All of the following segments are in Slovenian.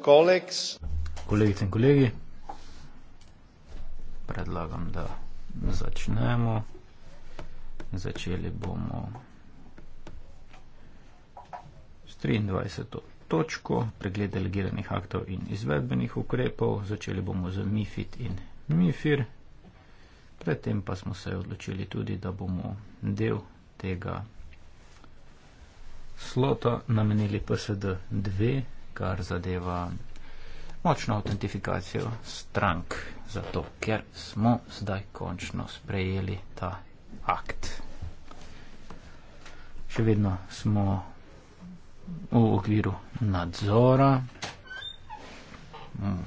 Kolegice in kolegi, predlagam, da začnemo. Začeli bomo s 23. točko pregled delegiranih aktov in izvedbenih ukrepov. Začeli bomo z MIFID in MIFIR. Predtem pa smo se odločili tudi, da bomo del tega slota namenili PSD 2 kar zadeva močno autentifikacijo strank, zato ker smo zdaj končno sprejeli ta akt. Še vedno smo v okviru nadzora. Hmm.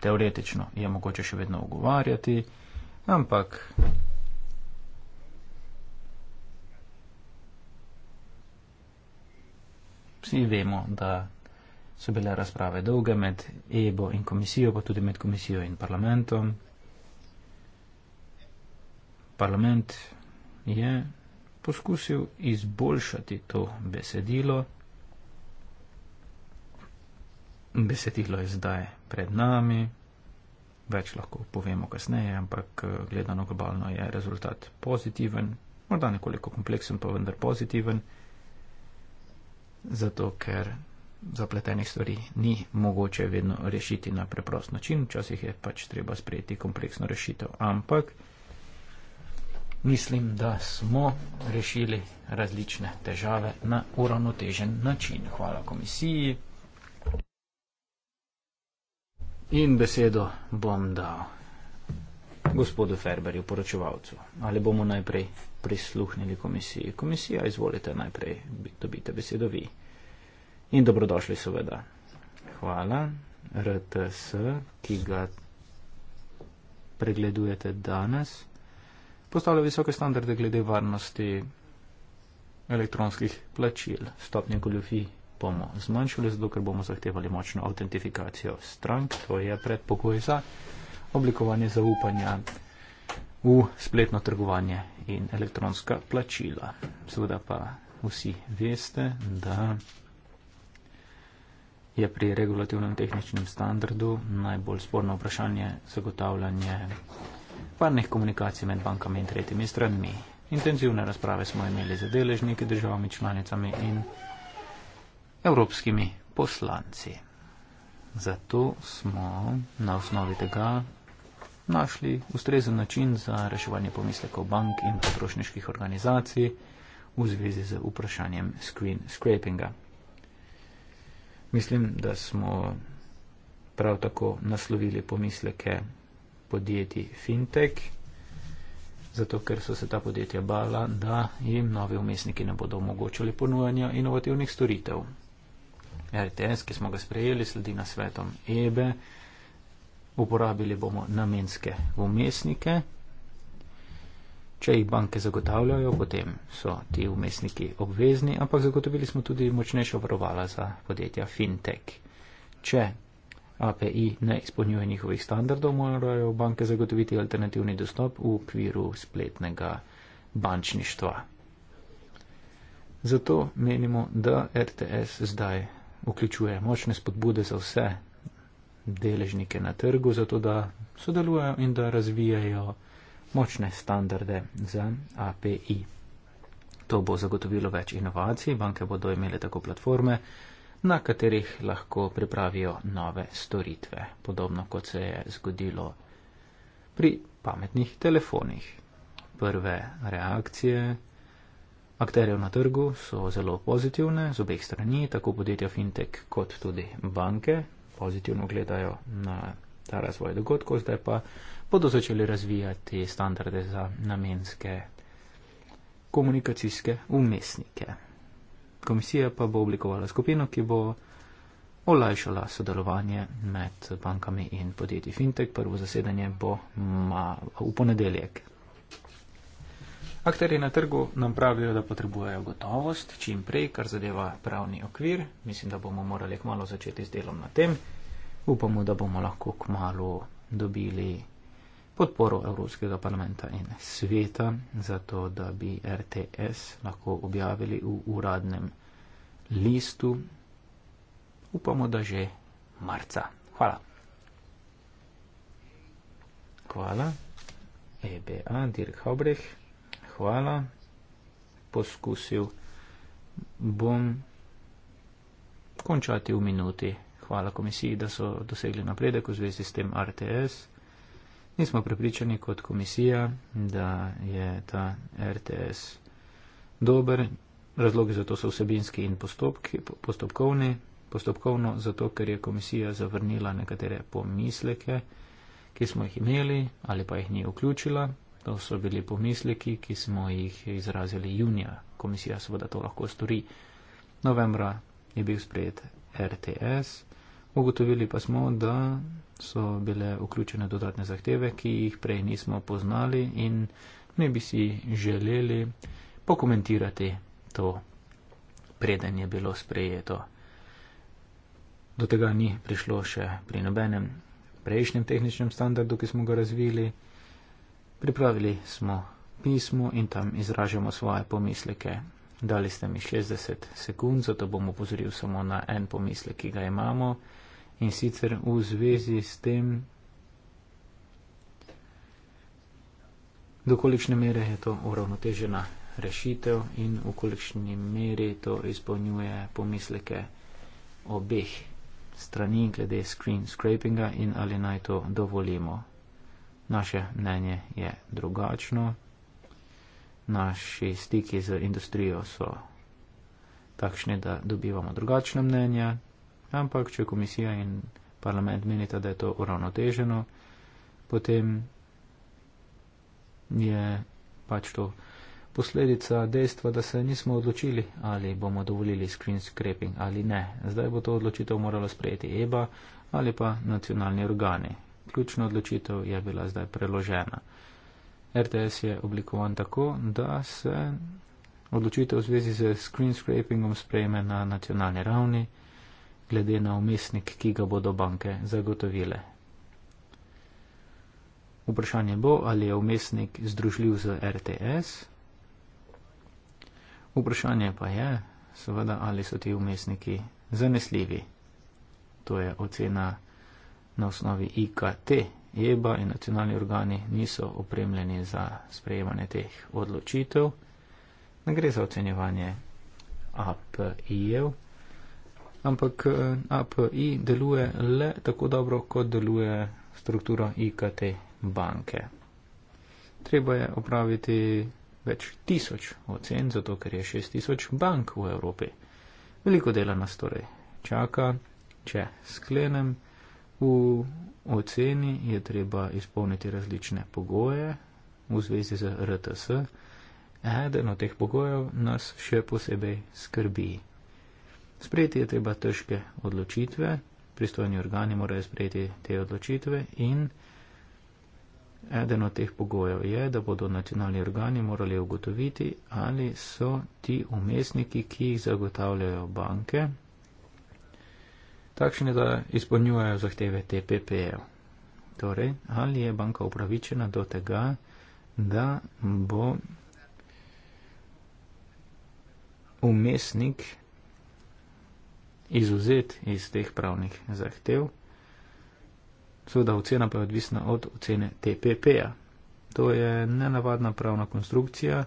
Teoretično je mogoče še vedno ugovarjati, ampak vsi vemo, da so bile razprave dolge med EBO in komisijo, pa tudi med komisijo in parlamentom. Parlament je poskusil izboljšati to besedilo. Besedilo je zdaj pred nami, več lahko povemo kasneje, ampak gledano globalno je rezultat pozitiven, morda nekoliko kompleksen, pa vendar pozitiven zato ker zapletenih stvari ni mogoče vedno rešiti na preprost način, včasih je pač treba sprejeti kompleksno rešitev. Ampak mislim, da smo rešili različne težave na uravnotežen način. Hvala komisiji. In besedo bom dal gospodu Ferberju, poročevalcu. Ali bomo najprej prisluhnili komisiji. Komisija, izvolite najprej, dobite besedo vi. In dobrodošli, seveda. Hvala. RTS, ki ga pregledujete danes, postavlja visoke standarde glede varnosti elektronskih plačil. Stopnje goljofij bomo zmanjšali, zato ker bomo zahtevali močno autentifikacijo strank. To je predpogoj za oblikovanje zaupanja v spletno trgovanje in elektronska plačila. Seveda pa vsi veste, da je pri regulativnem tehničnem standardu najbolj sporno vprašanje zagotavljanje varnih komunikacij med bankami in tretjimi stranmi. Intenzivne razprave smo imeli z deležniki, državami, članicami in evropskimi poslanci. Zato smo na osnovi tega našli ustrezen način za reševanje pomislekov bank in potrošniških organizacij v zvezi z vprašanjem screen scrapinga. Mislim, da smo prav tako naslovili pomisleke podjetij FinTech, zato ker so se ta podjetja bala, da jim novi umestniki ne bodo omogočili ponujanja inovativnih storitev. RTS, ki smo ga sprejeli, sledi na svetom EBE. Uporabili bomo namenske umestnike. Če jih banke zagotavljajo, potem so ti umestniki obvezni, ampak zagotovili smo tudi močnejša varovala za podjetja FinTech. Če API ne izpolnjuje njihovih standardov, morajo banke zagotoviti alternativni dostop v okviru spletnega bančništva. Zato menimo, da RTS zdaj vključuje močne spodbude za vse deležnike na trgu, zato da sodelujejo in da razvijajo močne standarde za API. To bo zagotovilo več inovacij, banke bodo imele tako platforme, na katerih lahko pripravijo nove storitve, podobno kot se je zgodilo pri pametnih telefonih. Prve reakcije akterjev na trgu so zelo pozitivne z obeh strani, tako podjetja Fintech kot tudi banke, pozitivno gledajo na ta razvoj dogodkov, zdaj pa bodo začeli razvijati standarde za namenske komunikacijske umestnike. Komisija pa bo oblikovala skupino, ki bo olajšala sodelovanje med bankami in podjetji Fintech. Prvo zasedanje bo v ponedeljek. Akteri na trgu nam pravijo, da potrebujejo gotovost čim prej, kar zadeva pravni okvir. Mislim, da bomo morali kmalo začeti z delom na tem. Upamo, da bomo lahko kmalo dobili podporo Evropskega parlamenta in sveta za to, da bi RTS lahko objavili v uradnem listu. Upamo, da že marca. Hvala. Hvala. EBA, Dirk Haubrecht hvala, poskusil bom končati v minuti. Hvala komisiji, da so dosegli napredek v zvezi s tem RTS. Nismo prepričani kot komisija, da je ta RTS dober. Razlogi za to so vsebinski in postopki, postopkovni. Postopkovno zato, ker je komisija zavrnila nekatere pomisleke, ki smo jih imeli ali pa jih ni vključila. To so bili pomisleki, ki smo jih izrazili junija. Komisija seveda to lahko stori. Novembra je bil sprejet RTS. Ugotovili pa smo, da so bile vključene dodatne zahteve, ki jih prej nismo poznali in ne bi si želeli pokomentirati to, preden je bilo sprejeto. Do tega ni prišlo še pri nobenem prejšnjem tehničnem standardu, ki smo ga razvili. Pripravili smo pismo in tam izražamo svoje pomisleke. Dali ste mi 60 sekund, zato bom upozoril samo na en pomislek, ki ga imamo in sicer v zvezi s tem, do kolikšne mere je to uravnotežena rešitev in v kolikšni meri to izpolnjuje pomisleke obeh strani glede screen scrapinga in ali naj to dovolimo. Naše mnenje je drugačno. Naši stiki z industrijo so takšni, da dobivamo drugačne mnenja, ampak če komisija in parlament menita, da je to uravnoteženo, potem je pač to posledica dejstva, da se nismo odločili, ali bomo dovolili screen scraping ali ne. Zdaj bo to odločitev moralo sprejeti EBA ali pa nacionalni organi, ključna odločitev je bila zdaj preložena. RTS je oblikovan tako, da se odločitev v zvezi z screen scrapingom sprejme na nacionalni ravni, glede na umestnik, ki ga bodo banke zagotovile. Vprašanje bo, ali je umestnik združljiv z RTS. Vprašanje pa je, seveda, ali so ti umestniki zanesljivi. To je ocena na osnovi IKT, EBA in nacionalni organi niso opremljeni za sprejemanje teh odločitev. Ne gre za ocenjevanje API-jev, ampak eh, API deluje le tako dobro, kot deluje struktura IKT banke. Treba je opraviti več tisoč ocen, zato ker je šest tisoč bank v Evropi. Veliko dela nas torej čaka, če sklenem. V oceni je treba izpolniti različne pogoje v zvezi z RTS. Eden od teh pogojev nas še posebej skrbi. Sprejeti je treba težke odločitve, pristojni organi morajo sprejeti te odločitve in eden od teh pogojev je, da bodo nacionalni organi morali ugotoviti, ali so ti umestniki, ki jih zagotavljajo banke, takšne, da izpolnjujejo zahteve TPP-jev. Torej, ali je banka upravičena do tega, da bo umestnik izuzet iz teh pravnih zahtev, seveda ocena pa je odvisna od ocene TPP-ja. To je nenavadna pravna konstrukcija.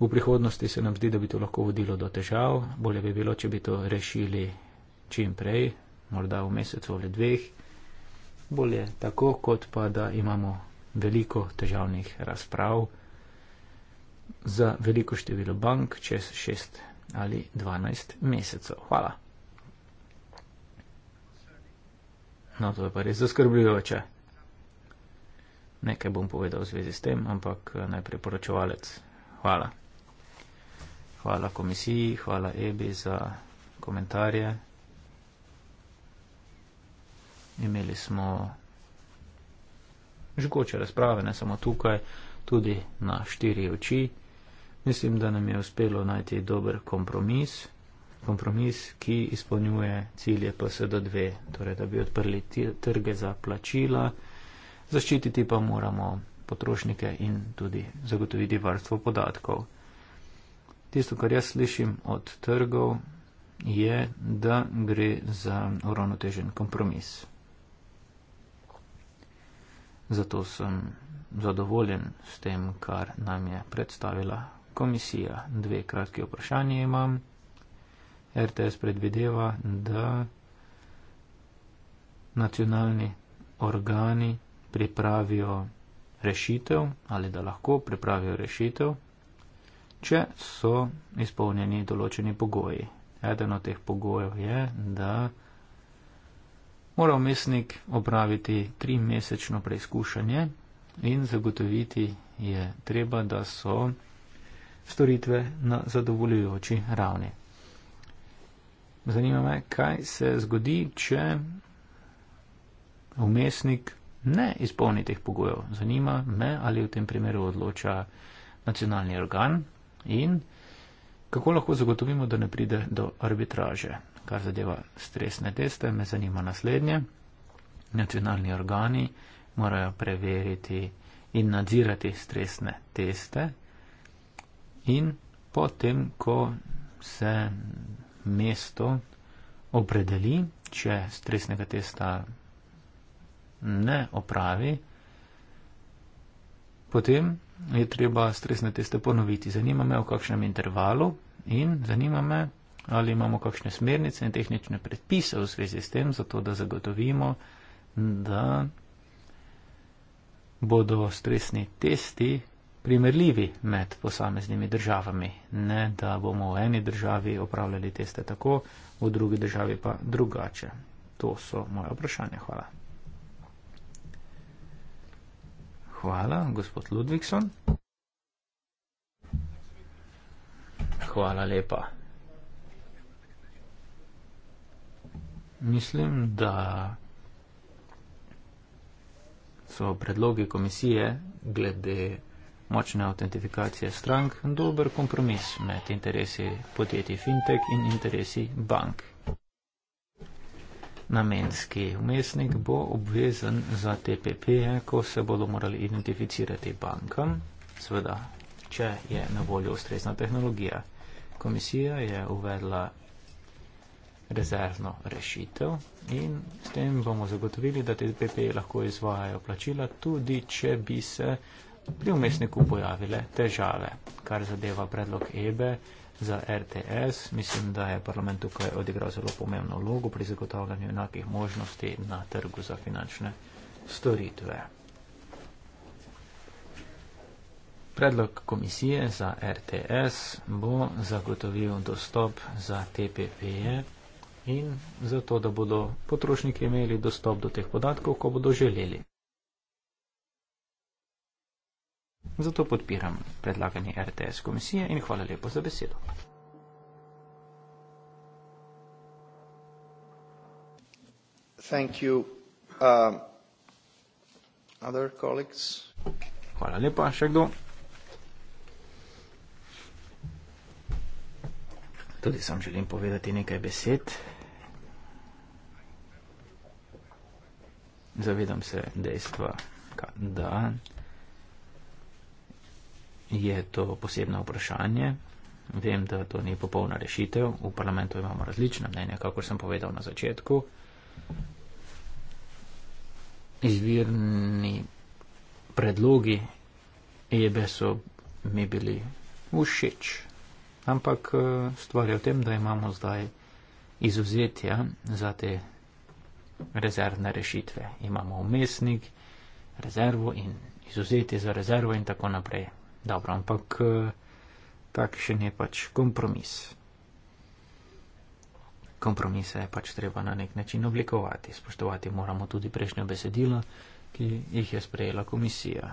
V prihodnosti se nam zdi, da bi to lahko vodilo do težav. Bolje bi bilo, če bi to rešili čim prej, morda v mesecu ali dveh, bolje tako, kot pa da imamo veliko težavnih razprav za veliko število bank čez 6 ali 12 mesecev. Hvala. No, to je pa res zaskrbljujoče. Nekaj bom povedal v zvezi s tem, ampak eh, najprej poročevalec. Hvala. Hvala komisiji, hvala Ebi za komentarje imeli smo žgoče razprave, ne samo tukaj, tudi na štiri oči. Mislim, da nam je uspelo najti dober kompromis, kompromis, ki izpolnjuje cilje PSD2, torej da bi odprli trge za plačila, zaščititi pa moramo potrošnike in tudi zagotoviti varstvo podatkov. Tisto, kar jaz slišim od trgov, je, da gre za uravnotežen kompromis. Zato sem zadovoljen s tem, kar nam je predstavila komisija. Dve kratke vprašanje imam. RTS predvideva, da nacionalni organi pripravijo rešitev ali da lahko pripravijo rešitev, če so izpolnjeni določeni pogoji. Eden od teh pogojev je, da mora umestnik opraviti tri mesečno preizkušanje in zagotoviti je treba, da so storitve na zadovoljujoči ravni. Zanima me, kaj se zgodi, če umestnik ne izpolni teh pogojev. Zanima me, ali v tem primeru odloča nacionalni organ in kako lahko zagotovimo, da ne pride do arbitraže kar zadeva stresne teste, me zanima naslednje. Nacionalni organi morajo preveriti in nadzirati stresne teste in potem, ko se mesto opredeli, če stresnega testa ne opravi, potem je treba stresne teste ponoviti. Zanima me, v kakšnem intervalu in zanima me, ali imamo kakšne smernice in tehnične predpise v zvezi s tem, zato da zagotovimo, da bodo stresni testi primerljivi med posameznimi državami, ne da bomo v eni državi opravljali teste tako, v drugi državi pa drugače. To so moje vprašanja. Hvala. Hvala, gospod Ludvikson. Hvala lepa. Mislim, da so predlogi komisije glede močne autentifikacije strank dober kompromis med interesi podjetij fintech in interesi bank. Namenski umestnik bo obvezen za TPP, ko se bodo morali identificirati bankam, sveda, če je na voljo ustrezna tehnologija. Komisija je uvedla rezervno rešitev in s tem bomo zagotovili, da te BP lahko izvajajo plačila, tudi če bi se pri umestniku pojavile težave, kar zadeva predlog EBE za RTS. Mislim, da je parlament tukaj odigral zelo pomembno vlogo pri zagotavljanju enakih možnosti na trgu za finančne storitve. Predlog komisije za RTS bo zagotovil dostop za TPP-je in zato, da bodo potrošniki imeli dostop do teh podatkov, ko bodo želeli. Zato podpiram predlagani RTS komisije in hvala lepo za besedo. You, uh, hvala lepa, še kdo? Tudi sam želim povedati nekaj besed. zavedam se dejstva, da je to posebno vprašanje. Vem, da to ni popolna rešitev. V parlamentu imamo različna mnenja, kako sem povedal na začetku. Izvirni predlogi EBE so mi bili všeč. Ampak eh, stvar je v tem, da imamo zdaj izuzetja za te rezervne rešitve. Imamo umestnik, rezervo in izuzeti za rezervo in tako naprej. Dobro, ampak eh, takšen je pač kompromis. Kompromise je pač treba na nek način oblikovati. Spoštovati moramo tudi prejšnjo besedilo, ki jih je sprejela komisija.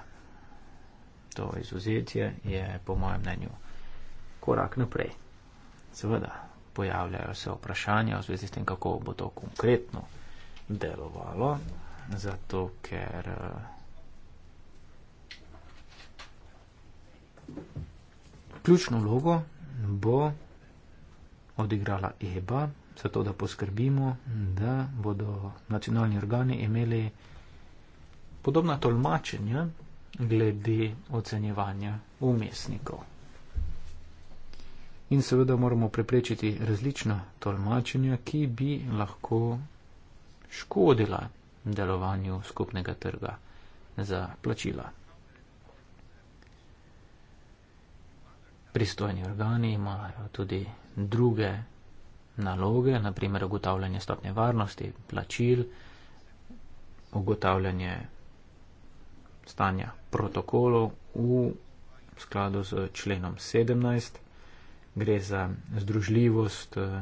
To izuzetje je po mojem mnenju korak naprej. Seveda, pojavljajo se vprašanja v zvezi s tem, kako bo to konkretno delovalo, zato ker eh, ključno vlogo bo odigrala EBA, zato da poskrbimo, da bodo nacionalni organi imeli podobna tolmačenja glede ocenjevanja umestnikov. In seveda moramo preprečiti različna tolmačenja, ki bi lahko škodila delovanju skupnega trga za plačila. Pristojni organi imajo tudi druge naloge, naprimer ugotavljanje stopnje varnosti, plačil, ugotavljanje stanja protokolov v skladu z členom 17. Gre za združljivost eh,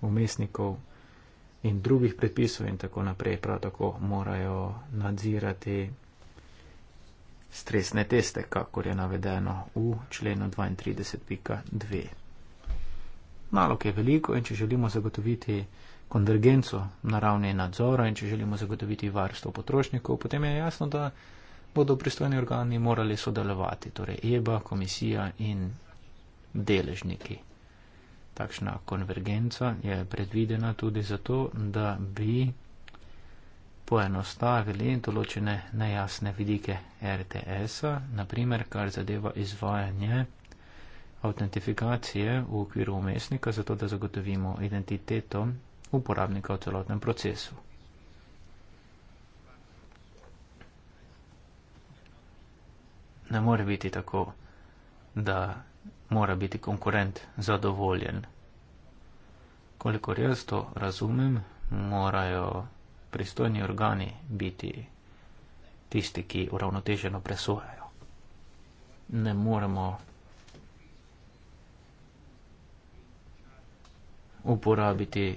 umestnikov in drugih predpisov in tako naprej. Prav tako morajo nadzirati stresne teste, kakor je navedeno v členu 32.2. Nalog je veliko in če želimo zagotoviti konvergenco na ravni nadzora in če želimo zagotoviti varstvo potrošnikov, potem je jasno, da bodo pristojni organi morali sodelovati, torej EBA, komisija in deležniki. Takšna konvergenca je predvidena tudi zato, da bi poenostavili določene nejasne vidike RTS-a, naprimer kar zadeva izvajanje autentifikacije v okviru umestnika, zato da zagotovimo identiteto uporabnika v celotnem procesu. Ne more biti tako, da mora biti konkurent zadovoljen. Kolikor jaz to razumem, morajo pristojni organi biti tisti, ki uravnoteženo presojajo. Ne moremo uporabiti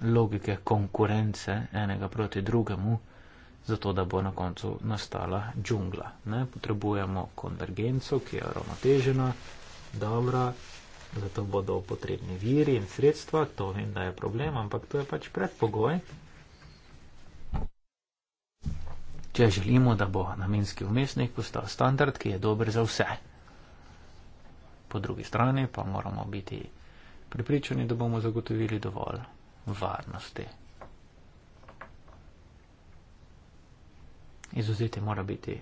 logike konkurence enega proti drugemu, zato da bo na koncu nastala džungla. Ne? Potrebujemo konvergenco, ki je uravnotežena, dobro, za to bodo potrebni viri in sredstva, to vem, da je problem, ampak to je pač predpogoj. Če želimo, da bo namenski umestnik postal standard, ki je dober za vse. Po drugi strani pa moramo biti pripričani, da bomo zagotovili dovolj varnosti. Izuzeti mora biti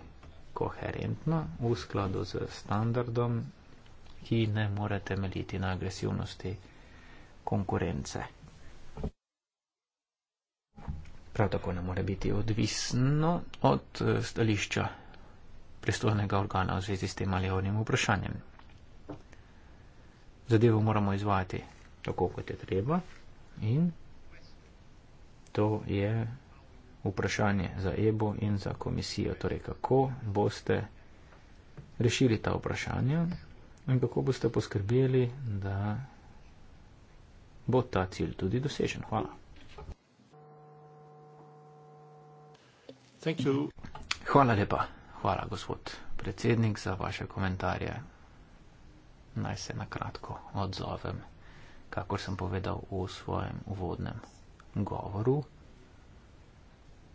koherentno v skladu z standardom ki ne more temeljiti na agresivnosti konkurence. Prav tako ne more biti odvisno od eh, stališča pristojnega organa v zvezi s tem ali onim vprašanjem. Zadevo moramo izvajati tako, kot je treba in to je vprašanje za EBO in za komisijo, torej kako boste rešili ta vprašanja in kako boste poskrbeli, da bo ta cilj tudi dosežen. Hvala. Hvala lepa. Hvala, gospod predsednik, za vaše komentarje. Naj se na kratko odzovem, kakor sem povedal v svojem uvodnem govoru.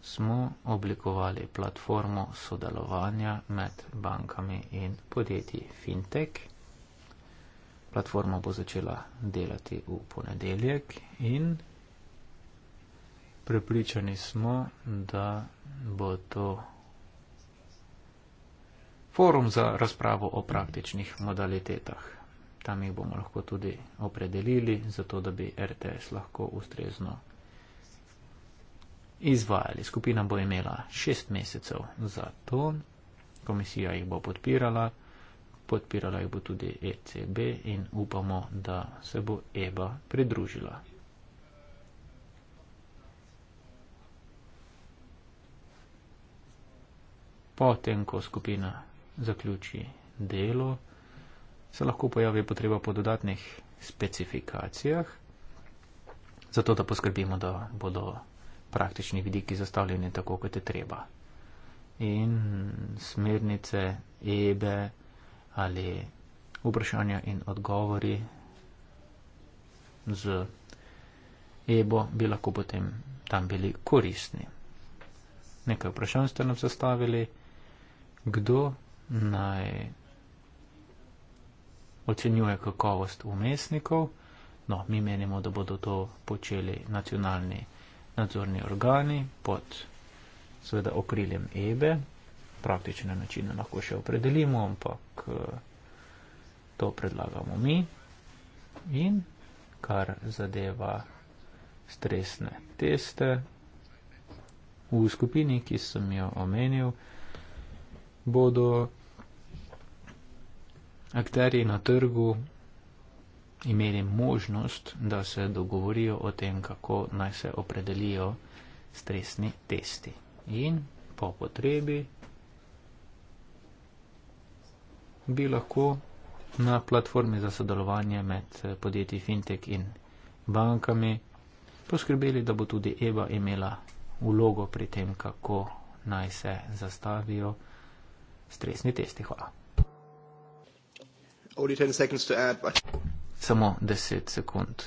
Smo oblikovali platformo sodelovanja med bankami in podjetji FinTech platforma bo začela delati v ponedeljek in prepričani smo, da bo to forum za razpravo o praktičnih modalitetah. Tam jih bomo lahko tudi opredelili, zato da bi RTS lahko ustrezno izvajali. Skupina bo imela šest mesecev za to, komisija jih bo podpirala podpirala jih bo tudi ECB in upamo, da se bo EBA pridružila. Potem, ko skupina zaključi delo, se lahko pojavi potreba po dodatnih specifikacijah, zato da poskrbimo, da bodo praktični vidiki zastavljeni tako, kot je treba. In smernice EBE ali vprašanja in odgovori z EBO, bi lahko potem tam bili koristni. Nekaj vprašanj ste nam zastavili, kdo naj ocenjuje kakovost umestnikov. No, mi menimo, da bodo to počeli nacionalni nadzorni organi pod seveda okriljem EBE praktične načine lahko še opredelimo, ampak eh, to predlagamo mi. In kar zadeva stresne teste v skupini, ki sem jo omenil, bodo akterji na trgu imeli možnost, da se dogovorijo o tem, kako naj se opredelijo stresni testi. In po potrebi bi lahko na platformi za sodelovanje med eh, podjetji Fintech in bankami poskrbeli, da bo tudi EBA imela ulogo pri tem, kako naj se zastavijo stresni testi. Hvala. Add, but... Samo 10 sekund.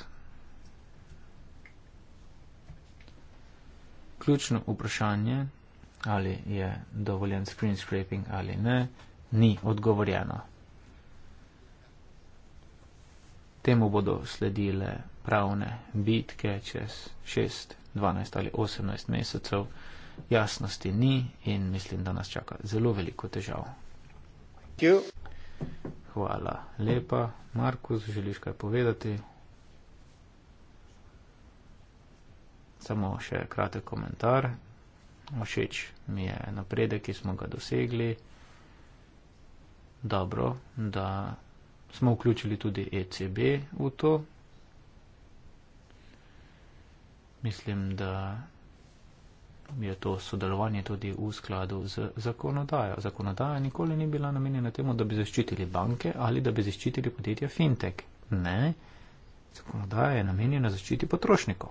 Ključno vprašanje, ali je dovoljen screen scraping ali ne ni odgovorjeno. Temu bodo sledile pravne bitke čez 6, 12 ali 18 mesecev. Jasnosti ni in mislim, da nas čaka zelo veliko težav. Hvala lepa. Markus, želiš kaj povedati? Samo še kratek komentar. Ošeč mi je napredek, ki smo ga dosegli dobro, da smo vključili tudi ECB v to. Mislim, da je to sodelovanje tudi v skladu z zakonodajo. Zakonodaja nikoli ni bila namenjena temu, da bi zaščitili banke ali da bi zaščitili podjetja fintech. Ne, zakonodaja je namenjena zaščiti potrošnikov.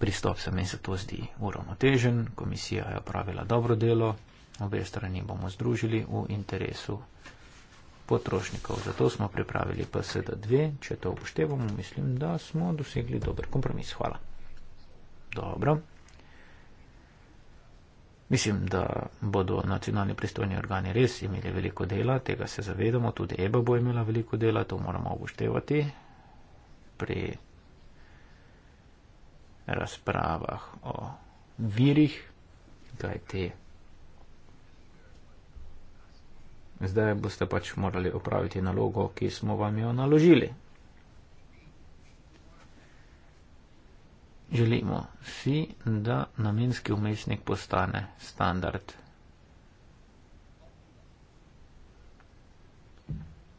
pristop se meni zato zdi uravnotežen, komisija je opravila dobro delo, obe strani bomo združili v interesu potrošnikov. Zato smo pripravili PSD2, če to upoštevamo, mislim, da smo dosegli dober kompromis. Hvala. Dobro. Mislim, da bodo nacionalni pristojni organi res imeli veliko dela, tega se zavedamo, tudi EBA bo imela veliko dela, to moramo upoštevati pri razpravah o virih, kaj te. Zdaj boste pač morali opraviti nalogo, ki smo vam jo naložili. Želimo si, da namenski umestnik postane standard.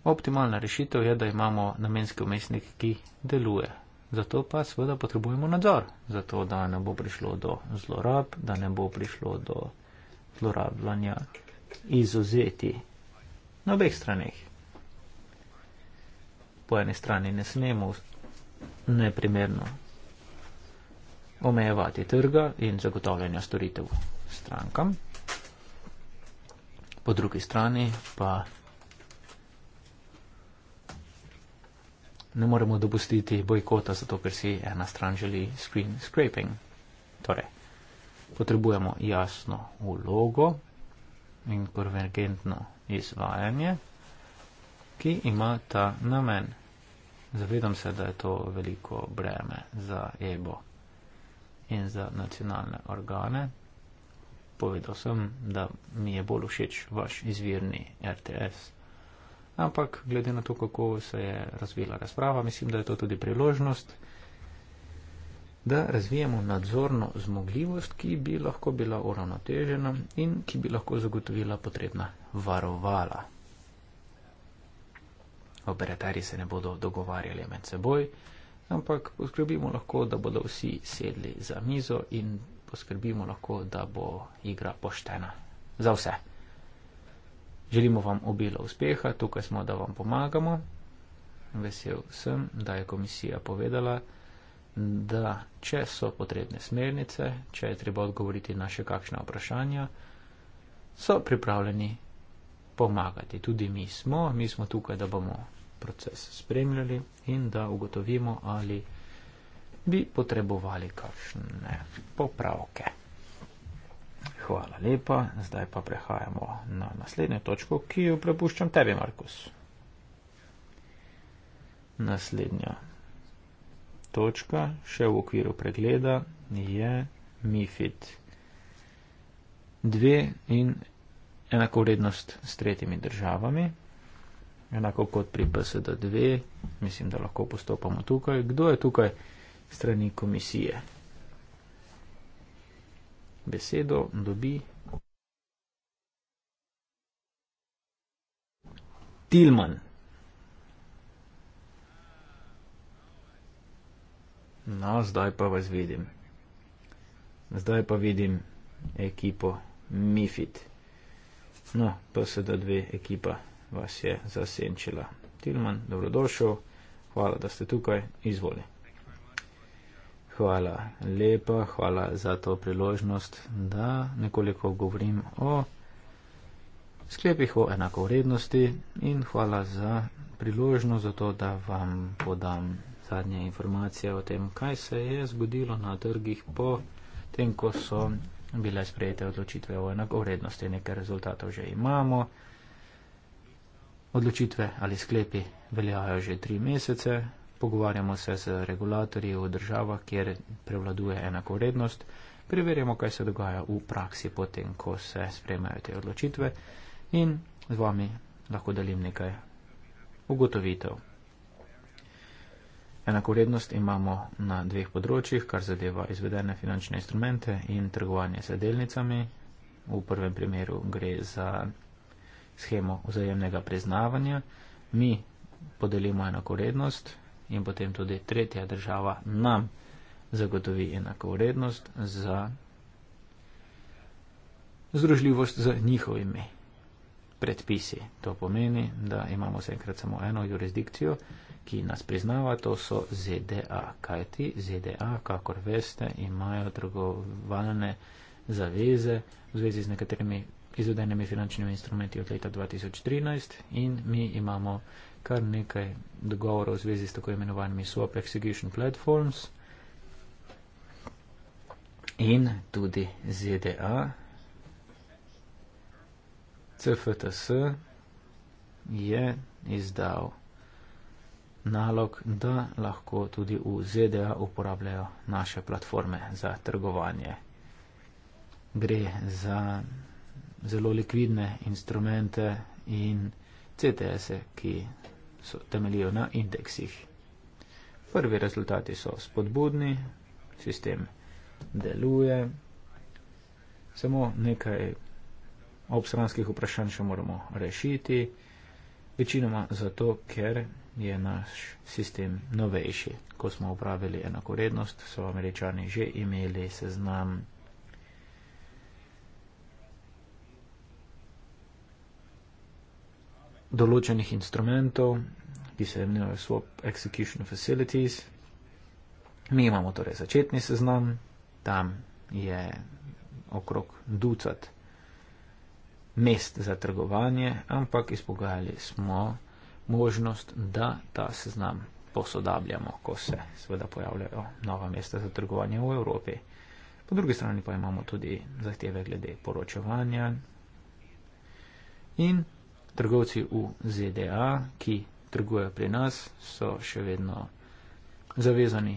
Optimalna rešitev je, da imamo namenski umestnik, ki deluje. Zato pa seveda potrebujemo nadzor, zato da ne bo prišlo do zlorab, da ne bo prišlo do zlorabljanja izuzeti na obeh straneh. Po eni strani ne smemo neprimerno omejevati trga in zagotavljanja storitev strankam, po drugi strani pa. ne moremo dopustiti bojkota, zato ker si ena stran želi screen scraping. Torej, potrebujemo jasno vlogo in konvergentno izvajanje, ki ima ta namen. Zavedam se, da je to veliko breme za EBO in za nacionalne organe. Povedal sem, da mi je bolj všeč vaš izvirni RTS ampak glede na to, kako se je razvila razprava, mislim, da je to tudi priložnost, da razvijemo nadzorno zmogljivost, ki bi lahko bila uravnotežena in ki bi lahko zagotovila potrebna varovala. Operatari se ne bodo dogovarjali med seboj, ampak poskrbimo lahko, da bodo vsi sedli za mizo in poskrbimo lahko, da bo igra poštena za vse. Želimo vam obilo uspeha, tukaj smo, da vam pomagamo. Vesel sem, da je komisija povedala, da če so potrebne smernice, če je treba odgovoriti na še kakšna vprašanja, so pripravljeni pomagati. Tudi mi smo, mi smo tukaj, da bomo proces spremljali in da ugotovimo, ali bi potrebovali kakšne popravke. Hvala lepa, zdaj pa prehajamo na naslednjo točko, ki jo prepuščam tebi, Markus. Naslednja točka, še v okviru pregleda, je MIFID 2 in enako vrednost s tretjimi državami. Enako kot pri PSD 2, mislim, da lahko postopamo tukaj. Kdo je tukaj strani komisije? besedo dobi Tilman. No, zdaj pa vas vidim. Zdaj pa vidim ekipo Mifit. No, PSD2 ekipa vas je zasenčila. Tilman, dobrodošel. Hvala, da ste tukaj. Izvoli hvala lepa, hvala za to priložnost, da nekoliko govorim o sklepih o enakovrednosti in hvala za priložnost za to, da vam podam zadnje informacije o tem, kaj se je zgodilo na trgih po tem, ko so bile sprejete odločitve o enakovrednosti. Nekaj rezultatov že imamo. Odločitve ali sklepi veljajo že tri mesece, pogovarjamo se z regulatorji v državah, kjer prevladuje enakovrednost, preverjamo, kaj se dogaja v praksi potem, ko se spremajo te odločitve in z vami lahko delim nekaj ugotovitev. Enakovrednost imamo na dveh področjih, kar zadeva izvedene finančne instrumente in trgovanje z delnicami. V prvem primeru gre za schemo vzajemnega priznavanja. Mi podelimo enakovrednost in potem tudi tretja država nam zagotovi enako vrednost za združljivost z njihovimi predpisi. To pomeni, da imamo vsekrat samo eno jurisdikcijo, ki nas priznava, to so ZDA. Kaj ti ZDA, kakor veste, imajo trgovalne zaveze v zvezi z nekaterimi izvedenimi finančnimi instrumenti od leta 2013 in mi imamo kar nekaj dogovorov v zvezi s tako imenovanimi swap execution platforms in tudi ZDA, CFTS je izdal nalog, da lahko tudi v ZDA uporabljajo naše platforme za trgovanje. Gre za zelo likvidne instrumente in CTS-e, ki so temeljijo na indeksih. Prvi rezultati so spodbudni, sistem deluje, samo nekaj obstranskih vprašanj še moramo rešiti, večinoma zato, ker je naš sistem novejši. Ko smo upravili enakorednost, so američani že imeli seznam določenih instrumentov, ki se imenujejo swap execution facilities. Mi imamo torej začetni seznam, tam je okrog ducat mest za trgovanje, ampak izpogajali smo možnost, da ta seznam posodabljamo, ko se seveda pojavljajo nova mesta za trgovanje v Evropi. Po drugi strani pa imamo tudi zahteve glede poročevanja in trgovci v ZDA, ki trgujejo pri nas, so še vedno zavezani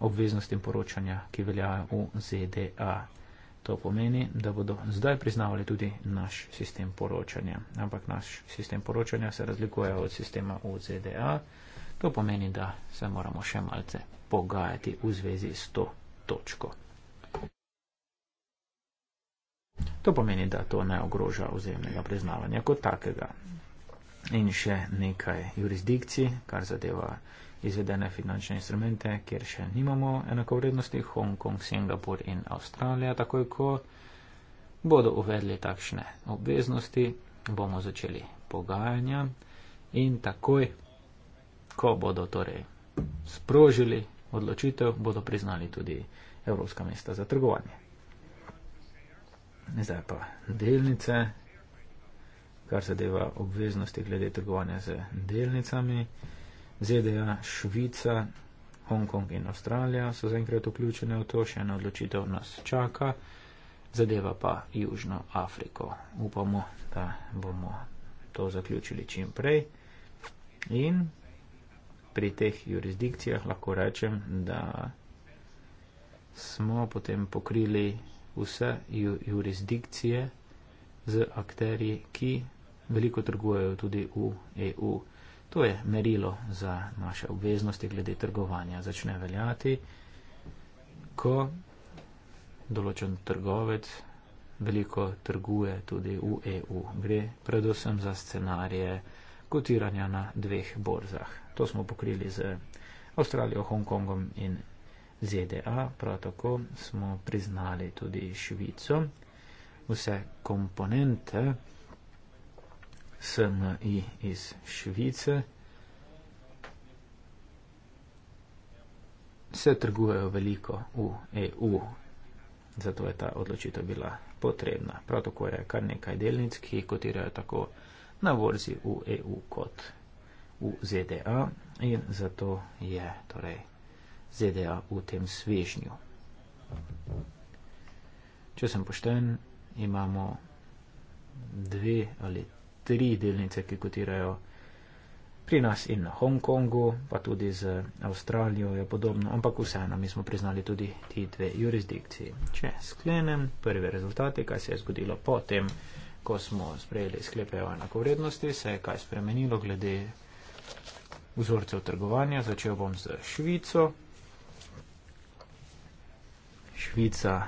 obveznostim poročanja, ki veljajo v ZDA. To pomeni, da bodo zdaj priznavali tudi naš sistem poročanja. Ampak naš sistem poročanja se razlikuje od sistema v ZDA. To pomeni, da se moramo še malce pogajati v zvezi s to točko. To pomeni, da to ne ogroža ozemnega priznavanja kot takega. In še nekaj jurisdikcij, kar zadeva izvedene finančne instrumente, kjer še nimamo enakovrednosti, Hongkong, Singapur in Avstralija, takoj ko bodo uvedli takšne obveznosti, bomo začeli pogajanja in takoj, ko bodo torej sprožili odločitev, bodo priznali tudi evropska mesta za trgovanje zdaj pa delnice, kar zadeva obveznosti glede trgovanja z delnicami. ZDA, Švica, Hongkong in Avstralija so zaenkrat vključene v to, še ena odločitev nas čaka, zadeva pa Južno Afriko. Upamo, da bomo to zaključili čim prej. In pri teh jurisdikcijah lahko rečem, da smo potem pokrili vse jurisdikcije z akterji, ki veliko trgujejo tudi v EU. To je merilo za naše obveznosti glede trgovanja. Začne veljati, ko določen trgovec veliko trguje tudi v EU. Gre predvsem za scenarije kotiranja na dveh borzah. To smo pokrili z Avstralijo, Hongkongom in ZDA, prav tako smo priznali tudi Švico, vse komponente SMI iz Švice se trgujejo veliko v EU, zato je ta odločitev bila potrebna. Prav tako je kar nekaj delnic, ki kotirajo tako na vorzi v EU kot v ZDA in zato je torej. ZDA v tem svežnju. Če sem pošten, imamo dve ali tri delnice, ki kotirajo pri nas in na Hongkongu, pa tudi z Avstralijo je podobno, ampak vseeno mi smo priznali tudi ti dve jurisdikciji. Če sklenem prve rezultate, kaj se je zgodilo potem, ko smo sprejeli sklepe o enakovrednosti, se je kaj spremenilo glede vzorcev trgovanja, začel bom z Švico. Švica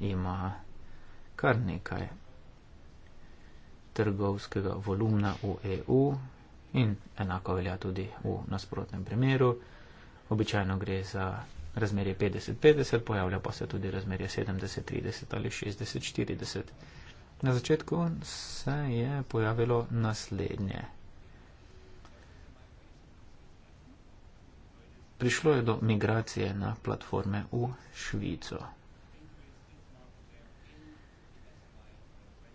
ima kar nekaj trgovskega volumna v EU in enako velja tudi v nasprotnem primeru. Običajno gre za razmerje 50-50, pojavlja pa se tudi razmerje 70-30 ali 60-40. Na začetku se je pojavilo naslednje. prišlo je do migracije na platforme v Švico.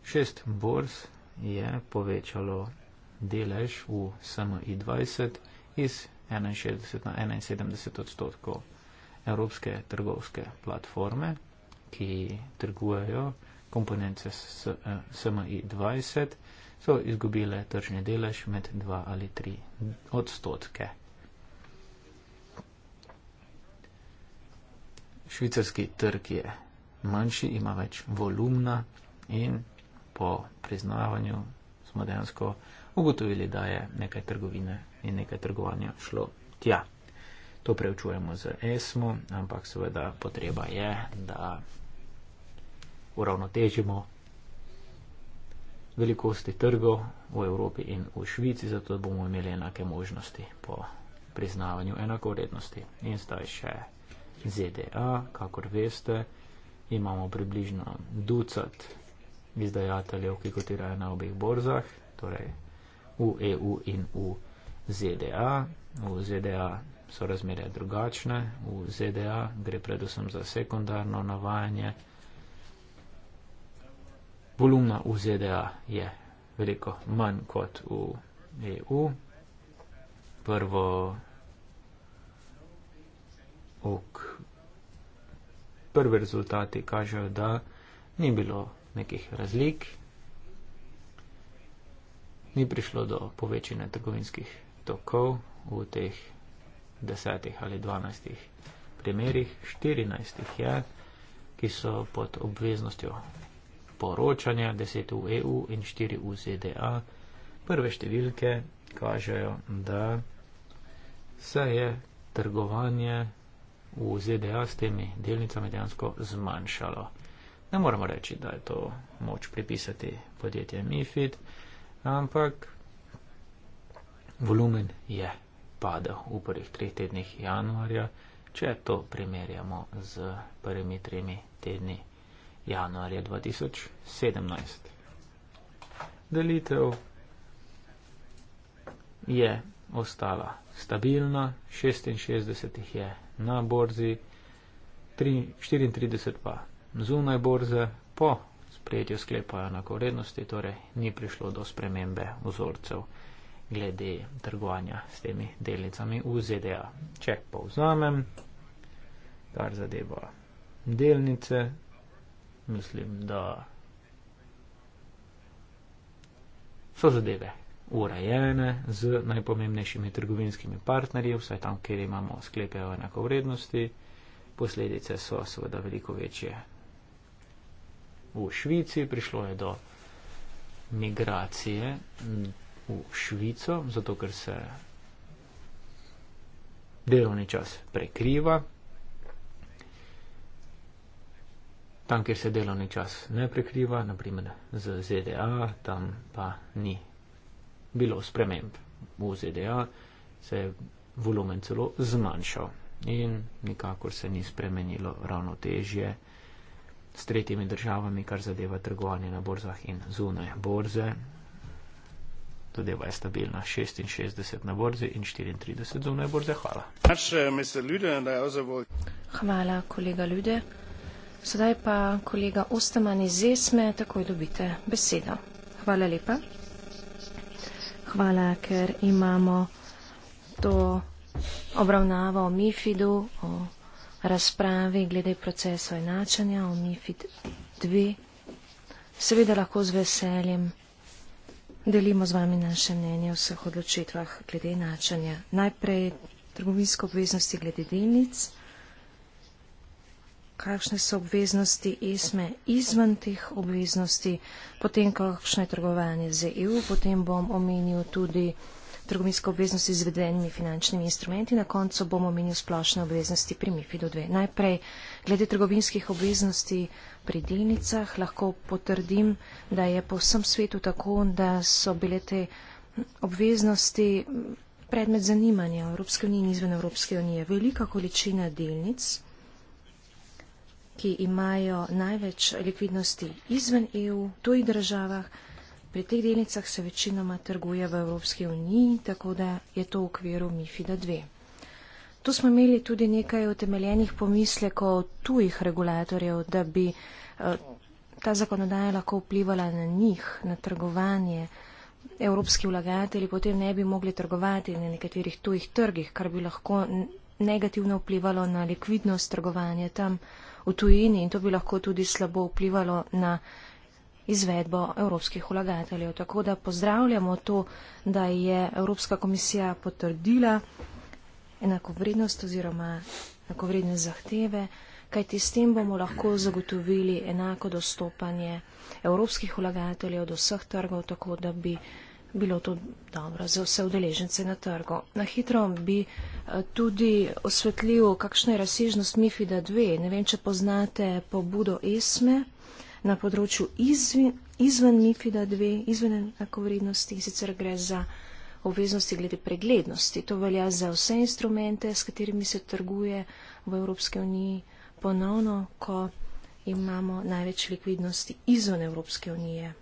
Šest bors je povečalo delež v SMI 20 iz 61 na 71 odstotkov evropske trgovske platforme, ki trgujejo komponence SMI 20, so izgubile tržni delež med 2 ali 3 odstotke. švicarski trg je manjši, ima več volumna in po priznavanju smo dejansko ugotovili, da je nekaj trgovine in nekaj trgovanja šlo tja. To preučujemo z ESMO, ampak seveda potreba je, da uravnotežimo velikosti trgov v Evropi in v Švici, zato bomo imeli enake možnosti po priznavanju enakovrednosti. In zdaj še ZDA, kakor veste, imamo približno ducat izdajateljev, ki kotirajo na obeh borzah, torej v EU in v ZDA. V ZDA so razmere drugačne, v ZDA gre predvsem za sekundarno navajanje. Volumna v ZDA je veliko manj kot v EU. Prvo ok. Prvi rezultati kažejo, da ni bilo nekih razlik, ni prišlo do povečanja trgovinskih tokov v teh desetih ali dvanajstih primerih, štirinajstih je, ki so pod obveznostjo poročanja, deset v EU in štiri v ZDA. Prve številke kažejo, da se je trgovanje v ZDA s temi delnicami dejansko zmanjšalo. Ne moramo reči, da je to moč pripisati podjetje MIFID, ampak volumen je padel v prvih treh tednih januarja, če to primerjamo z prvimi tremi tedni januarja 2017. Delitev je ostala stabilna, 66 jih je na borzi, 3, 34 pa zunaj borze po sprejetju sklepa enakovrednosti, torej ni prišlo do spremembe vzorcev glede trgovanja s temi delnicami v ZDA. Če povzamem, kar zadeva delnice, mislim, da so zadeve urejene z najpomembnejšimi trgovinskimi partnerji, vsaj tam, kjer imamo sklepe o enakovrednosti. Posledice so seveda veliko večje. V Švici prišlo je do migracije v Švico, zato ker se delovni čas prekriva. Tam, kjer se delovni čas ne prekriva, naprimer z ZDA, tam pa ni bilo sprememb. V ZDA se je volumen celo zmanjšal in nikakor se ni spremenilo ravnotežje s tretjimi državami, kar zadeva trgovanje na borzah in zunaj borze. Zadeva je stabilna 66 na borzi in 34 zunaj borze. Hvala. Hvala, kolega Ljude. Sedaj pa kolega Osteman iz Esme, takoj dobite besedo. Hvala lepa. Hvala, ker imamo to obravnavo o MIFID-u, o razpravi glede procesa enačanja o MIFID-2. Seveda lahko z veseljem delimo z vami naše mnenje o vseh odločitvah glede enačanja. Najprej trgovinsko obveznosti glede delnic kakšne so obveznosti ESME izven teh obveznosti, potem kakšno je trgovanje z EU, potem bom omenil tudi trgovinske obveznosti z vedenimi finančnimi instrumenti, na koncu bom omenil splošne obveznosti pri MIFID-u 2. Najprej, glede trgovinskih obveznosti pri delnicah, lahko potrdim, da je po vsem svetu tako, da so bile te obveznosti predmet zanimanja Evropske unije in izven Evropske unije. Velika količina delnic, ki imajo največ likvidnosti izven EU, v tujih državah. Pri teh delnicah se večinoma trguje v Evropski uniji, tako da je to v okviru MIFID-a 2. Tu smo imeli tudi nekaj utemeljenih pomislekov tujih regulatorjev, da bi eh, ta zakonodaja lahko vplivala na njih, na trgovanje. Evropski vlagatelji potem ne bi mogli trgovati na nekaterih tujih trgih, kar bi lahko negativno vplivalo na likvidnost trgovanja tam v tujini in to bi lahko tudi slabo vplivalo na izvedbo evropskih vlagateljev. Tako da pozdravljamo to, da je Evropska komisija potrdila enakovrednost oziroma enakovredne zahteve, kajti s tem bomo lahko zagotovili enako dostopanje evropskih vlagateljev do vseh trgov, tako da bi bilo to dobro za vse udeležence na trgu. Na hitro bi eh, tudi osvetlil, kakšna je razsežnost MIFID-2. Ne vem, če poznate pobudo ESME na področju izven, izven MIFID-a 2, izven enakovrednosti, sicer gre za obveznosti glede preglednosti. To velja za vse instrumente, s katerimi se trguje v Evropske unije ponovno, ko imamo največ likvidnosti izven Evropske unije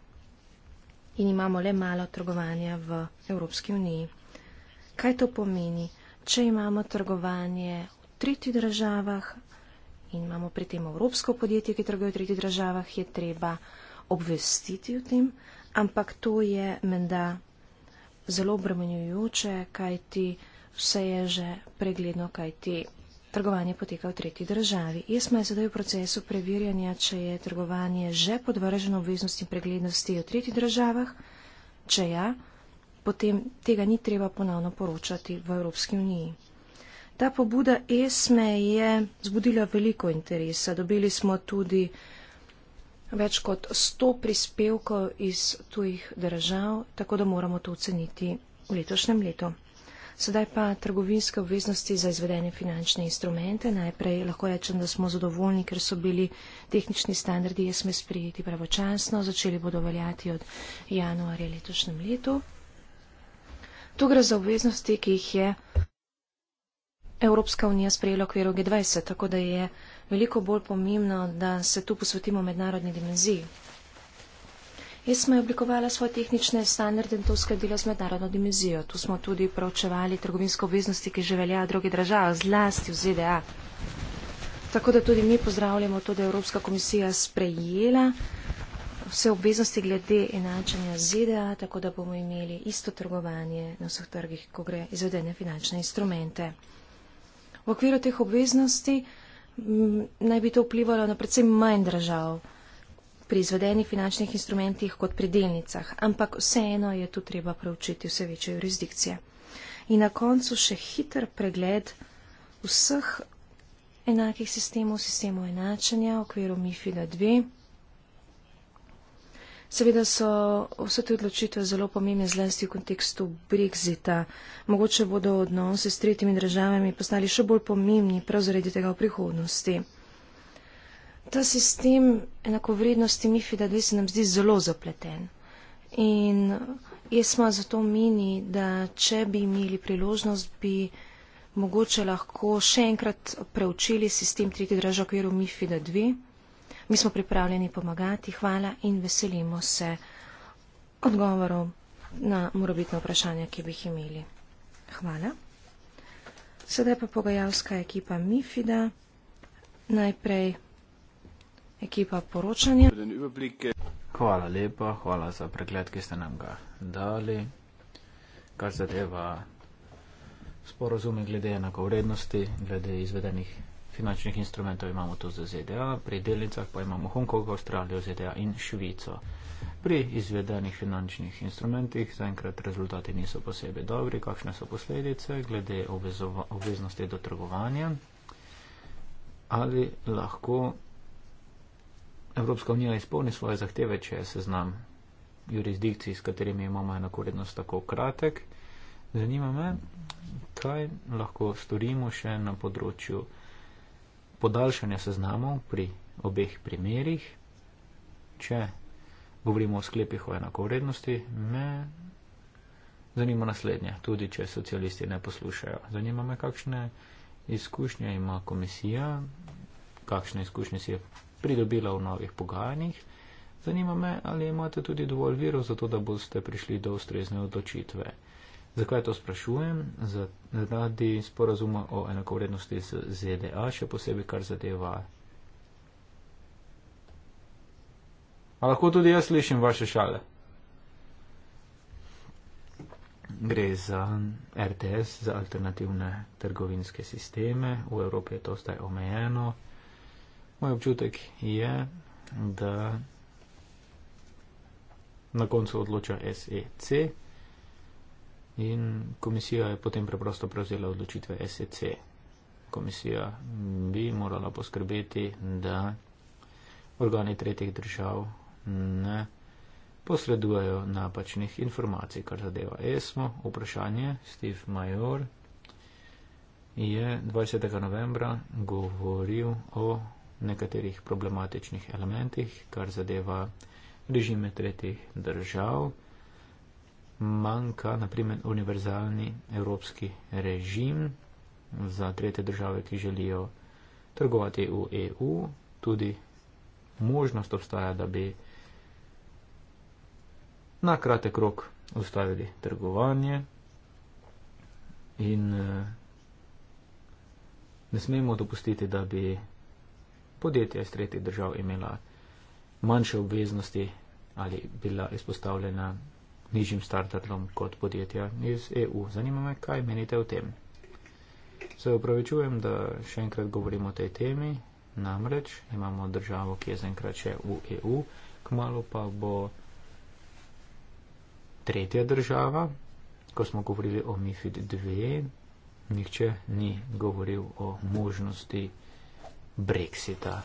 in imamo le malo trgovanja v Evropski uniji. Kaj to pomeni? Če imamo trgovanje v tretjih državah in imamo pri tem evropsko podjetje, ki trguje v tretjih državah, je treba obvestiti o tem, ampak to je menda zelo obremenjujoče, kaj ti vse je že pregledno, kaj ti trgovanje poteka v tretji državi. ESMA je sedaj v procesu preverjanja, če je trgovanje že podvrženo obveznosti in preglednosti v tretji državah. Če ja, potem tega ni treba ponovno poročati v Evropski uniji. Ta pobuda ESME je zbudila veliko interesa. Dobili smo tudi več kot 100 prispevkov iz tujih držav, tako da moramo to oceniti v letošnjem letu. Sedaj pa trgovinske obveznosti za izvedene finančne instrumente. Najprej lahko rečem, da smo zadovoljni, ker so bili tehnični standardi SME sprejeti pravočasno. Začeli bodo veljati od januarja letošnjem letu. Tu gre za obveznosti, ki jih je Evropska unija sprejela v okviru G20, tako da je veliko bolj pomembno, da se tu posvetimo mednarodni dimenziji. ESMA je oblikovala svoje tehnične standarde in to uskladila z mednarodno dimenzijo. Tu smo tudi preučevali trgovinsko obveznosti, ki že velja v drugih državah, zlasti v ZDA. Tako da tudi mi pozdravljamo to, da je Evropska komisija sprejela vse obveznosti glede enačanja ZDA, tako da bomo imeli isto trgovanje na vseh trgih, ko gre izvedene finančne instrumente. V okviru teh obveznosti m, naj bi to vplivalo na predvsem manj držav pri izvedenih finančnih instrumentih kot pri delnicah, ampak vseeno je tu treba preučiti vse večje jurisdikcije. In na koncu še hiter pregled vseh enakih sistemov, sistemov enačanja v okviru MIFID-2. Seveda so vse te odločitve zelo pomembne zlasti v kontekstu Brexita. Mogoče bodo odnose s tretjimi državami postali še bolj pomembni prav zaradi tega v prihodnosti ta sistem enakovrednosti MIFID-a 2 se nam zdi zelo zapleten. In eh, jaz sem zato meni, da če bi imeli priložnost, bi mogoče lahko še enkrat preučili sistem tretje države v okviru MIFID-a 2. Mi smo pripravljeni pomagati, hvala in veselimo se odgovorov na morabitno vprašanje, ki bi jih imeli. Hvala. Sedaj pa pogajalska ekipa MIFID-a. Najprej ekipa poročanja. Hvala lepa, hvala za pregled, ki ste nam ga dali. Kar zadeva sporozume glede enakovrednosti, glede izvedenih finančnih instrumentov imamo to za ZDA, pri delnicah pa imamo Hongkong, Avstralijo, ZDA in Švico. Pri izvedenih finančnih instrumentih zaenkrat rezultati niso posebej dobri, kakšne so posledice glede obveznosti do trgovanja. Ali lahko Evropska unija izpolni svoje zahteve, če je seznam jurisdikcij, s katerimi imamo enakorednost tako kratek. Zanima me, kaj lahko storimo še na področju podaljšanja seznamov pri obeh primerih. Če govorimo o sklepih o enakorednosti, me zanima naslednje, tudi če socialisti ne poslušajo. Zanima me, kakšne izkušnje ima komisija, kakšne izkušnje si je pridobila v novih pogajanjih. Zanima me, ali imate tudi dovolj virov za to, da boste prišli do ustrezne odločitve. Zakaj to sprašujem? Zaradi sporazuma o enakovrednosti z ZDA, še posebej kar zadeva. A lahko tudi jaz slišim vaše šale? Gre za RTS, za alternativne trgovinske sisteme. V Evropi je to zdaj omejeno. Moj občutek je, da na koncu odloča SEC in komisija je potem preprosto prevzela odločitve SEC. Komisija bi morala poskrbeti, da organi tretjih držav ne posredujejo napačnih informacij, kar zadeva ESMO. Vprašanje Steve Major je 20. novembra govoril o nekaterih problematičnih elementih, kar zadeva režime tretjih držav. Manjka, naprimer, univerzalni evropski režim za tretje države, ki želijo trgovati v EU. Tudi možnost obstaja, da bi na kratek rok ustavili trgovanje in eh, ne smemo dopustiti, da bi podjetja iz tretjih držav imela manjše obveznosti ali bila izpostavljena nižjim startardom kot podjetja iz EU. Zanima me, kaj menite o tem. Se upravičujem, da še enkrat govorim o tej temi, namreč imamo državo, ki je zaenkrat še v EU, kmalo pa bo tretja država, ko smo govorili o MIFID 2, nihče ni govoril o možnosti. Brexita.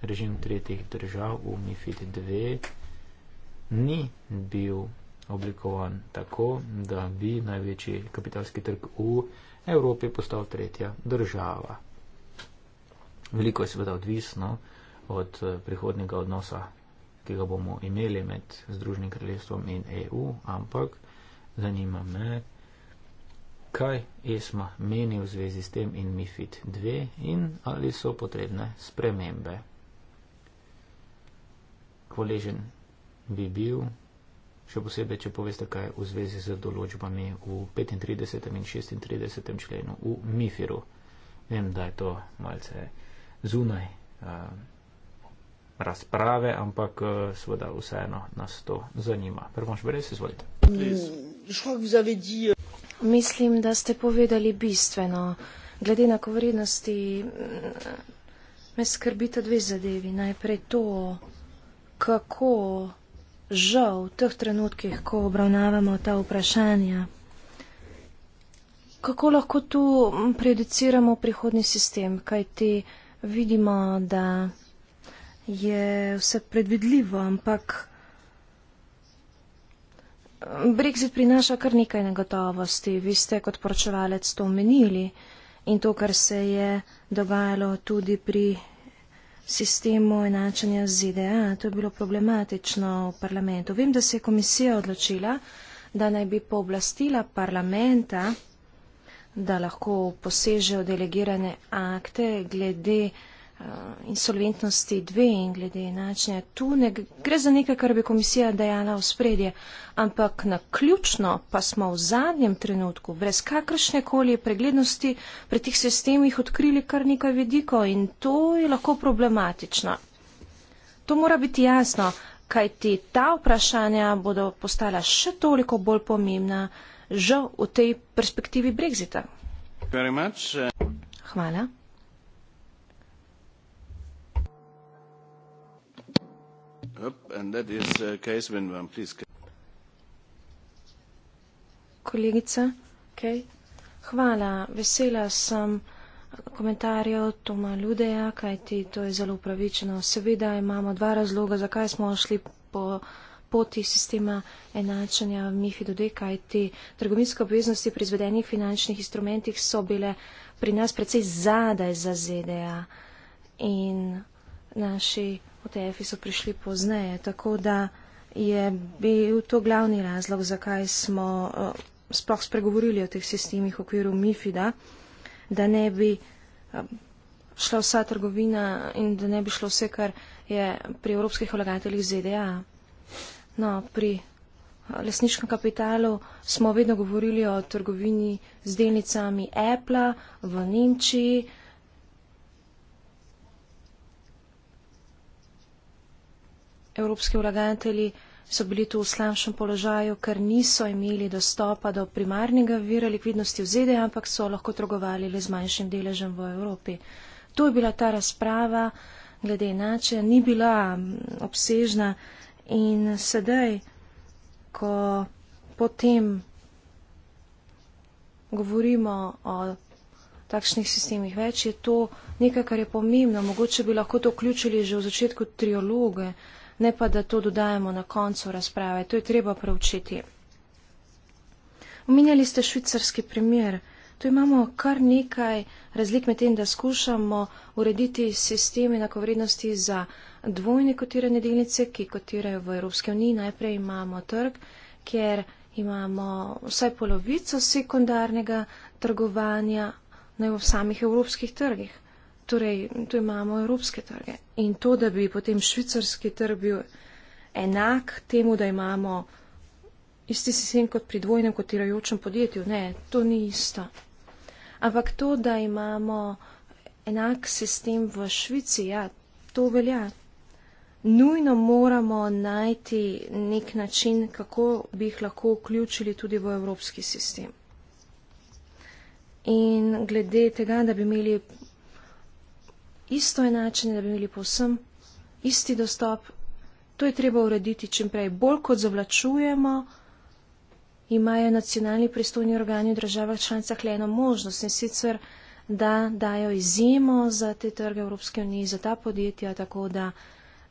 Režim tretjih držav v MIFID 2 ni bil oblikovan tako, da bi največji kapitalski trg v Evropi postal tretja država. Veliko je seveda odvisno od eh, prihodnega odnosa, ki ga bomo imeli med Združenim kraljestvom in EU, ampak zanima me, kaj ESMA meni v zvezi s tem in MIFID 2 in ali so potrebne spremembe. Hvaležen bi bil, še posebej, če poveste, kaj je v zvezi z določbami v 35. in 36. členu v MIFIR-u. Vem, da je to malce zunaj razprave, ampak seveda vseeno nas to zanima. Prvo, če res izvolite. Mm, Mislim, da ste povedali bistveno. Glede na kovrednosti me skrbita dve zadevi. Najprej to, kako žal v teh trenutkih, ko obravnavamo ta vprašanja, kako lahko tu prediciramo prihodni sistem, kaj ti vidimo, da je vse predvidljivo, ampak Brexit prinaša kar nekaj negotovosti. Vi ste kot poročevalec to omenili in to, kar se je dogajalo tudi pri sistemu enačanja z ZDA, to je bilo problematično v parlamentu. Vem, da se je komisija odločila, da naj bi pooblastila parlamenta, da lahko poseže v delegirane akte glede insolventnosti dve in glede načine. Tu ne gre za nekaj, kar bi komisija dejala v spredje, ampak na ključno pa smo v zadnjem trenutku brez kakršne koli preglednosti pri teh sistemih odkrili kar nekaj vidikov in to je lahko problematično. To mora biti jasno, kaj ti ta vprašanja bodo postala še toliko bolj pomembna že v tej perspektivi Brexita. Hvala. Uh, Kolegica, okay. hvala. Vesela sem komentarjev Toma Ludeja, kajti to je zelo upravičeno. Seveda imamo dva razloga, zakaj smo šli po poti sistema enačanja MIFID-2, kajti trgovinske obveznosti pri izvedenih finančnih instrumentih so bile pri nas precej zadaj za ZDA in naši apotefi so prišli pozneje, tako da je bil to glavni razlog, zakaj smo uh, sploh spregovorili o teh sistemih v okviru MIFID-a, da ne bi uh, šla vsa trgovina in da ne bi šlo vse, kar je pri evropskih vlagateljih ZDA. No, pri eh, lesničkem kapitalu smo vedno govorili o trgovini z delnicami Apple v Nemčiji. Uh, evropski uraganitelji so bili tu v slabšem položaju, ker niso imeli dostopa do primarnega vira likvidnosti v ZDA, ampak so lahko trgovali le z manjšim deležem v Evropi. Tu je bila ta razprava glede inače, ni bila obsežna in sedaj, ko potem govorimo o takšnih sistemih več, je to nekaj, kar je pomembno. Mogoče bi lahko to vključili že v začetku triologe ne pa, da to dodajamo na koncu razprave. To je treba pravčiti. Omenjali ste švicarski primer. Tu imamo kar nekaj razlik med tem, da skušamo urediti sistem enakovrednosti za dvojne kotirane delnice, ki kotirajo v Evropski uniji. Najprej imamo trg, kjer imamo vsaj polovico sekundarnega trgovanja na samih evropskih trgih torej, tu imamo evropske trge. In to, da bi potem švicarski trg bil enak temu, da imamo isti sistem kot pri dvojnem kotirajočem podjetju, ne, to ni isto. Ampak to, da imamo enak sistem v Švici, ja, to velja. Nujno moramo najti nek način, kako bi jih lahko vključili tudi v evropski sistem. In glede tega, da bi imeli isto enačenje, da bi imeli povsem isti dostop. To je treba urediti čim prej. Bolj kot zavlačujemo, imajo nacionalni pristojni organi v državah članicah le eno možnost in sicer, da dajo izjemo za te trge Evropske unije, za ta podjetja, tako da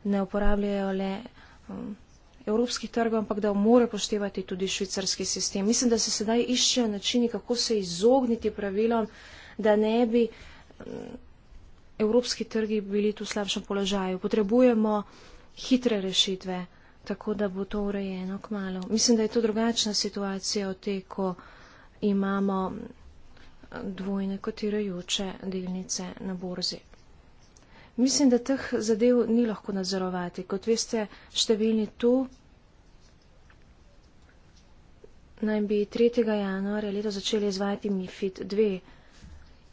ne uporabljajo le um, evropskih trgov, ampak da morajo poštevati tudi švicarski sistem. Mislim, da se sedaj iščejo načini, kako se izogniti pravilom, da ne bi. Um, evropski trgi bili tu v slabšem položaju. Potrebujemo hitre rešitve, tako da bo to urejeno k malu. Mislim, da je to drugačna situacija od te, ko imamo dvojne kotirajoče delnice na borzi. Mislim, da teh zadev ni lahko nadzorovati. Kot veste, številni tu naj bi 3. januarja leto začeli izvajati MIFID 2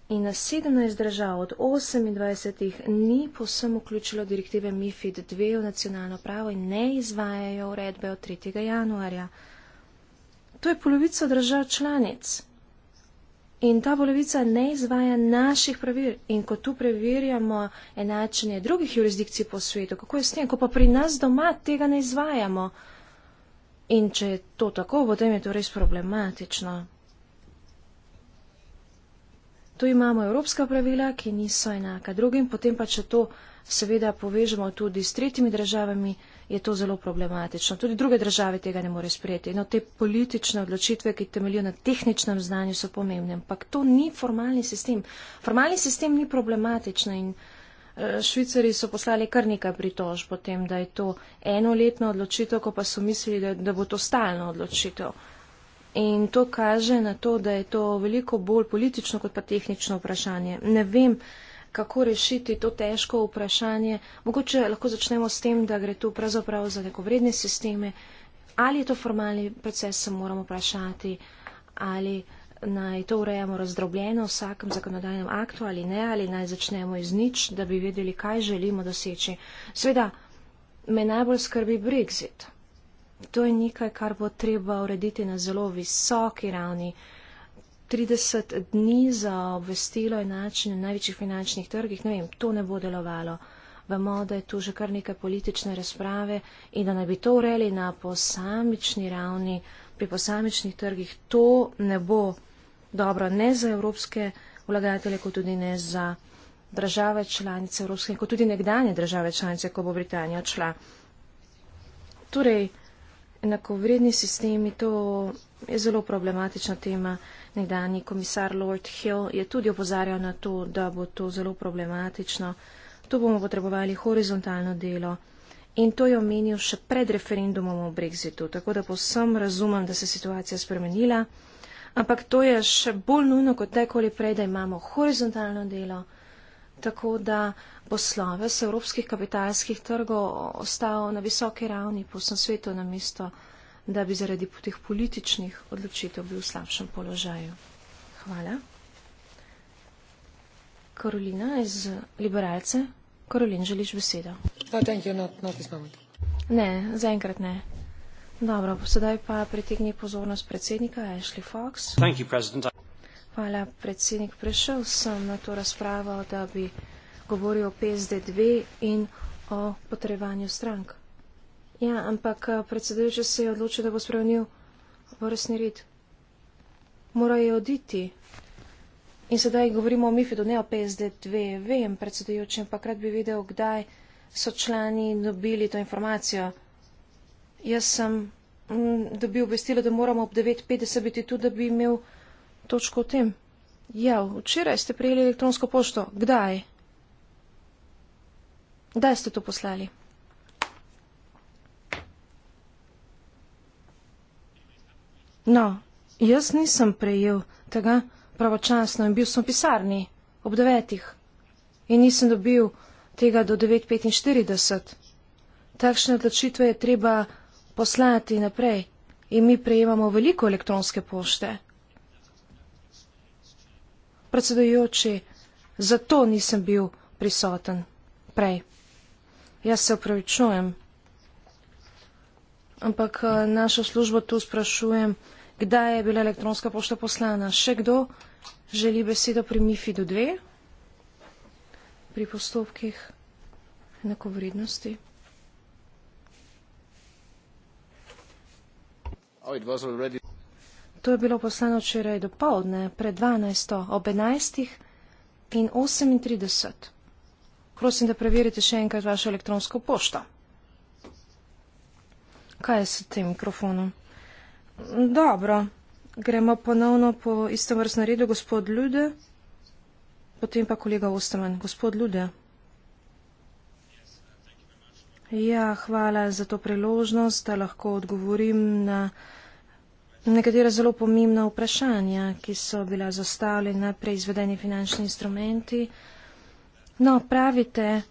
in 17 držav od 28 ni posem vključilo direktive MIFID 2 v nacionalno pravo in ne izvajajo uredbe od 3. januarja. To je polovica držav članic. In ta polovica ne izvaja naših pravil. In ko tu preverjamo enačenje drugih jurisdikcij po svetu, kako je s tem, ko pa pri nas doma tega ne izvajamo. In če je to tako, potem je to res problematično. Tu imamo evropska pravila, ki niso enaka drugim, potem pa če to seveda povežemo tudi s tretjimi državami, je to zelo problematično. Tudi druge države tega ne more sprejeti. No, te politične odločitve, ki temeljijo na tehničnem znanju, so pomembne. Ampak to ni formalni sistem. Formalni sistem ni problematičen in eh, Švicari so poslali kar nekaj pritožb potem, da je to enoletna odločitev, ko pa so mislili, da, da bo to stalna odločitev. In to kaže na to, da je to veliko bolj politično kot pa tehnično vprašanje. Ne vem, kako rešiti to težko vprašanje. Mogoče lahko začnemo s tem, da gre tu pravzaprav za neko vredne sisteme. Ali je to formalni proces, se moramo vprašati, ali naj to urejamo razdrobljeno v vsakem zakonodajnem aktu ali ne, ali naj začnemo iz nič, da bi vedeli, kaj želimo doseči. Sveda, me najbolj skrbi Brexit. To je nekaj, kar bo treba urediti na zelo visoki ravni. 30 dni za obvestilo in način na največjih finančnih trgih, ne vem, to ne bo delovalo. Vemo, da je tu že kar nekaj politične razprave in da naj bi to ureli na posamični ravni, pri posamičnih trgih, to ne bo dobro ne za evropske vlagatelje, kot tudi ne za države članice evropske, kot tudi nekdanje države članice, ko bo Britanija odšla. Torej, enakovredni sistemi, to je zelo problematična tema. Nekdani komisar Lord Hill je tudi opozarjal na to, da bo to zelo problematično. Tu bomo potrebovali horizontalno delo. In to je omenil še pred referendumom o Brexitu, tako da posem razumem, da se situacija spremenila. Ampak to je še bolj nujno kot tekoli prej, da imamo horizontalno delo. Tako da uh, poslove s evropskih kapitalskih trgov ostal na visoki ravni po vsem svetu, namesto da bi zaradi teh političnih odločitev bil v slabšem položaju. Hvala. Karolina iz Liberalce. Karolin, želiš besedo? Ne, zaenkrat ne. Dobro, sedaj pa pritegni pozornost predsednika Ashley Fox. Hvala, predsednik. Prešel sem na to razpravo, da bi govori o PSD2 in o potrevanju strank. Ja, ampak eh, predsedujoče se je odločil, da bo spremenil vrstni red. Mora je oditi. In sedaj govorimo o MIFIDu, ne o PSD2. Vem, predsedujoče, ampak rad bi videl, kdaj so člani dobili to informacijo. Jaz sem mm, dobil obvestilo, da moramo ob 9.50 biti tu, da bi imel točko o tem. Ja, včeraj ste prijeli elektronsko pošto. Kdaj? Kdaj ste to poslali? No, jaz nisem prejel tega pravočasno in bil sem v pisarni ob devetih in nisem dobil tega do 9.45. Takšne odločitve je treba poslati naprej in mi prejemamo veliko elektronske pošte. Predsedujoči, zato nisem bil prisoten prej. Jaz se upravičujem, ampak eh, našo službo tu sprašujem, kdaj je bila elektronska pošta poslana. Še kdo želi besedo pri MIFI do dve? Pri postopkih enakovrednosti? Oh, to je bilo poslano včeraj do povdne, pred 12. ob 11. in 38. Prosim, da preverite še enkrat vašo elektronsko pošto. Kaj je s tem mikrofonom? Dobro, gremo ponovno po istem vrstnem redu, gospod Ljude, potem pa kolega Osterman. Gospod Ljude. Ja, hvala za to priložnost, da lahko odgovorim na nekatera zelo pomembna vprašanja, ki so bila zastavljena pri izvedeni finančni instrumenti. Uh, No, pravite,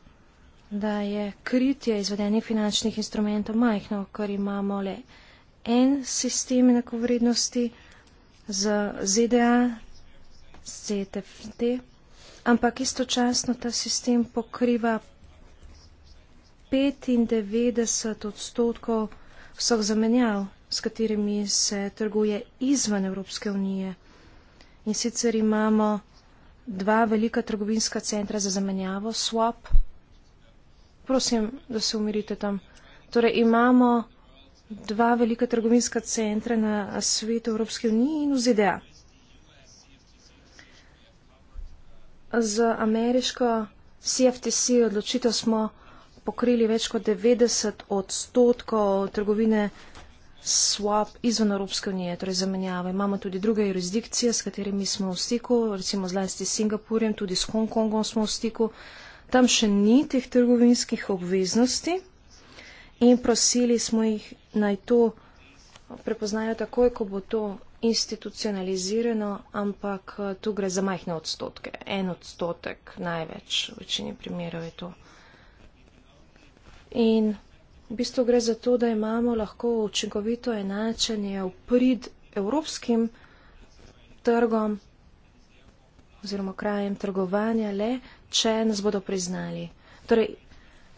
da je kritje izvedenih finančnih instrumentov majhno, ker imamo le en sistem enakovrednosti z ZDA, z ZTFT, ampak istočasno ta sistem pokriva 95 odstotkov vseh zamenjav, s katerimi se trguje izven Evropske unije. In sicer imamo dva velika trgovinska centra za zamenjavo, swap. Prosim, da se umirite tam. Torej, imamo dva velika trgovinska centra na svetu Evropske unije in v ZDA. Z ameriško CFTC odločitev smo pokrili več kot 90 odstotkov trgovine swap izven Evropske unije, torej zamenjave. Imamo tudi druge jurisdikcije, s katerimi smo v stiku, recimo zlasti s Singapurjem, tudi s Hongkongom smo v stiku. Tam še ni teh trgovinskih obveznosti in prosili smo jih naj to prepoznajo takoj, ko bo to institucionalizirano, ampak eh, tu gre za majhne odstotke. En odstotek največ, v večini primerov je to. In V bistvu gre za to, da imamo lahko učinkovito enačanje v prid evropskim trgom oziroma krajem trgovanja le, če nas bodo priznali. Torej,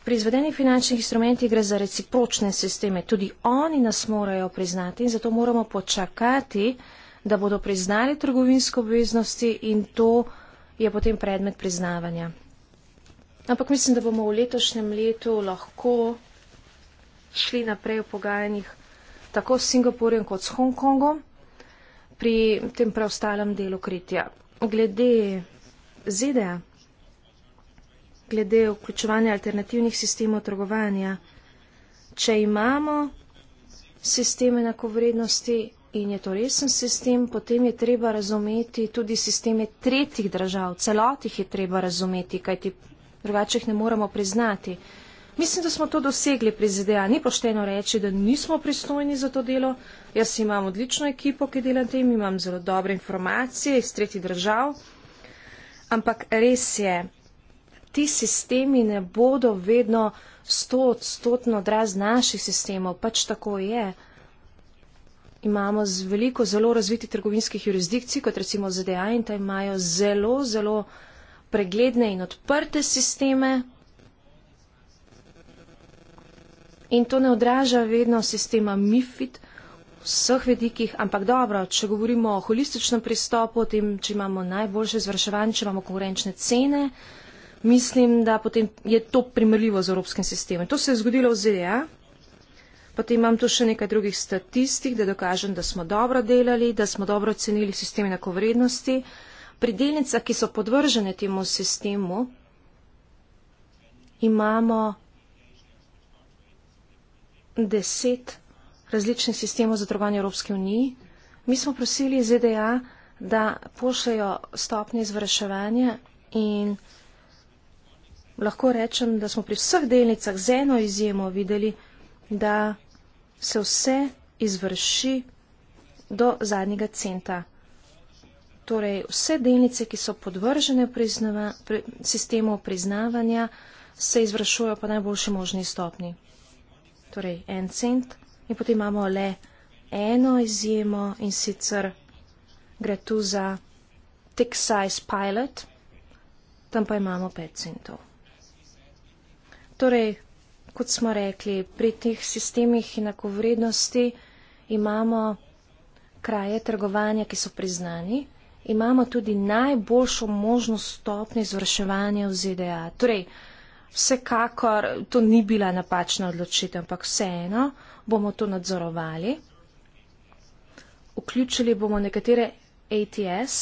pri izvedenih finančnih instrumentih gre za recipročne sisteme. Tudi oni nas morajo priznati in zato moramo počakati, da bodo priznali trgovinsko obveznosti in to je potem predmet priznavanja. Ampak mislim, da bomo v letošnjem letu lahko šli naprej v pogajanjih tako s Singapurjem kot s Hongkongom pri tem preostalem delu kritja. Glede ZDA, glede vključevanja alternativnih sistemov trgovanja, če imamo sisteme enakovrednosti in je to resen sistem, potem je treba razumeti tudi sisteme tretjih držav, celotih je treba razumeti, kajti drugače jih ne moramo priznati. Mislim, da smo to dosegli pri ZDA. Ni pošteno reči, da nismo pristojni za to delo. Jaz imam odlično ekipo, ki dela na tem, imam zelo dobre informacije iz tretjih držav. Ampak res je, ti sistemi ne bodo vedno stotno odraz naših sistemov. Pač tako je. Imamo z veliko zelo razviti trgovinskih jurisdikcij, kot recimo ZDA in ta imajo zelo, zelo pregledne in odprte sisteme, In to ne odraža vedno sistema MIFID v vseh vedikih, ampak dobro, če govorimo o holističnem pristopu, o tem, če imamo najboljše izvrševanje, če imamo konkurenčne cene, mislim, da potem je to primerljivo z evropskim sistemom. To se je zgodilo v ZDA. Potem imam tu še nekaj drugih statistik, da dokažem, da smo dobro delali, da smo dobro ocenili sistem enakovrednosti. Pri delnicah, ki so podvržene temu sistemu, imamo deset različnih sistemov za trgovanje Evropske unije. Mi smo prosili ZDA, da pošljajo stopnje izvrševanja in lahko rečem, da smo pri vseh delnicah z eno izjemo videli, da se vse izvrši do zadnjega centa. Torej, vse delnice, ki so podvržene priznava, pri, sistemu priznavanja, se izvršujejo po najboljši možni stopni torej en cent in potem imamo le eno izjemo in sicer gre tu za tick size pilot, tam pa imamo 5 centov. Torej, kot smo rekli, pri teh sistemih enakovrednosti imamo kraje trgovanja, ki so priznani, imamo tudi najboljšo možno stopnjo izvrševanja v ZDA. Torej, Vsekakor to ni bila napačna odločitev, ampak vseeno bomo to nadzorovali. Vključili bomo nekatere ATS,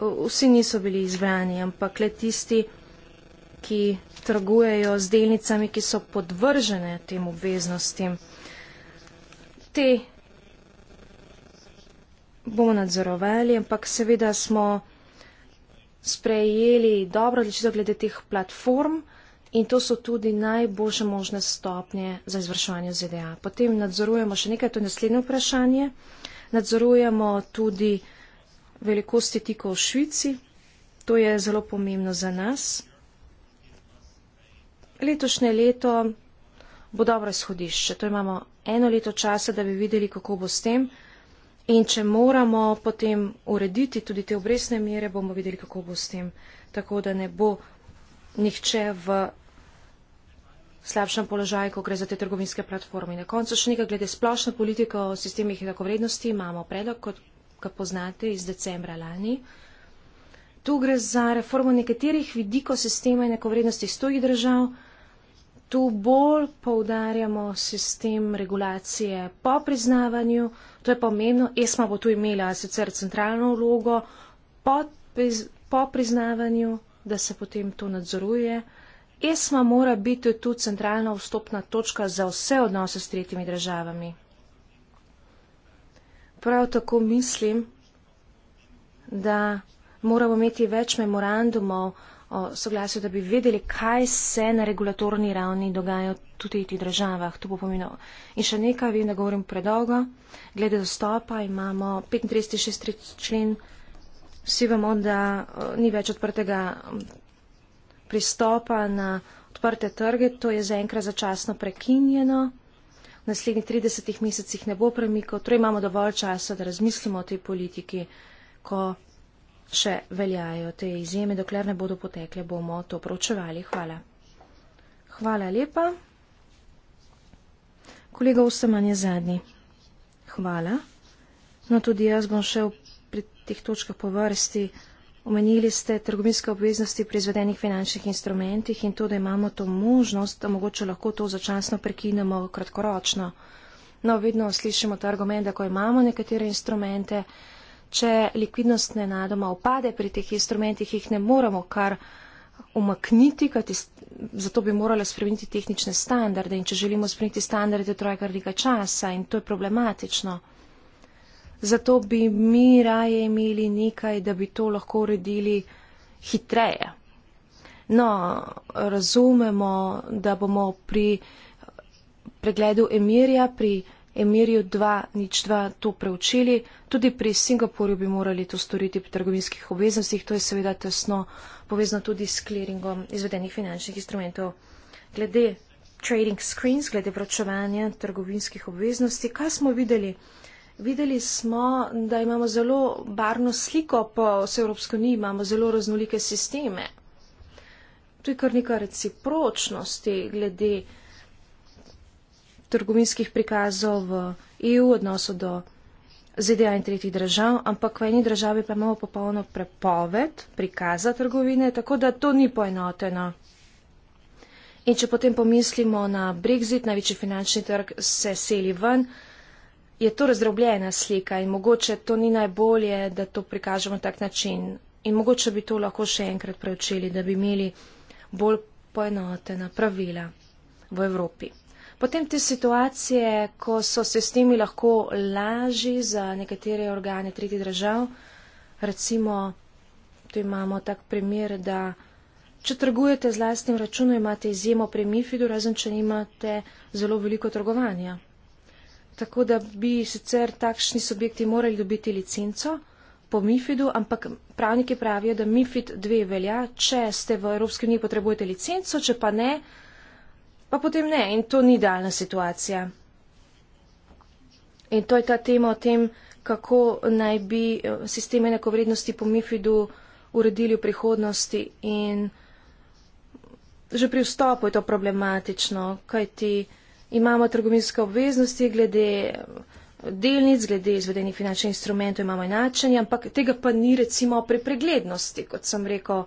vsi niso bili izbrani, ampak le tisti, ki trgujejo z delnicami, ki so podvržene tem obveznostim. Te bomo nadzorovali, ampak seveda smo sprejeli dobro odločitev glede teh platform in to so tudi najboljše možne stopnje za izvrševanje ZDA. Potem nadzorujemo še nekaj, to je naslednje vprašanje. Nadzorujemo tudi velikosti tikov v Švici. To je zelo pomembno za nas. Letošnje leto bo dobro izhodišče. To imamo eno leto časa, da bi videli, kako bo s tem. In če moramo potem urediti tudi te obresne mere, bomo videli, kako bo s tem. Tako da ne bo nihče v slabšem položaju, ko gre za te trgovinske platforme. Na koncu še nekaj glede splošne politike o sistemih enakovrednosti. Imamo predlog, kot ga poznate iz decembra lani. Tu gre za reformo nekaterih vidikov sistema enakovrednosti stojih držav. Tu bolj poudarjamo sistem regulacije po priznavanju. To je pomembno. ESMA bo tu imela sicer centralno vlogo po priznavanju, da se potem to nadzoruje. ESMA mora biti tu centralna vstopna točka za vse odnose s tretjimi državami. Prav tako mislim, da moramo imeti več memorandumov o soglasju, da bi vedeli, kaj se na regulatorni ravni dogaja tudi v tih državah. To bo pomenilo. In še nekaj, vem, da govorim predolgo. Glede dostopa imamo 35.6. člen. Vsi vemo, da eh, ni več odprtega pristopa na odprte trge. To je zaenkrat začasno prekinjeno. V naslednjih 30 mesecih ne bo premikov, torej imamo dovolj časa, da razmislimo o tej politiki, ko še veljajo te izjeme, dokler ne bodo potekle, bomo to pročevali. Hvala. Hvala lepa. Kolega Usaman je zadnji. Hvala. No, tudi jaz bom šel pri teh točkah po vrsti. Omenili ste trgovinske obveznosti pri izvedenih finančnih instrumentih in to, da imamo to možnost, da mogoče lahko to začasno prekinemo kratkoročno. No, vedno slišimo ta argument, da ko imamo nekatere instrumente, če likvidnost ne nadoma opade pri teh instrumentih, jih ne moremo kar umakniti, kajti zato bi morali spremeniti tehnične standarde in če želimo spremeniti standarde, to je kar nekaj časa in to je problematično. Zato bi mi raje imeli nekaj, da bi to lahko uredili hitreje. No, razumemo, da bomo pri pregledu Emirja, pri Emirju 2.02 to preučili. Tudi pri Singapurju bi morali to storiti pri trgovinskih obveznostih. To je seveda tesno povezano tudi s kliringom izvedenih finančnih instrumentov. Glede trading screens, glede vračevanja trgovinskih obveznosti, kaj smo videli? Videli smo, da imamo zelo barno sliko po Evropski uniji, imamo zelo raznolike sisteme. Tu je kar neka recipročnosti glede trgovinskih prikazov v EU, odnosu do ZDA in tretjih držav, ampak v eni državi pa imamo popolno prepoved prikaza trgovine, tako da to ni poenoteno. In če potem pomislimo na Brexit, največji finančni trg se seli ven, je to razdrobljena slika in mogoče to ni najbolje, da to prikažemo tak način. In mogoče bi to lahko še enkrat preučili, da bi imeli bolj poenotena pravila v Evropi. Potem te situacije, ko so se s temi lahko lažji za nekatere organe tretjih držav, recimo, tu imamo tak primer, da če trgujete z lastnim računom, imate izjemo pri MIFID-u, razen če nimate zelo veliko trgovanja. Tako da bi sicer takšni subjekti morali dobiti licenco po MIFID-u, ampak pravniki pravijo, da MIFID 2 velja, če ste v Evropski uniji potrebujete licenco, če pa ne, pa potem ne. In to ni daljna situacija. In to je ta tema o tem, kako naj bi eh, sisteme enakovrednosti po MIFID-u uredili v prihodnosti. In že pri vstopu je to problematično, kaj ti imamo trgovinske obveznosti glede delnic, glede izvedenih finančnih instrumentov, imamo enačenje, ampak tega pa ni recimo pri preglednosti, kot sem rekel.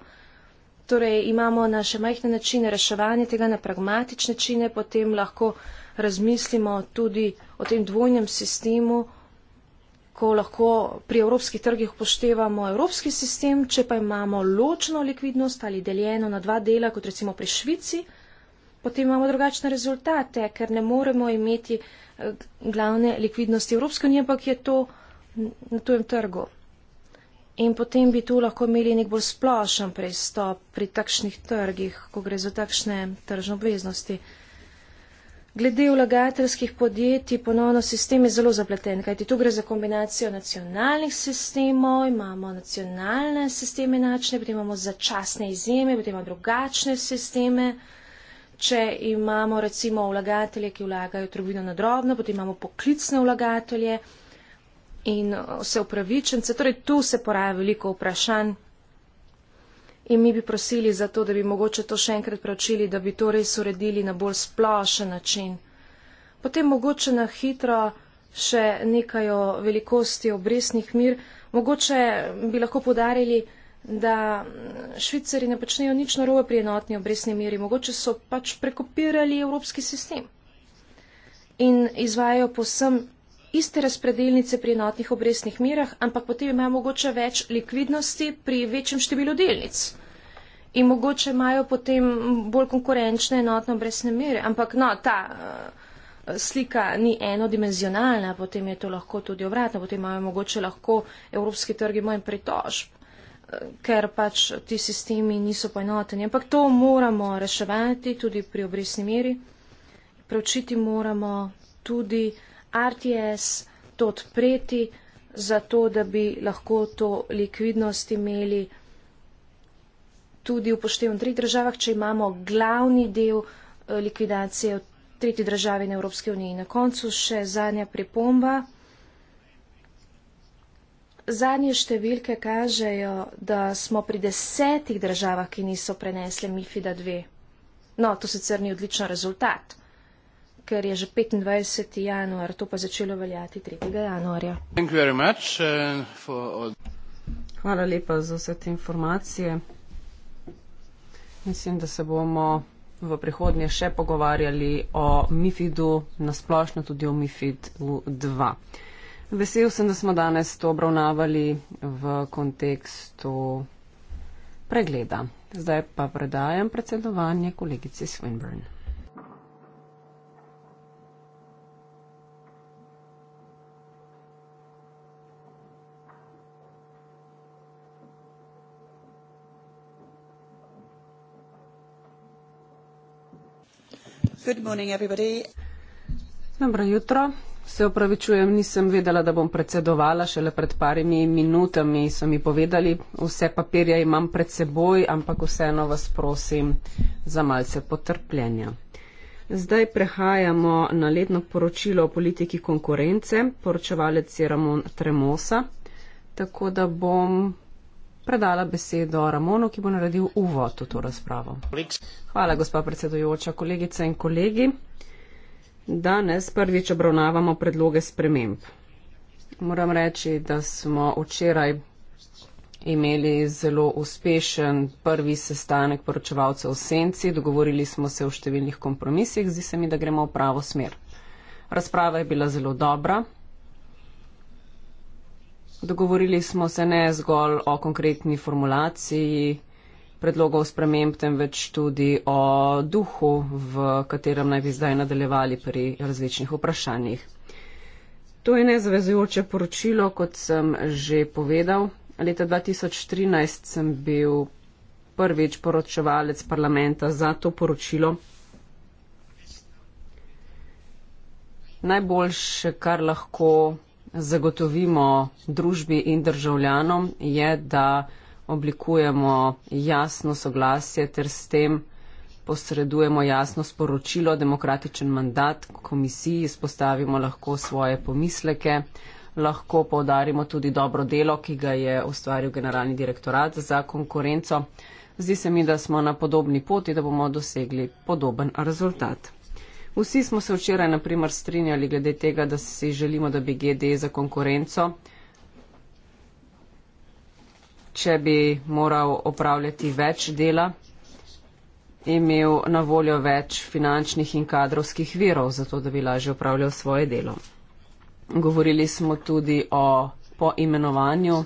Torej imamo naše majhne načine reševanja tega na pragmatične načine, potem lahko razmislimo tudi o tem dvojnem sistemu, ko lahko pri evropskih trgih upoštevamo evropski sistem, če pa imamo ločno likvidnost ali deljeno na dva dela, kot recimo pri Švici, potem imamo drugačne rezultate, ker ne moremo imeti eh, glavne likvidnosti Evropske unije, ampak je to na tujem trgu. In potem bi tu lahko imeli nek bolj splošen pristop pri takšnih trgih, ko gre za takšne tržne obveznosti. Glede vlagateljskih podjetij, ponovno sistem je zelo zapleten, kajti tu gre za kombinacijo nacionalnih sistemov, imamo nacionalne sisteme načne, potem imamo začasne izjeme, potem imamo drugačne sisteme. Če imamo recimo vlagatelje, ki vlagajo trgovino na drobno, potem imamo poklicne vlagatelje in uh, vse upravičence. Torej, tu se poraja veliko vprašanj in mi bi prosili za to, da bi mogoče to še enkrat preučili, da bi to res uredili na bolj splošen način. Potem mogoče na hitro še nekaj o velikosti obresnih mir. Mogoče bi lahko podarili da švicari ne počnejo nič narobe pri enotni obresni meri. Mogoče so pač prekopirali evropski sistem in izvajajo posem iste razpredelnice pri enotnih obresnih merah, ampak potem imajo mogoče več likvidnosti pri večjem številu delnic. In mogoče imajo potem bolj konkurenčne enotne obresne mere. Ampak no, ta eh, slika ni enodimenzionalna, potem je to lahko tudi obratno, potem imajo mogoče lahko evropski trgi manj pritožb ker pač ti sistemi niso poenoteni. Ampak to moramo reševati tudi pri obresni meri. Preučiti moramo tudi RTS to odpreti, zato da bi lahko to likvidnost imeli tudi upoštevan v treh državah, če imamo glavni del eh, likvidacije v tretji državi in Evropske unije. Na koncu še zadnja pripomba zadnje številke kažejo, da smo pri desetih državah, ki niso prenesle MIFID-a 2. No, to sicer ni odličen rezultat, ker je že 25. januar, to pa začelo veljati 3. januarja. Uh, Hvala lepa za vse te informacije. Mislim, da se bomo v prihodnje še pogovarjali o MIFID-u, nasplošno tudi o MIFID-u 2. Vesel sem, da smo danes to obravnavali v kontekstu pregleda. Zdaj pa predajam predsedovanje kolegici Swinburne. Dobro jutro Se opravičujem, nisem vedela, da bom predsedovala, šele pred parimi minutami so mi povedali, vse papirje imam pred seboj, ampak vseeno vas prosim za malce potrpljenja. Zdaj prehajamo na letno poročilo o politiki konkurence, poročevalec je Ramon Tremosa, tako da bom predala besedo Ramonu, ki bo naredil uvod v to razpravo. Hvala, gospa predsedujoča, kolegice in kolegi. Danes prvič obravnavamo predloge sprememb. Moram reči, da smo včeraj imeli zelo uspešen prvi sestanek poročevalcev v Senci, dogovorili smo se o številnih kompromisih, zdi se mi, da gremo v pravo smer. Razprava je bila zelo dobra. Dogovorili smo se ne zgolj o konkretni formulaciji predlogov sprememb, temveč tudi o duhu, v katerem naj bi zdaj nadaljevali pri različnih vprašanjih. To je nezavezujoče poročilo, kot sem že povedal. Leta 2013 sem bil prvič poročevalec parlamenta za to poročilo. Najboljše, kar lahko zagotovimo družbi in državljanom, je, da oblikujemo jasno soglasje ter s tem posredujemo jasno sporočilo, demokratičen mandat komisiji, izpostavimo lahko svoje pomisleke, lahko povdarimo tudi dobro delo, ki ga je ustvaril generalni direktorat za konkurenco. Zdi se mi, da smo na podobni poti, da bomo dosegli podoben rezultat. Vsi smo se včeraj, na primer, strinjali glede tega, da si želimo, da bi GD za konkurenco če bi moral opravljati več dela, imel na voljo več finančnih in kadrovskih virov, zato da bi lažje opravljal svoje delo. Govorili smo tudi o poimenovanju.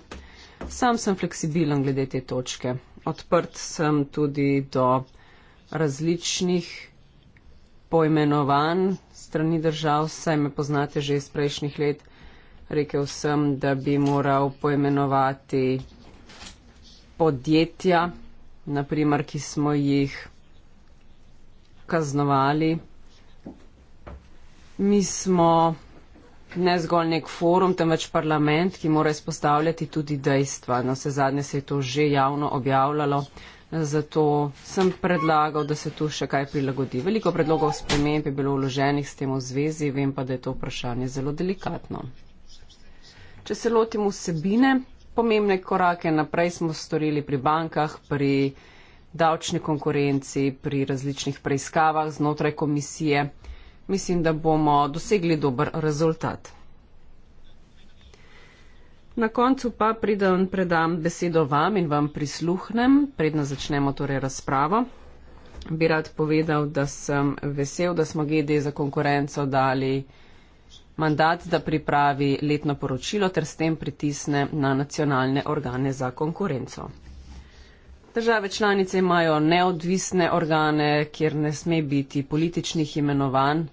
Sam sem fleksibilen glede te točke. Odprt sem tudi do različnih poimenovanj strani držav, saj me poznate že iz prejšnjih let. Rekel sem, da bi moral poimenovati podjetja, naprimer, ki smo jih kaznovali. Mi smo ne zgolj nek forum, temveč parlament, ki mora izpostavljati tudi dejstva. Na no, vse zadnje se je to že javno objavljalo, zato sem predlagal, da se tu še kaj prilagodi. Veliko predlogov sprememb je bilo vloženih s tem v zvezi, vem pa, da je to vprašanje zelo delikatno. Če se lotimo vsebine, pomembne korake naprej smo storili pri bankah, pri davčni konkurenci, pri različnih preiskavah znotraj komisije. Mislim, da bomo dosegli dober rezultat. Na koncu pa pridem predam besedo vam in vam prisluhnem, predno začnemo torej razpravo. Bi rad povedal, da sem vesel, da smo GD za konkurenco dali mandat, da pripravi letno poročilo ter s tem pritisne na nacionalne organe za konkurenco. Države članice imajo neodvisne organe, kjer ne sme biti političnih imenovanj,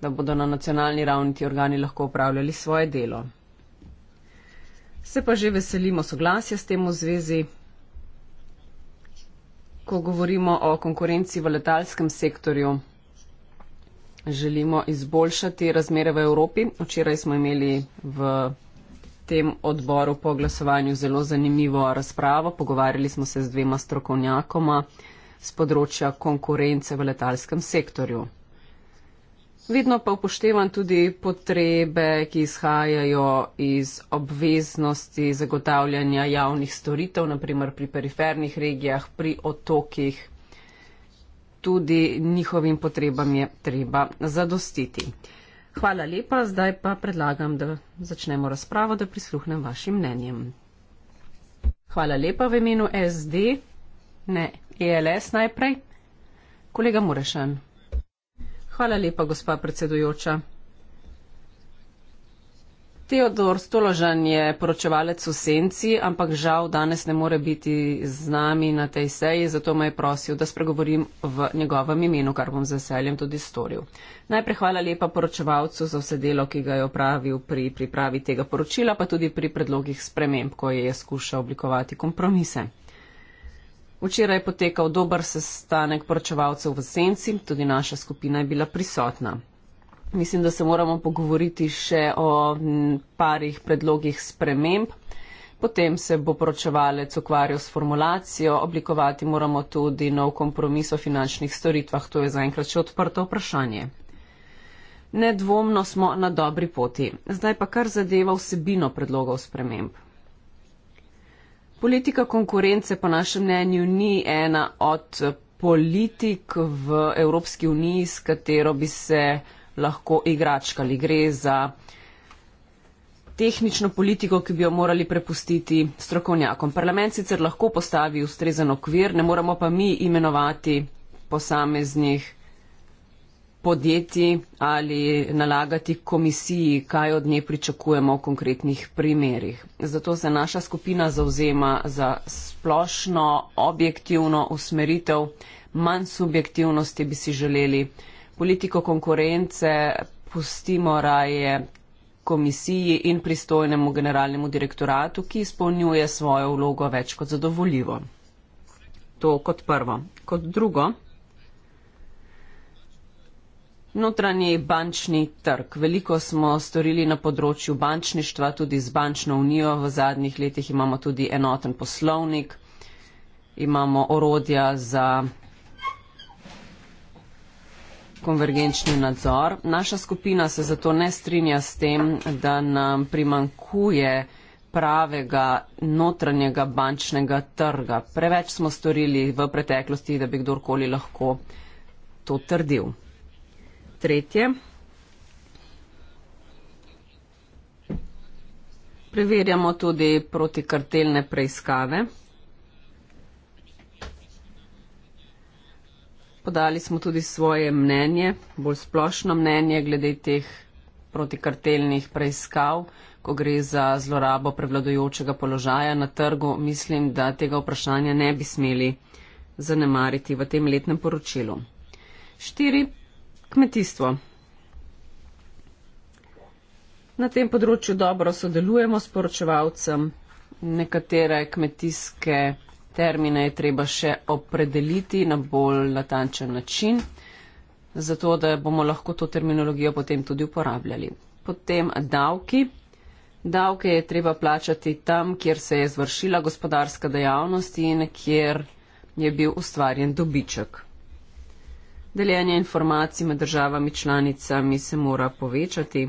da bodo na nacionalni ravni ti organi lahko upravljali svoje delo. Se pa že veselimo soglasja s tem v zvezi. Ko govorimo o konkurenci v letalskem sektorju, želimo izboljšati razmere v Evropi. Včeraj smo imeli v tem odboru po glasovanju zelo zanimivo razpravo. Pogovarjali smo se z dvema strokovnjakoma z področja konkurence v letalskem sektorju. Vedno pa upoštevam tudi potrebe, ki izhajajo iz obveznosti zagotavljanja javnih storitev, naprimer pri perifernih regijah, pri otokih, tudi njihovim potrebam je treba zadostiti. Hvala lepa, zdaj pa predlagam, da začnemo razpravo, da prisluhnem vašim mnenjem. Hvala lepa v imenu SD, ne ELS najprej. Kolega Murešan. Hvala lepa, gospa predsedujoča. Teodor Stoložan je poročevalec v Senci, ampak žal danes ne more biti z nami na tej seji, zato me je prosil, da spregovorim v njegovem imenu, kar bom z veseljem tudi storil. Najprej hvala lepa poročevalcu za vse delo, ki ga je opravil pri pripravi tega poročila, pa tudi pri predlogih sprememb, ko je skušal oblikovati kompromise. Včeraj je potekal dober sestanek poročevalcev v Senci, tudi naša skupina je bila prisotna mislim, da se moramo pogovoriti še o parih predlogih sprememb. Potem se bo poročevalec ukvarjal s formulacijo, oblikovati moramo tudi nov kompromis o finančnih storitvah. To je zaenkrat še odprto vprašanje. Nedvomno smo na dobri poti. Zdaj pa kar zadeva vsebino predlogov sprememb. Politika konkurence po našem mnenju ni ena od politik v Evropski uniji, s katero bi se lahko igračkali. Gre za tehnično politiko, ki bi jo morali prepustiti strokovnjakom. Parlament sicer lahko postavi ustrezen okvir, ne moramo pa mi imenovati posameznih podjetij ali nalagati komisiji, kaj od nje pričakujemo v konkretnih primerih. Zato se naša skupina zauzema za splošno objektivno usmeritev, manj subjektivnosti bi si želeli politiko konkurence pustimo raje komisiji in pristojnemu generalnemu direktoratu, ki izpolnjuje svojo vlogo več kot zadovoljivo. To kot prvo. Kot drugo, notranji bančni trg. Veliko smo storili na področju bančništva, tudi z bančno unijo. V zadnjih letih imamo tudi enoten poslovnik, imamo orodja za konvergenčni nadzor. Naša skupina se zato ne strinja s tem, da nam primankuje pravega notranjega bančnega trga. Preveč smo storili v preteklosti, da bi kdorkoli lahko to trdil. Tretje. Preverjamo tudi protikartelne preiskave. podali smo tudi svoje mnenje, bolj splošno mnenje glede teh protikartelnih preiskav, ko gre za zlorabo prevladojočega položaja na trgu. Mislim, da tega vprašanja ne bi smeli zanemariti v tem letnem poročilu. Štiri. Kmetijstvo. Na tem področju dobro sodelujemo s poročevalcem. Nekatere kmetijske termine je treba še opredeliti na bolj natančen način, zato da bomo lahko to terminologijo potem tudi uporabljali. Potem davki. Davke je treba plačati tam, kjer se je zvršila gospodarska dejavnost in kjer je bil ustvarjen dobiček. Deljenje informacij med državami članicami se mora povečati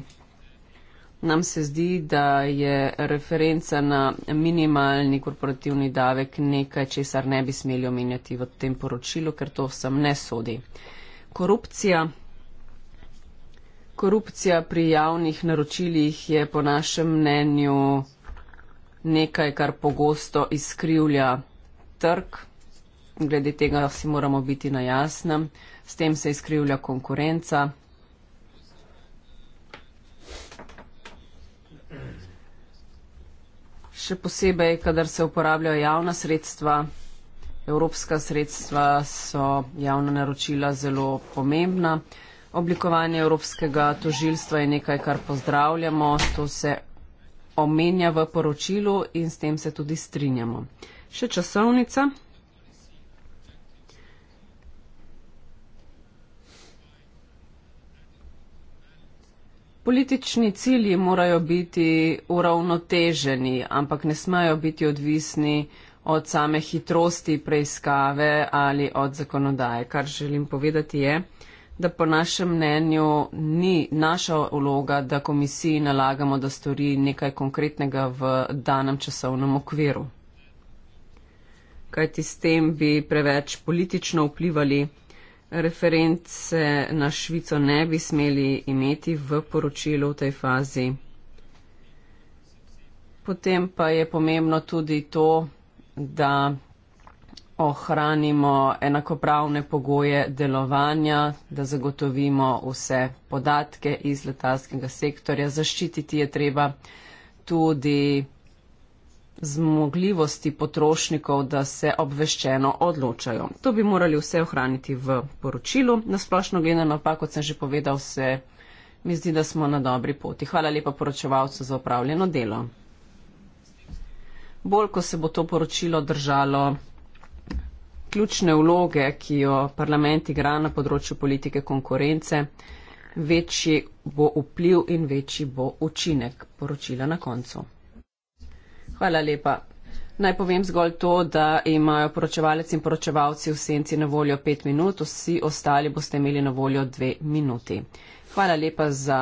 nam se zdi, da je referenca na minimalni korporativni davek nekaj, česar ne bi smeli omenjati v tem poročilu, ker to vsem ne sodi. Korupcija. Korupcija pri javnih naročilih je po našem mnenju nekaj, kar pogosto izkrivlja trg. Glede tega si moramo biti na jasnem. S tem se izkrivlja konkurenca. še posebej, kadar se uporabljajo javna sredstva. Evropska sredstva so javna naročila zelo pomembna. Oblikovanje Evropskega tožilstva je nekaj, kar pozdravljamo. To se omenja v poročilu in s tem se tudi strinjamo. Še časovnica. Politični cilji morajo biti uravnoteženi, ampak ne smajo biti odvisni od same hitrosti preiskave ali od zakonodaje. Kar želim povedati je, da po našem mnenju ni naša vloga, da komisiji nalagamo, da stori nekaj konkretnega v danem časovnem okviru. Kajti s tem bi preveč politično vplivali reference na Švico ne bi smeli imeti v poročilu v tej fazi. Potem pa je pomembno tudi to, da ohranimo enakopravne pogoje delovanja, da zagotovimo vse podatke iz letalskega sektorja. Zaščititi je treba tudi zmogljivosti potrošnikov, da se obveščeno odločajo. To bi morali vse ohraniti v poročilu. Nasplošno gledano pa, kot sem že povedal, se mi zdi, da smo na dobri poti. Hvala lepa poročevalcu za upravljeno delo. Bolj, ko se bo to poročilo držalo ključne vloge, ki jo parlament igra na področju politike konkurence, večji bo vpliv in večji bo učinek poročila na koncu. Hvala lepa. Naj povem zgolj to, da imajo poročevalec in poročevalci v senci na voljo pet minut, vsi ostali boste imeli na voljo dve minuti. Hvala lepa za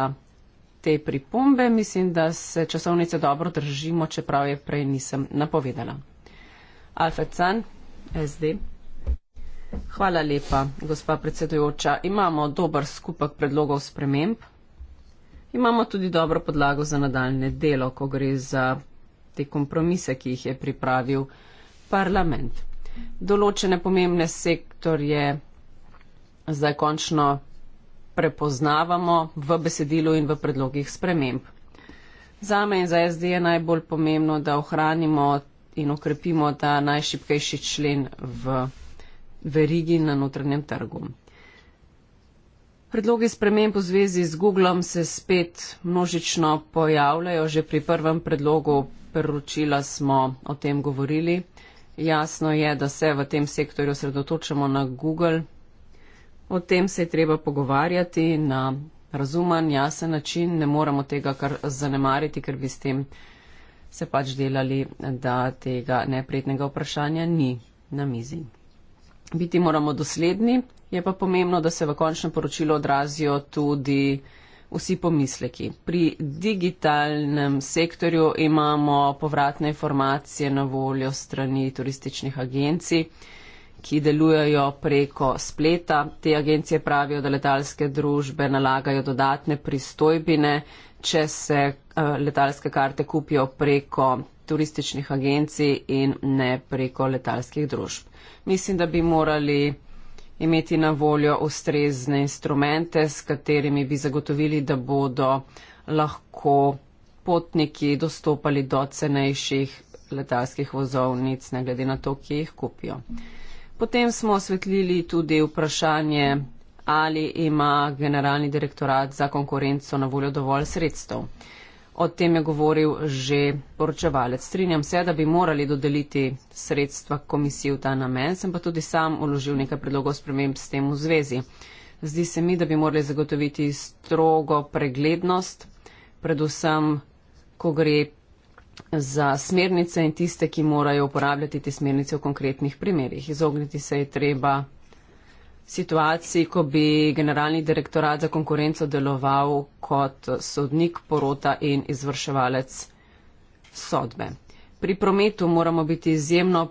te pripombe. Mislim, da se časovnice dobro držimo, čeprav je prej nisem napovedala. Alfred San, SD. Hvala lepa, gospa predsedujoča. Imamo dober skupek predlogov sprememb. Imamo tudi dobro podlago za nadaljne delo, ko gre za te kompromise, ki jih je pripravil parlament. Določene pomembne sektorje zdaj končno prepoznavamo v besedilu in v predlogih sprememb. Zame in za SD je najbolj pomembno, da ohranimo in okrepimo ta najšipkejši člen v verigi na notranjem trgu. Predlogi sprememb v zvezi z Googlom se spet množično pojavljajo že pri prvem predlogu poročila smo o tem govorili. Jasno je, da se v tem sektorju osredotočamo na Google. O tem se je treba pogovarjati na razumen, jasen način. Ne moremo tega kar zanemariti, ker bi s tem se pač delali, da tega neprijetnega vprašanja ni na mizi. Biti moramo dosledni, je pa pomembno, da se v končnem poročilu odrazijo tudi vsi pomisleki. Pri digitalnem sektorju imamo povratne informacije na voljo strani turističnih agencij, ki delujejo preko spleta. Te agencije pravijo, da letalske družbe nalagajo dodatne pristojbine, če se eh, letalske karte kupijo preko turističnih agencij in ne preko letalskih družb. Mislim, da bi morali imeti na voljo ustrezne instrumente, s katerimi bi zagotovili, da bodo lahko potniki dostopali do cenejših letalskih vozovnic, ne glede na to, kje jih kupijo. Potem smo osvetlili tudi vprašanje, ali ima generalni direktorat za konkurenco na voljo dovolj sredstev. O tem je govoril že poročevalec. Strinjam se, da bi morali dodeliti sredstva komisiji v ta namen, sem pa tudi sam uložil nekaj predlogov sprememb s tem v zvezi. Zdi se mi, da bi morali zagotoviti strogo preglednost, predvsem, ko gre za smernice in tiste, ki morajo uporabljati te smernice v konkretnih primerjih. Izogniti se je treba situaciji, ko bi generalni direktorat za konkurenco deloval kot sodnik, porota in izvrševalec sodbe. Pri prometu moramo biti izjemno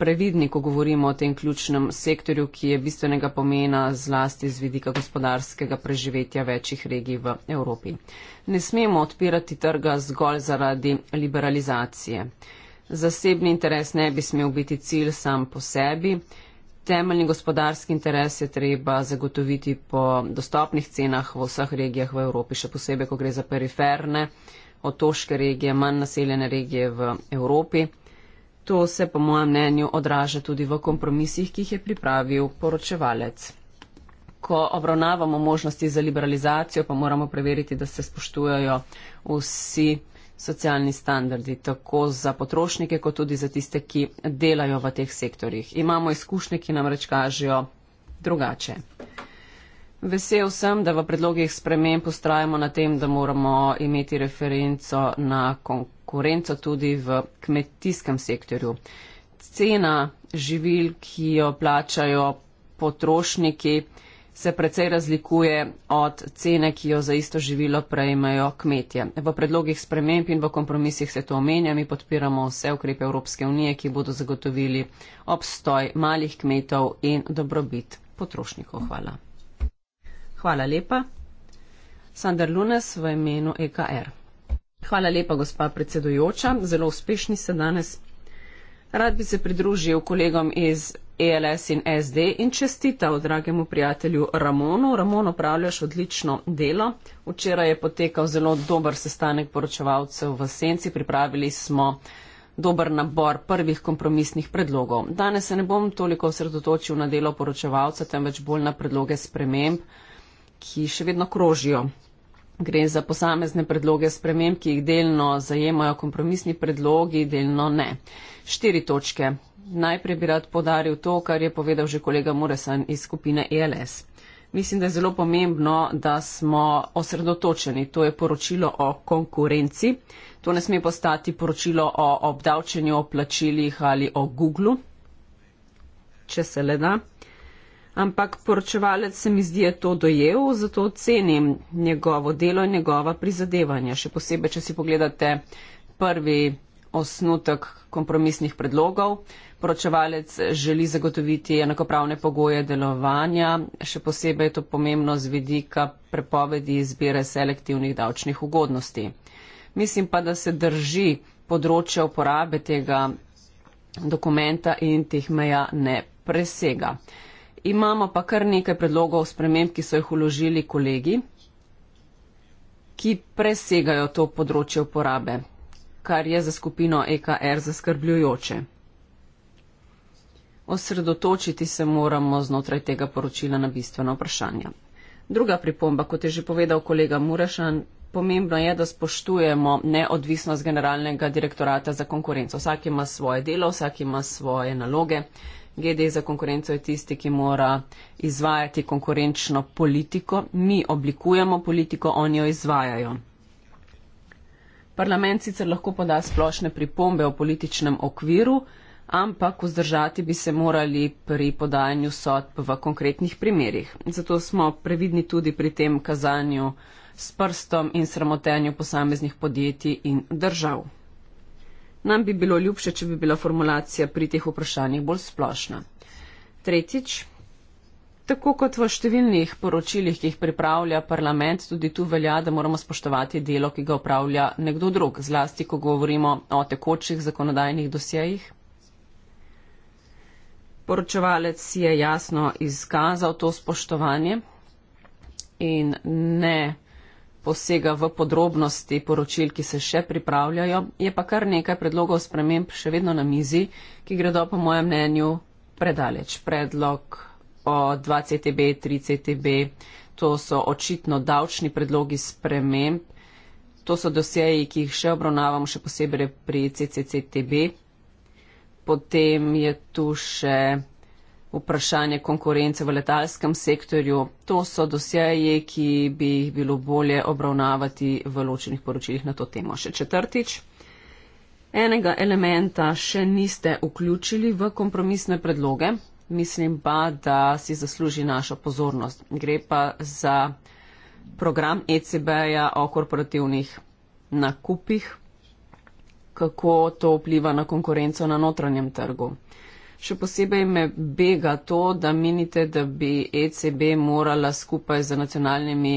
previdni, ko govorimo o tem ključnem sektorju, ki je bistvenega pomena zlasti z vidika gospodarskega preživetja večjih regij v Evropi. Ne smemo odpirati trga zgolj zaradi liberalizacije. Zasebni interes ne bi smel biti cilj sam po sebi temeljni gospodarski interes je treba zagotoviti po dostopnih cenah v vseh regijah v Evropi, še posebej, ko gre za periferne, otoške regije, manj naseljene regije v Evropi. To se, po mojem mnenju, odraža tudi v kompromisih, ki jih je pripravil poročevalec. Ko obravnavamo možnosti za liberalizacijo, pa moramo preveriti, da se spoštujajo vsi socialni standardi, tako za potrošnike, kot tudi za tiste, ki delajo v teh sektorjih. Imamo izkušnje, ki nam reč kažejo drugače. Vesel sem, da v predlogih sprememb ustrajamo na tem, da moramo imeti referenco na konkurenco tudi v kmetijskem sektorju. Cena živil, ki jo plačajo potrošniki, se precej razlikuje od cene, ki jo za isto živilo prejmejo kmetje. V predlogih sprememb in v kompromisih se to omenja, mi podpiramo vse ukrepe Evropske unije, ki bodo zagotovili obstoj malih kmetov in dobrobit potrošnikov. Hvala. Hvala lepa. Sandar Lunes v imenu EKR. Hvala lepa, gospa predsedujoča. Zelo uspešni ste danes. Rad bi se pridružil kolegom iz ELS in SD in čestitev dragemu prijatelju Ramonu. Ramon opravljaš odlično delo. Včeraj je potekal zelo dober sestanek poročevalcev v Senci. Pripravili smo dober nabor prvih kompromisnih predlogov. Danes se ne bom toliko osredotočil na delo poročevalca, temveč bolj na predloge sprememb, ki še vedno krožijo. Gre za posamezne predloge sprememb, ki jih delno zajemajo kompromisni predlogi, delno ne. Štiri točke. Najprej bi rad podaril to, kar je povedal že kolega Muresan iz skupine ELS. Mislim, da je zelo pomembno, da smo osredotočeni. To je poročilo o konkurenci. To ne sme postati poročilo o obdavčenju, o plačilih ali o Google, če se le da. Ampak poročevalec se mi zdi, da je to dojel, zato cenim njegovo delo in njegova prizadevanja. Še posebej, če si pogledate prvi osnutek kompromisnih predlogov, poročevalec želi zagotoviti enakopravne pogoje delovanja, še posebej je to pomembno z vidika prepovedi izbire selektivnih davčnih ugodnosti. Mislim pa, da se drži področje uporabe tega dokumenta in teh meja ne presega. Imamo pa kar nekaj predlogov sprememb, ki so jih uložili kolegi, ki presegajo to področje uporabe, kar je za skupino EKR zaskrbljujoče. Osredotočiti se moramo znotraj tega poročila na bistvena vprašanja. Druga pripomba, kot je že povedal kolega Murešan, pomembno je, da spoštujemo neodvisnost generalnega direktorata za konkurenco. Vsak ima svoje delo, vsak ima svoje naloge. GD za konkurenco je tisti, ki mora izvajati konkurenčno politiko. Mi oblikujemo politiko, oni jo izvajajo. Parlament sicer lahko poda splošne pripombe o političnem okviru, ampak vzdržati bi se morali pri podajanju sodb v konkretnih primerjih. Zato smo previdni tudi pri tem kazanju s prstom in sramotenju posameznih podjetij in držav. Nam bi bilo ljubše, če bi bila formulacija pri teh vprašanjih bolj splošna. Tretjič, tako kot v številnih poročilih, ki jih pripravlja parlament, tudi tu velja, da moramo spoštovati delo, ki ga upravlja nekdo drug, zlasti, ko govorimo o tekočih zakonodajnih dosjejih poročevalec je jasno izkazal to spoštovanje in ne posega v podrobnosti poročil, ki se še pripravljajo. Je pa kar nekaj predlogov sprememb še vedno na mizi, ki gredo po mojem mnenju predaleč. Predlog o 2CTB, 3CTB, to so očitno davčni predlogi sprememb. To so dosjeji, ki jih še obravnavamo, še posebej pri CCCTB, Potem je tu še vprašanje konkurence v letalskem sektorju. To so dosjeji, ki bi jih bilo bolje obravnavati v ločenih poročilih na to temo. Še četrtič. Enega elementa še niste vključili v kompromisne predloge. Mislim pa, da si zasluži našo pozornost. Gre pa za program ECB-ja o korporativnih nakupih kako to vpliva na konkurenco na notranjem trgu. Še posebej me bega to, da menite, da bi ECB morala skupaj z nacionalnimi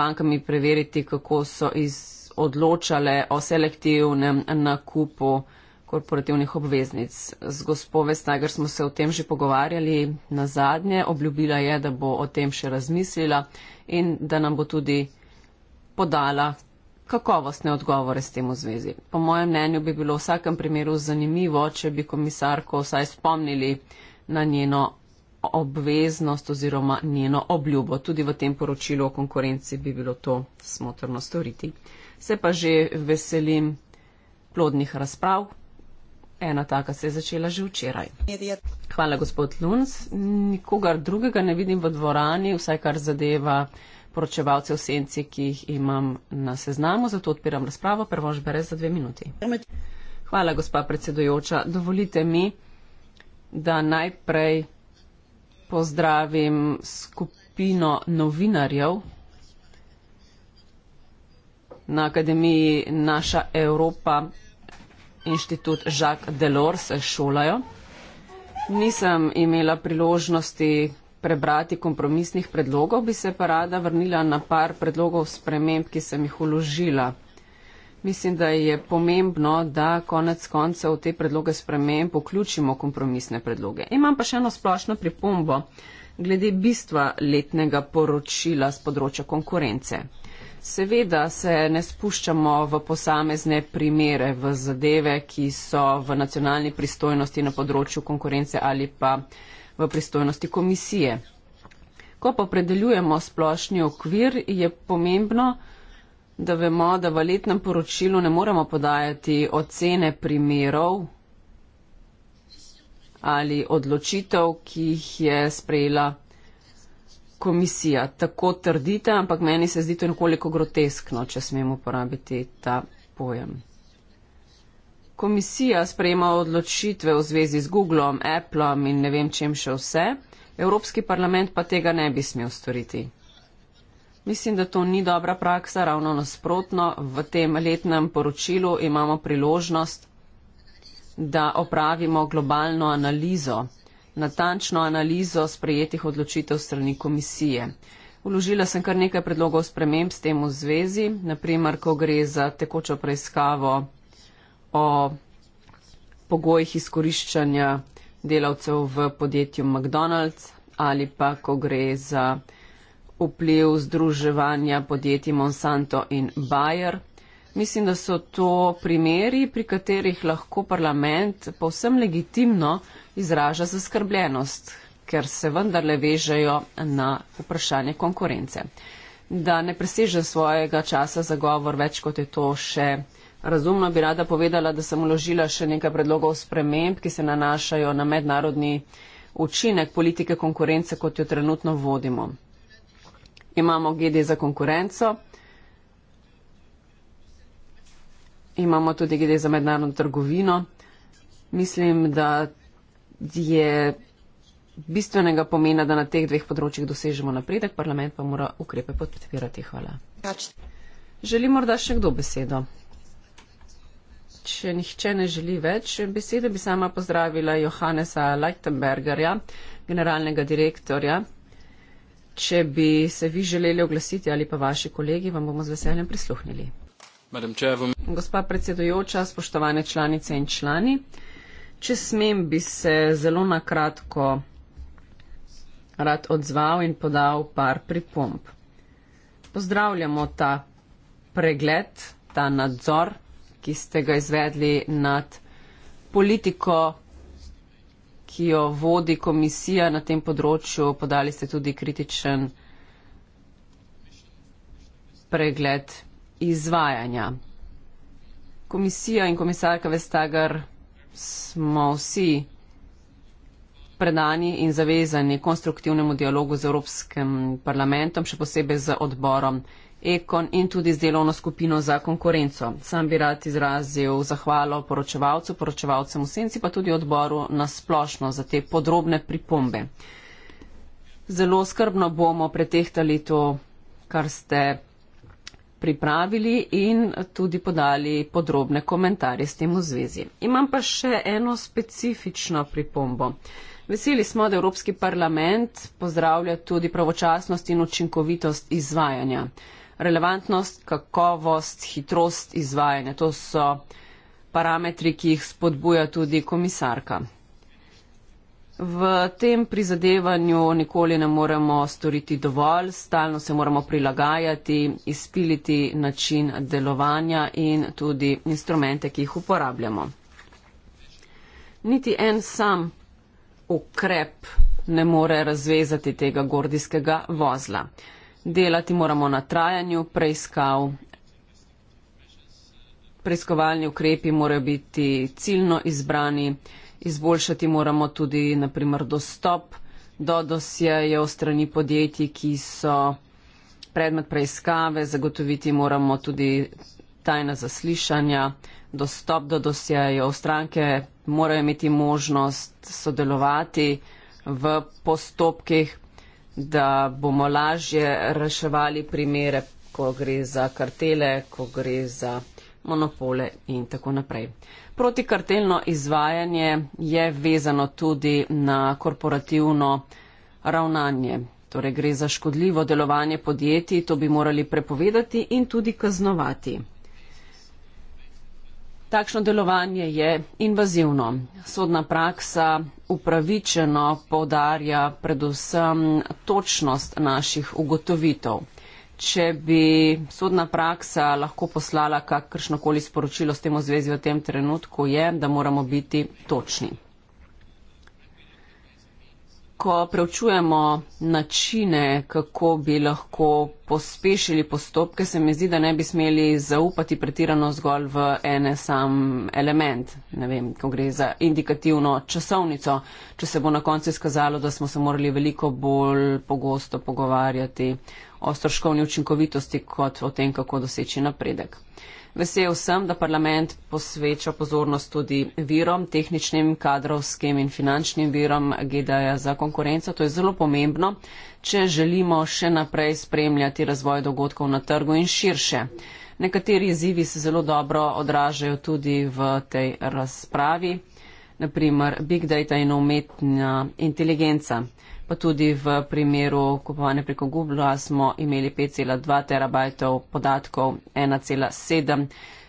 bankami preveriti, kako so iz, odločale o selektivnem nakupu korporativnih obveznic. Z gospo Vestager smo se o tem že pogovarjali na zadnje. Obljubila je, da bo o tem še razmislila in da nam bo tudi podala, kakovostne odgovore s tem v zvezi. Po mojem mnenju bi bilo v vsakem primeru zanimivo, če bi komisarko vsaj spomnili na njeno obveznost oziroma njeno obljubo. Tudi v tem poročilu o konkurenci bi bilo to smotrno storiti. Se pa že veselim plodnih razprav. Ena taka se je začela že včeraj. Hvala, gospod Lunc. Nikogar drugega ne vidim v dvorani, vsaj kar zadeva poročevalce v senci, ki jih imam na seznamu, zato odpiram razpravo. Prvo žbere za dve minuti. Hvala, gospa predsedujoča. Dovolite mi, da najprej pozdravim skupino novinarjev na akademiji Naša Evropa, inštitut Jacques Delors, se šolajo. Nisem imela priložnosti prebrati kompromisnih predlogov, bi se pa rada vrnila na par predlogov sprememb, ki sem jih uložila. Mislim, da je pomembno, da konec koncev te predloge sprememb vključimo kompromisne predloge. Imam pa še eno splošno pripombo glede bistva letnega poročila z področja konkurence. Seveda se ne spuščamo v posamezne primere, v zadeve, ki so v nacionalni pristojnosti na področju konkurence ali pa v pristojnosti komisije. Ko pa predeljujemo splošni okvir, je pomembno, da vemo, da v letnem poročilu ne moremo podajati ocene primerov ali odločitev, ki jih je sprejela komisija. Tako trdite, ampak meni se zdi to nekoliko groteskno, če smemo uporabiti ta pojem komisija sprejema odločitve v zvezi z Googlom, Appleom in ne vem čem še vse, Evropski parlament pa tega ne bi smel storiti. Mislim, da to ni dobra praksa, ravno nasprotno. V tem letnem poročilu imamo priložnost, da opravimo globalno analizo, natančno analizo sprejetih odločitev strani komisije. Uložila sem kar nekaj predlogov sprememb s tem v zvezi, naprimer, ko gre za tekočo preiskavo o pogojih izkoriščanja delavcev v podjetju McDonald's ali pa ko gre za vpliv združevanja podjetij Monsanto in Bayer. Mislim, da so to primeri, pri katerih lahko parlament povsem legitimno izraža zaskrbljenost, ker se vendarle vežejo na vprašanje konkurence. Da ne preseže svojega časa za govor več, kot je to še Razumno bi rada povedala, da sem uložila še nekaj predlogov sprememb, ki se nanašajo na mednarodni učinek politike konkurence, kot jo trenutno vodimo. Imamo GD za konkurenco, imamo tudi GD za mednarodno trgovino. Mislim, da je bistvenega pomena, da na teh dveh področjih dosežemo napredek, parlament pa mora ukrepe podpirati. Hvala. Želim morda še kdo besedo? če nihče ne želi več besede, bi sama pozdravila Johannesa Leichtenbergerja, generalnega direktorja. Če bi se vi želeli oglasiti ali pa vaši kolegi, vam bomo z veseljem prisluhnili. Gospa predsedujoča, spoštovane članice in člani, če smem, bi se zelo na kratko rad odzval in podal par pripomp. Pozdravljamo ta pregled, ta nadzor ki ste ga izvedli nad politiko, ki jo vodi komisija na tem področju. Podali ste tudi kritičen pregled izvajanja. Komisija in komisarka Vestager smo vsi predani in zavezani konstruktivnemu dialogu z Evropskim parlamentom, še posebej z odborom Ekon in tudi z delovno skupino za konkurenco. Sam bi rad izrazil zahvalo poročevalcu, poročevalcem v senci, pa tudi odboru na splošno za te podrobne pripombe. Zelo skrbno bomo pretehtali to, kar ste pripravili in tudi podali podrobne komentarje s tem v zvezi. Imam pa še eno specifično pripombo. Veseli smo, da Evropski parlament pozdravlja tudi pravočasnost in učinkovitost izvajanja relevantnost, kakovost, hitrost izvajanja. To so parametri, ki jih spodbuja tudi komisarka. V tem prizadevanju nikoli ne moremo storiti dovolj, stalno se moramo prilagajati, izpiliti način delovanja in tudi instrumente, ki jih uporabljamo. Niti en sam ukrep ne more razvezati tega gordijskega vozla delati moramo na trajanju preiskav. Preiskovalni ukrepi morajo biti ciljno izbrani, izboljšati moramo tudi, naprimer, dostop do dosjejev strani podjetij, ki so predmet preiskave, zagotoviti moramo tudi tajna zaslišanja, dostop do dosjejev. Stranke morajo imeti možnost sodelovati v postopkih da bomo lažje reševali primere, ko gre za kartele, ko gre za monopole in tako naprej. Protikartelno izvajanje je vezano tudi na korporativno ravnanje. Torej gre za škodljivo delovanje podjetij, to bi morali prepovedati in tudi kaznovati. Takšno delovanje je invazivno. Sodna praksa upravičeno podarja predvsem točnost naših ugotovitev. Če bi sodna praksa lahko poslala kakršnokoli sporočilo s tem v zvezi v tem trenutku, je, da moramo biti točni ko preučujemo načine, kako bi lahko pospešili postopke, se mi zdi, da ne bi smeli zaupati pretirano zgolj v ene sam element. Ne vem, ko gre za indikativno časovnico, če se bo na koncu izkazalo, da smo se morali veliko bolj pogosto pogovarjati o stroškovni učinkovitosti kot o tem, kako doseči napredek. Vesel sem, da parlament posveča pozornost tudi virom, tehničnim, kadrovskim in finančnim virom GDA za konkurenco. To je zelo pomembno, če želimo še naprej spremljati razvoj dogodkov na trgu in širše. Nekateri izzivi se zelo dobro odražajo tudi v tej razpravi, naprimer big data in umetna inteligenca pa tudi v primeru kupovanja preko Google smo imeli 5,2 terabajtov podatkov, 1,7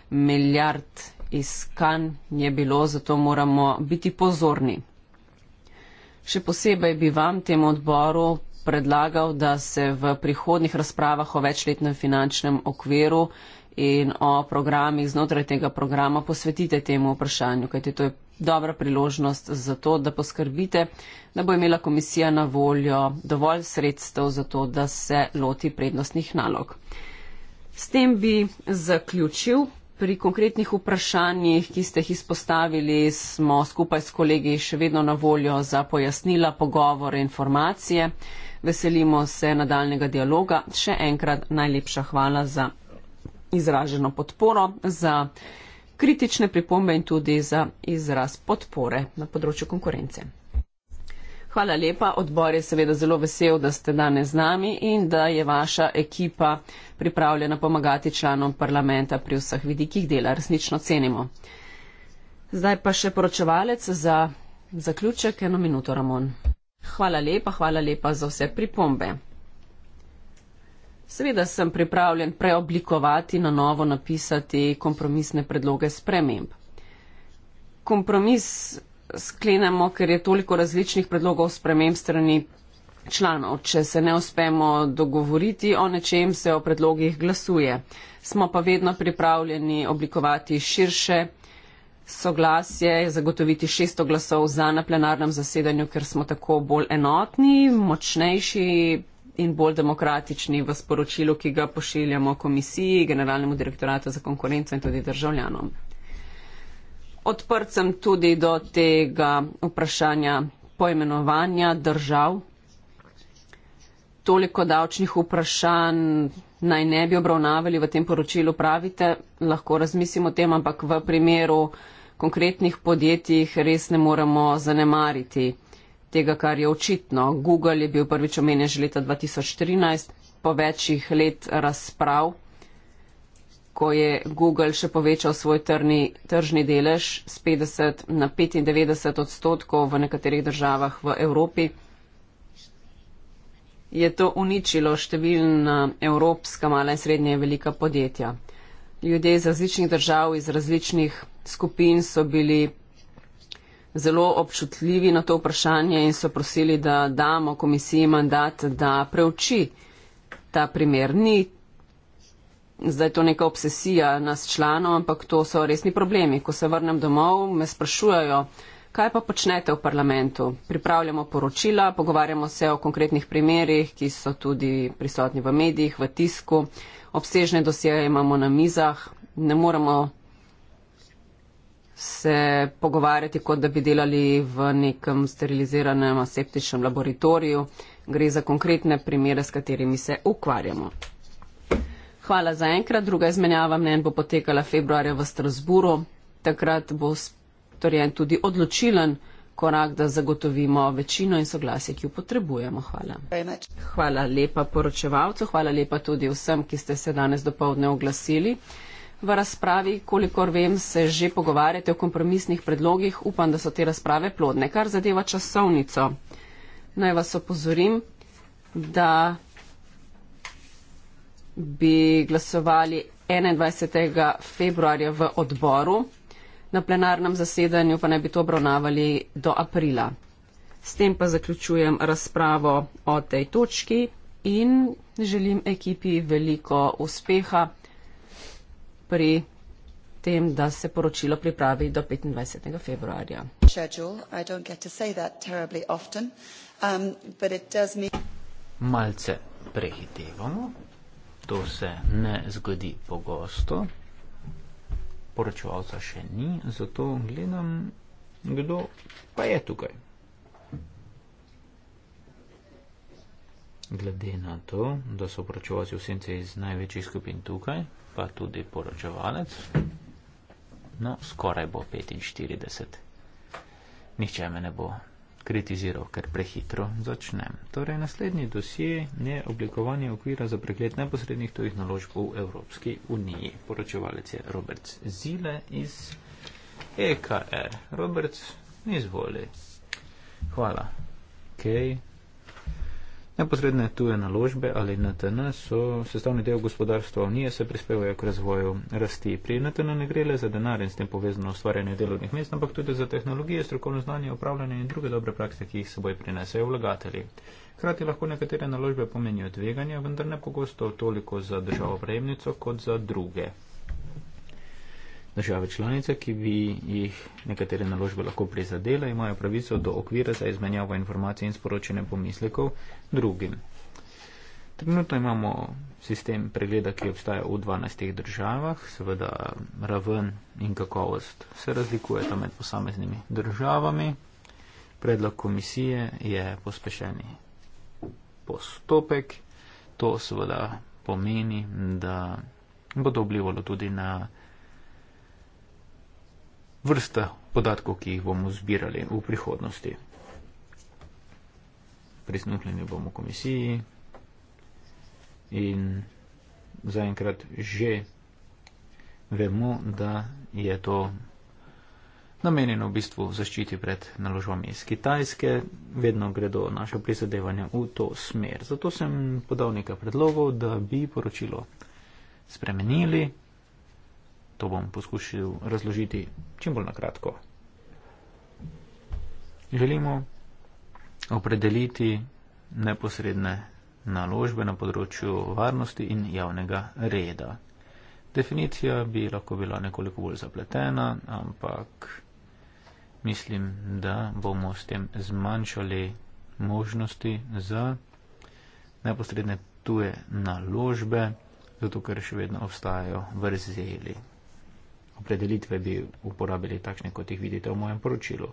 milijard iskan je bilo, zato moramo biti pozorni. Še posebej bi vam temu odboru predlagal, da se v prihodnih razpravah o večletnem finančnem okviru in o programih znotraj tega programa posvetite temu vprašanju, kajte to je dobra priložnost za to, da poskrbite, da bo imela komisija na voljo dovolj sredstev za to, da se loti prednostnih nalog. S tem bi zaključil. Pri konkretnih vprašanjih, ki ste jih izpostavili, smo skupaj s kolegi še vedno na voljo za pojasnila, pogovore, informacije. Veselimo se nadaljnega dialoga. Še enkrat najlepša hvala za izraženo podporo, za kritične pripombe in tudi za izraz podpore na področju konkurence. Hvala lepa, odbor je seveda zelo vesel, da ste danes z nami in da je vaša ekipa pripravljena pomagati članom parlamenta pri vseh vidikih dela. Resnično cenimo. Zdaj pa še poročevalec za zaključek eno minuto, Ramon. Hvala lepa, hvala lepa za vse pripombe. Seveda sem pripravljen preoblikovati, na novo napisati kompromisne predloge sprememb. Kompromis sklenemo, ker je toliko različnih predlogov sprememb strani članov. Če se ne uspemo dogovoriti o nečem, se o predlogih glasuje. Smo pa vedno pripravljeni oblikovati širše soglasje, zagotoviti 600 glasov za na plenarnem zasedanju, ker smo tako bolj enotni, močnejši, in bolj demokratični v sporočilu, ki ga pošiljamo komisiji, generalnemu direktoratu za konkurenco in tudi državljanom. Odprt sem tudi do tega vprašanja poimenovanja držav. Toliko davčnih vprašanj naj ne bi obravnavali v tem poročilu, pravite, lahko razmislimo o tem, ampak v primeru konkretnih podjetij res ne moremo zanemariti tega, kar je očitno. Google je bil prvič omenjen že leta 2013, po večjih let razprav, ko je Google še povečal svoj trni, tržni delež z 50 na 95 odstotkov v nekaterih državah v Evropi. Je to uničilo številna evropska mala in srednje velika podjetja. Ljudje iz različnih držav, iz različnih skupin so bili zelo občutljivi na to vprašanje in so prosili, da damo komisiji mandat, da preuči ta primer. Ni zdaj to neka obsesija nas članov, ampak to so resni problemi. Ko se vrnem domov, me sprašujajo, kaj pa počnete v parlamentu. Pripravljamo poročila, pogovarjamo se o konkretnih primerih, ki so tudi prisotni v medijih, v tisku. Obsežne dosjeje imamo na mizah. Ne moremo se pogovarjati, kot da bi delali v nekem steriliziranem aseptičnem laboratoriju. Gre za konkretne primere, s katerimi se ukvarjamo. Hvala za enkrat. Druga izmenjava mnen bo potekala februarja v Strasburu. Takrat bo storjen tudi odločilen korak, da zagotovimo večino in soglasje, ki jo potrebujemo. Hvala. Hvala lepa poročevalcu, hvala lepa tudi vsem, ki ste se danes dopovdne oglasili v razpravi, kolikor vem, se že pogovarjate o kompromisnih predlogih. Upam, da so te razprave plodne. Kar zadeva časovnico, naj vas opozorim, da bi glasovali 21. februarja v odboru, na plenarnem zasedanju pa naj bi to obravnavali do aprila. S tem pa zaključujem razpravo o tej točki in želim ekipi veliko uspeha pri tem, da se poročilo pripravi do 25. februarja. Um, Malce prehitevamo, to se ne zgodi pogosto. Poročevalca še ni, zato gledam, kdo pa je tukaj. Glede na to, da so poročevalci v senci iz največjih skupin tukaj, pa tudi poročevalec. No, skoraj bo 45. Nihče me ne bo kritiziral, ker prehitro začnem. Torej, naslednji dosje je oblikovanje okvira za pregled neposrednih tujih naložb v Evropski uniji. Poročevalec je Robert Zile iz EKR. Robert, izvoli. Hvala. Okay. Neposredne tuje naložbe ali NTN so sestavni del gospodarstva unije, se prispevajo k razvoju rasti. Pri NTN ne gre le za denar in s tem povezano ustvarjanje delovnih mest, ampak tudi za tehnologije, strokovno znanje, upravljanje in druge dobre prakse, ki jih seboj prinesejo vlagatelji. Hkrati lahko nekatere naložbe pomenijo tveganja, vendar ne pogosto toliko za državo prejemnico kot za druge države članice, ki bi jih nekatere naložbe lahko prizadele, imajo pravico do okvira za izmenjavo informacij in sporočene pomislekov drugim. Trenutno imamo sistem pregleda, ki obstaja v 12 državah. Seveda raven in kakovost se razlikujeta med posameznimi državami. Predlog komisije je pospešeni postopek. To seveda pomeni, da bo to vplivalo tudi na vrsta podatkov, ki jih bomo zbirali v prihodnosti. Prisnutljeni bomo komisiji in zaenkrat že vemo, da je to namenjeno v bistvu zaščiti pred naložbami iz Kitajske. Vedno gredo naše prizadevanja v to smer. Zato sem podal nekaj predlogov, da bi poročilo spremenili. Mm. To bom poskušal razložiti čim bolj na kratko. Želimo opredeliti neposredne naložbe na področju varnosti in javnega reda. Definicija bi lahko bila nekoliko bolj zapletena, ampak mislim, da bomo s tem zmanjšali možnosti za neposredne tuje naložbe, zato ker še vedno obstajajo vrzeli opredelitve bi uporabili takšne, kot jih vidite v mojem poročilu.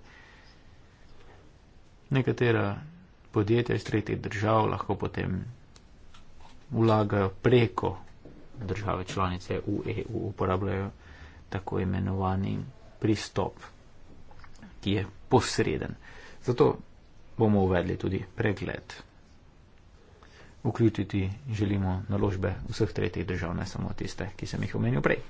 Nekatera podjetja iz tretjih držav lahko potem vlagajo preko države članice v EU, uporabljajo tako imenovani pristop, ki je posreden. Zato bomo uvedli tudi pregled. Vključiti želimo naložbe vseh tretjih držav, ne samo tiste, ki sem jih omenil prej.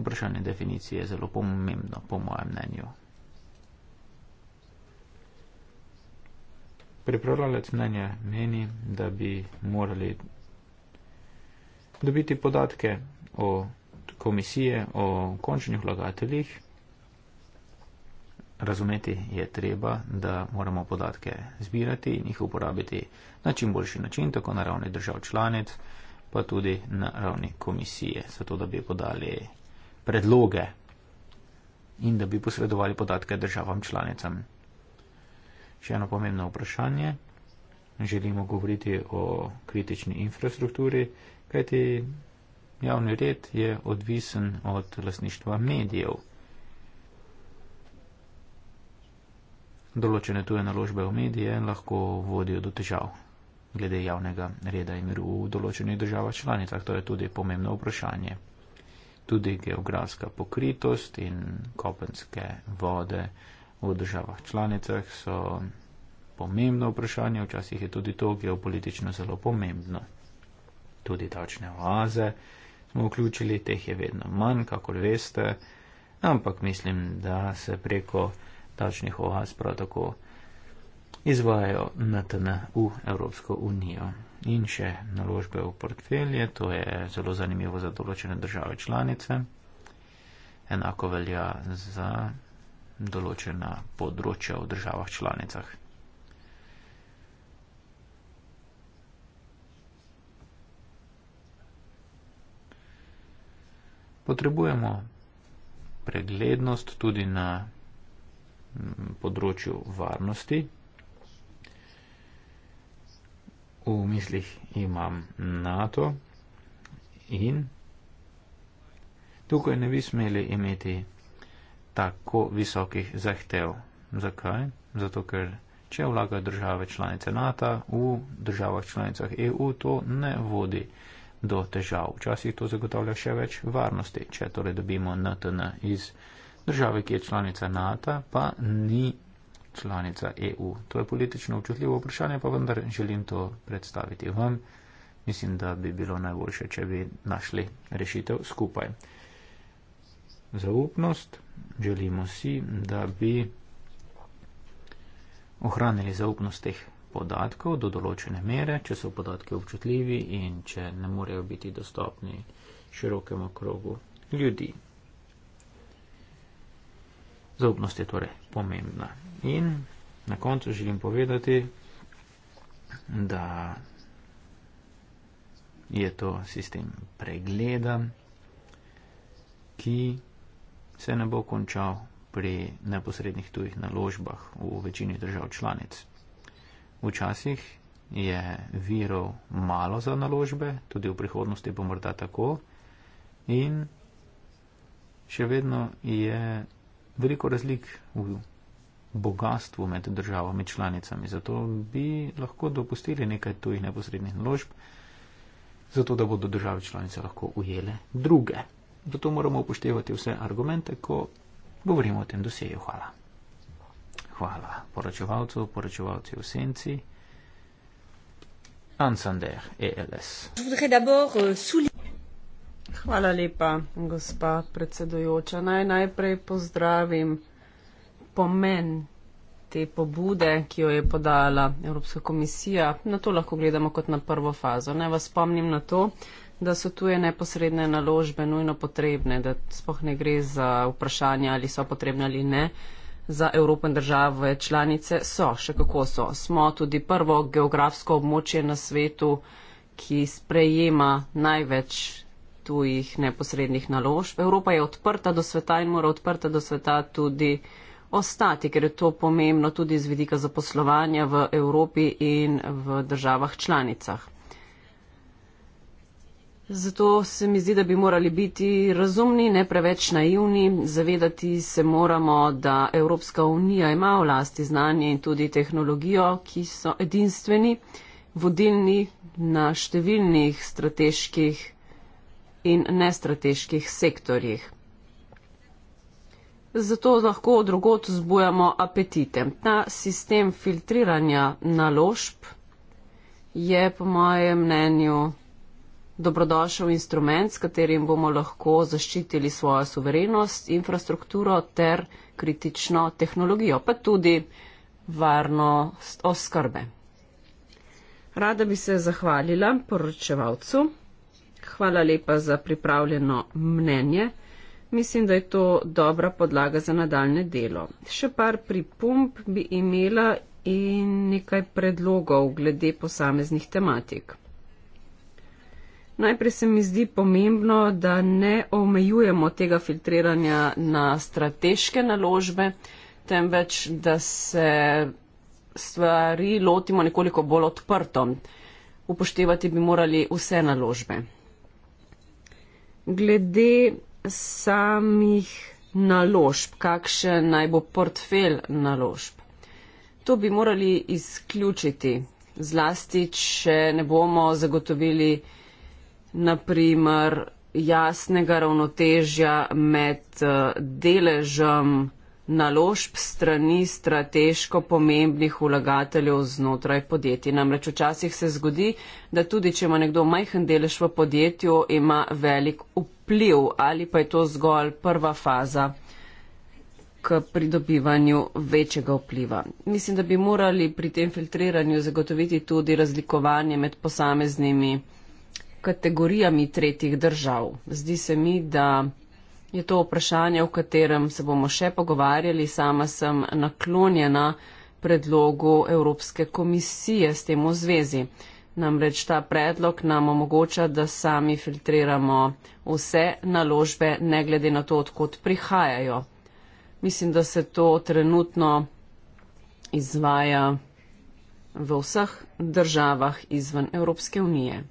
vprašanje definicije je zelo pomembno, po mojem mnenju. Pripravljalec mnenja meni, da bi morali dobiti podatke o komisije, o končnih vlagateljih. Razumeti je treba, da moramo podatke zbirati in jih uporabiti na čim boljši način, tako na ravni držav članic, pa tudi na ravni komisije, zato da bi podali predloge in da bi posredovali podatke državam članicam. Še eno pomembno vprašanje. Želimo govoriti o kritični infrastrukturi, kajti javni red je odvisen od lasništva medijev. Določene tuje naložbe v medije lahko vodijo do težav glede javnega reda in miru v določenih državah članicah. To je tudi pomembno vprašanje tudi geografska pokritost in kopenske vode v državah članicah so pomembno vprašanje, včasih je tudi to geopolitično zelo pomembno. Tudi davčne oaze smo vključili, teh je vedno manj, kakor veste, ampak mislim, da se preko davčnih oaz prav tako izvajajo na TNU Evropsko unijo in še naložbe v portfelje, to je zelo zanimivo za določene države članice. Enako velja za določena področja v državah članicah. Potrebujemo preglednost tudi na področju varnosti. v mislih imam NATO in tukaj ne bi smeli imeti tako visokih zahtev. Zakaj? Zato, ker če vlagajo države članice NATO v državah članicah EU, to ne vodi do težav. Včasih to zagotavlja še več varnosti, če torej dobimo NTN iz države, ki je članica NATO, pa ni članica EU. To je politično občutljivo vprašanje, pa vendar želim to predstaviti vam. Mislim, da bi bilo najboljše, če bi našli rešitev skupaj. Zaupnost. Želimo si, da bi ohranili zaupnost teh podatkov do določene mere, če so podatki občutljivi in če ne morejo biti dostopni širokemu krogu ljudi. Zaupnost je torej pomembna. In na koncu želim povedati, da je to sistem pregleda, ki se ne bo končal pri neposrednih tujih naložbah v večini držav članic. Včasih je virov malo za naložbe, tudi v prihodnosti bo morda tako, in še vedno je veliko razlik v bogatstvu med državami članicami, zato bi lahko dopustili nekaj tujih neposrednih naložb, zato da bodo države članice lahko ujele druge. Zato moramo upoštevati vse argumente, ko govorimo o tem doseju. Hvala. Hvala poročevalcu, poročevalci v senci. Ansander, ELS. Je voudrais d'abord euh, souligner. Hvala lepa, gospa predsedujoča. Naj najprej pozdravim pomen te pobude, ki jo je podala Evropska komisija. Na to lahko gledamo kot na prvo fazo. Naj vas spomnim na to, da so tuje neposredne naložbe nujno potrebne, da spoh ne gre za vprašanje, ali so potrebne ali ne. Za Evropen države članice so, še kako so. Smo tudi prvo geografsko območje na svetu, ki sprejema največ tujih neposrednih naložb. Evropa je odprta do sveta in mora odprta do sveta tudi ostati, ker je to pomembno tudi z vidika zaposlovanja v Evropi in v državah članicah. Zato se mi zdi, da bi morali biti razumni, ne preveč naivni, zavedati se moramo, da Evropska unija ima v lasti znanje in tudi tehnologijo, ki so edinstveni, vodilni na številnih strateških in nestrateških sektorjih. Zato lahko drugot zbujamo apetite. Ta sistem filtriranja naložb je po mojem mnenju dobrodošel instrument, s katerim bomo lahko zaščitili svojo suverenost, infrastrukturo ter kritično tehnologijo, pa tudi varnost oskrbe. Rada bi se zahvalila poročevalcu hvala lepa za pripravljeno mnenje. Mislim, da je to dobra podlaga za nadaljne delo. Še par pripomp bi imela in nekaj predlogov glede posameznih tematik. Najprej se mi zdi pomembno, da ne omejujemo tega filtriranja na strateške naložbe, temveč da se stvari lotimo nekoliko bolj odprto. Upoštevati bi morali vse naložbe glede samih naložb, kakšen naj bo portfelj naložb. To bi morali izključiti, zlasti, če ne bomo zagotovili naprimer jasnega ravnotežja med eh, deležem naložb strani strateško pomembnih vlagateljev znotraj podjetij. Namreč včasih se zgodi, da tudi če ima nekdo majhen delež v podjetju, ima velik vpliv ali pa je to zgolj prva faza k pridobivanju večjega vpliva. Mislim, da bi morali pri tem filtriranju zagotoviti tudi razlikovanje med posameznimi kategorijami tretjih držav. Zdi se mi, da je to vprašanje, o katerem se bomo še pogovarjali. Sama sem naklonjena predlogu Evropske komisije s tem v zvezi. Namreč ta predlog nam omogoča, da sami filtriramo vse naložbe, ne glede na to, odkot prihajajo. Mislim, da se to trenutno izvaja v vseh državah izven Evropske unije.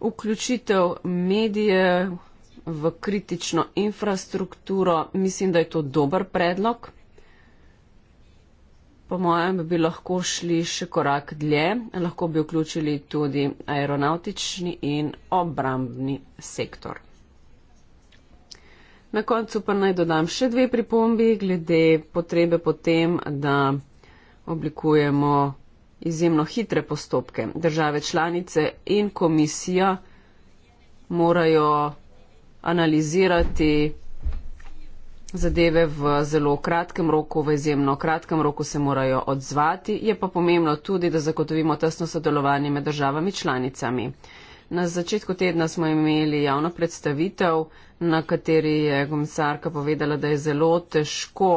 Vključitev medijev v kritično infrastrukturo, mislim, da je to dober predlog. Po mojem bi lahko šli še korak dlje, lahko bi vključili tudi aeronautični in obrambni sektor. Na koncu pa naj dodam še dve pripombi glede potrebe potem, da oblikujemo izjemno hitre postopke. Države članice in komisija morajo analizirati zadeve v zelo kratkem roku, v izjemno kratkem roku se morajo odzvati. Je pa pomembno tudi, da zagotovimo tesno sodelovanje med državami članicami. Na začetku tedna smo imeli javno predstavitev, na kateri je komisarka povedala, da je zelo težko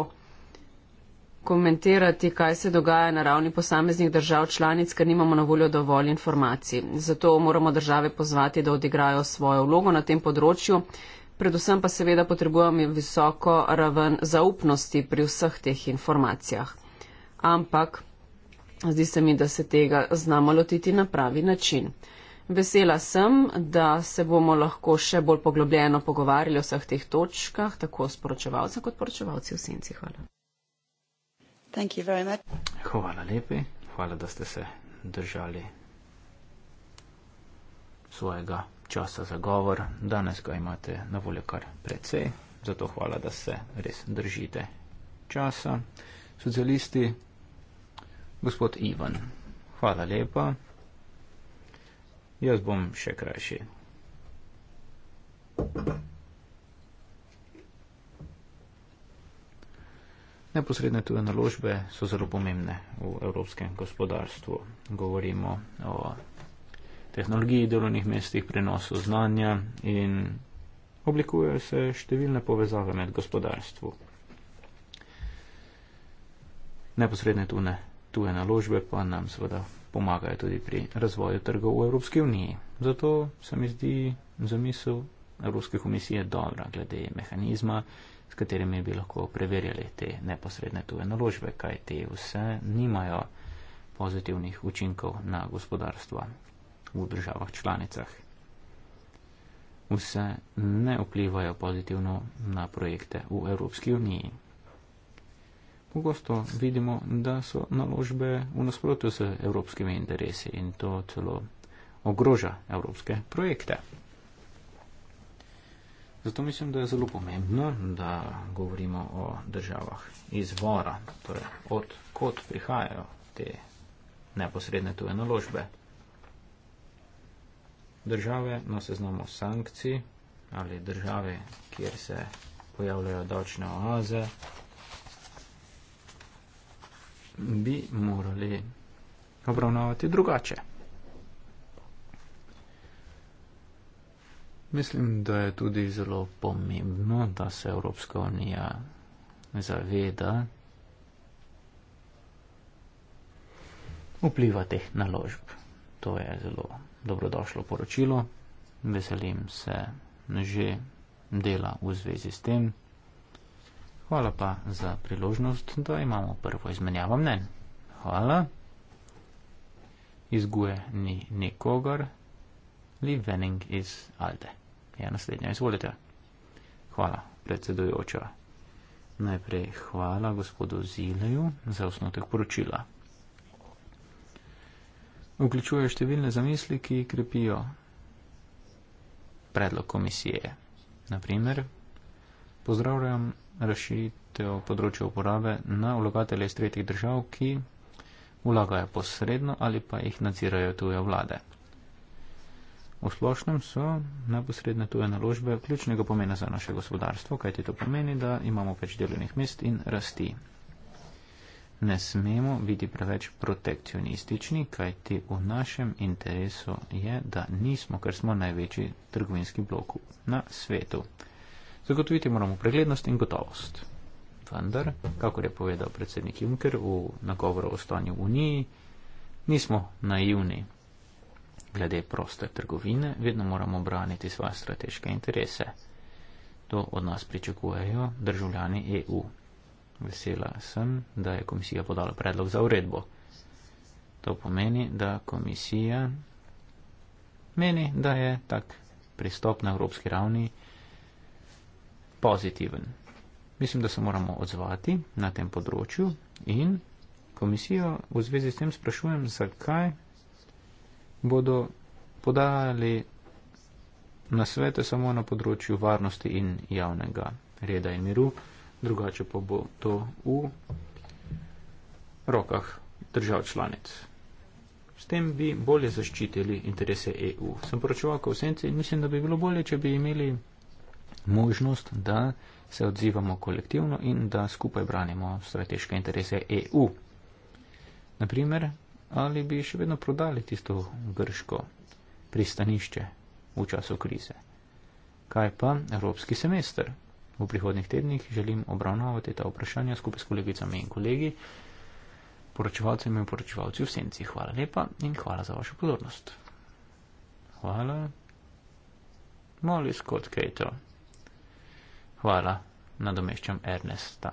komentirati, kaj se dogaja na ravni posameznih držav članic, ker nimamo na voljo dovolj informacij. Zato moramo države pozvati, da odigrajo svojo vlogo na tem področju. Predvsem pa seveda potrebujemo visoko raven zaupnosti pri vseh teh informacijah. Ampak zdi se mi, da se tega znamo lotiti na pravi način. Vesela sem, da se bomo lahko še bolj poglobljeno pogovarjali o vseh teh točkah, tako sporočevalce kot poročevalci v senci. Hvala. Hvala lepi, hvala, da ste se držali svojega časa za govor. Danes ga imate na voljo kar precej, zato hvala, da se res držite časa. Socialisti, gospod Ivan, hvala lepa. Jaz bom še krajši. Thank you. Neposredne tuje naložbe so zelo pomembne v evropskem gospodarstvu. Govorimo o tehnologiji delovnih mestih, prenosu znanja in oblikujejo se številne povezave med gospodarstvom. Neposredne tune, tuje naložbe pa nam seveda pomagajo tudi pri razvoju trgov v Evropski uniji. Zato se mi zdi zamisel Evropske komisije dobra glede mehanizma, s katerimi bi lahko preverjali te neposredne tuje naložbe, kaj te vse nimajo pozitivnih učinkov na gospodarstvo v državah članicah. Vse ne vplivajo pozitivno na projekte v Evropski uniji. Pogosto vidimo, da so naložbe v nasprotju z evropskimi interesi in to celo ogroža evropske projekte. Zato mislim, da je zelo pomembno, da govorimo o državah izvora, torej odkot prihajajo te neposredne tuje naložbe. Države na seznamu sankcij ali države, kjer se pojavljajo davčne oaze, bi morali obravnavati drugače. Mislim, da je tudi zelo pomembno, da se Evropska unija zaveda vpliva teh naložb. To je zelo dobrodošlo poročilo. Veselim se že dela v zvezi s tem. Hvala pa za priložnost, da imamo prvo izmenjavo mnenj. Hvala. Izguje ni nikogar. Lee Venning is Alde je ja, naslednja. Izvolite. Hvala, predsedujoča. Najprej hvala gospodu Zileju za osnotek poročila. Vključuje številne zamisli, ki krepijo predlog komisije. Naprimer, pozdravljam razširitev področja uporabe na vlagatelje iz tretjih držav, ki vlagajo posredno ali pa jih nadzirajo tuje vlade. V splošnem so neposredne tuje naložbe ključnega pomena za naše gospodarstvo, kajti to pomeni, da imamo več delovnih mest in rasti. Ne smemo biti preveč protekcionistični, kajti v našem interesu je, da nismo, ker smo največji trgovinski blok na svetu. Zagotoviti moramo preglednost in gotovost. Vendar, kakor je povedal predsednik Juncker v nagovoru o stanju v Uniji, nismo naivni glede proste trgovine, vedno moramo braniti svoje strateške interese. To od nas pričakujejo državljani EU. Vesela sem, da je komisija podala predlog za uredbo. To pomeni, da komisija meni, da je tak pristop na evropski ravni pozitiven. Mislim, da se moramo odzvati na tem področju in komisijo v zvezi s tem sprašujem, zakaj bodo podali na svete samo na področju varnosti in javnega reda in miru, drugače pa bo to v rokah držav članic. S tem bi bolje zaščitili interese EU. Sem poročeval v senci in mislim, da bi bilo bolje, če bi imeli možnost, da se odzivamo kolektivno in da skupaj branimo strateške interese EU. Naprimer, ali bi še vedno prodali tisto grško pristanišče v času krize. Kaj pa evropski semester? V prihodnih tednih želim obravnavati ta vprašanja skupaj s kolegicami in kolegi, poročevalcem in poročevalci v senci. Hvala lepa in hvala za vašo pozornost. Hvala. Molly Scott Cato. Hvala. Nadomeščam Ernesta.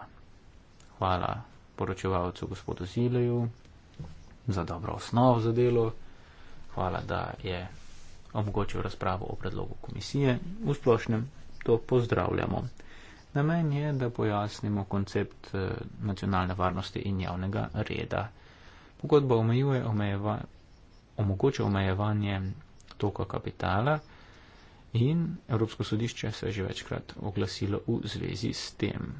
Hvala poročevalcu gospodu Zileju za dobro osnov za delo, hvala, da je omogočil razpravo o predlogu komisije. V splošnem to pozdravljamo. Namen je, da pojasnimo koncept eh, nacionalne varnosti in javnega reda. Pogodba omejuje, omejeva, omogoča omejevanje toka kapitala in Evropsko sodišče se je že večkrat oglasilo v zvezi s tem.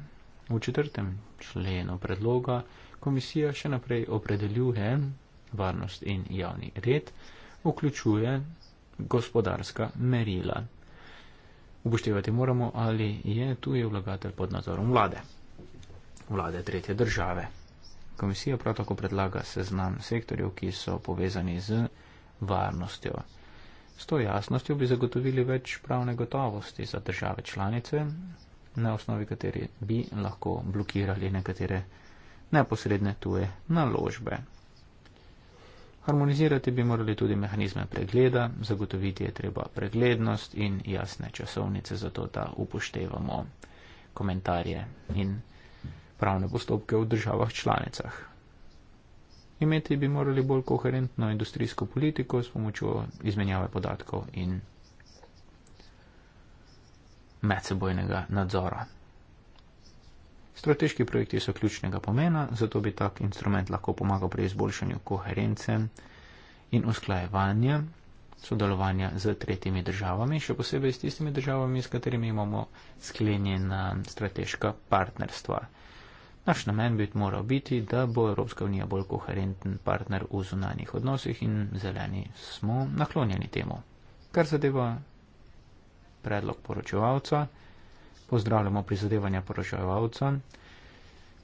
V četrtem členu predloga komisija še naprej opredeljuje varnost in javni red, vključuje gospodarska merila. Upoštevati moramo, ali je tuji vlagatelj pod nadzorom vlade, vlade tretje države. Komisija prav tako predlaga seznam sektorjev, ki so povezani z varnostjo. S to jasnostjo bi zagotovili več pravne gotovosti za države članice, na osnovi kateri bi lahko blokirali nekatere neposredne tuje naložbe. Harmonizirati bi morali tudi mehanizme pregleda, zagotoviti je treba preglednost in jasne časovnice, zato da upoštevamo komentarje in pravne postopke v državah članicah. Imeti bi morali bolj koherentno industrijsko politiko s pomočjo izmenjave podatkov in medsebojnega nadzora. Strateški projekti so ključnega pomena, zato bi tak instrument lahko pomagal pri izboljšanju koherence in usklajevanja sodelovanja z tretjimi državami, še posebej s tistimi državami, s katerimi imamo sklenjena strateška partnerstva. Naš namen bi moral biti, da bo Evropska unija bolj koherenten partner v zunanjih odnosih in zeleni smo naklonjeni temu. Kar zadeva predlog poročevalca, pozdravljamo prizadevanja poraževalca,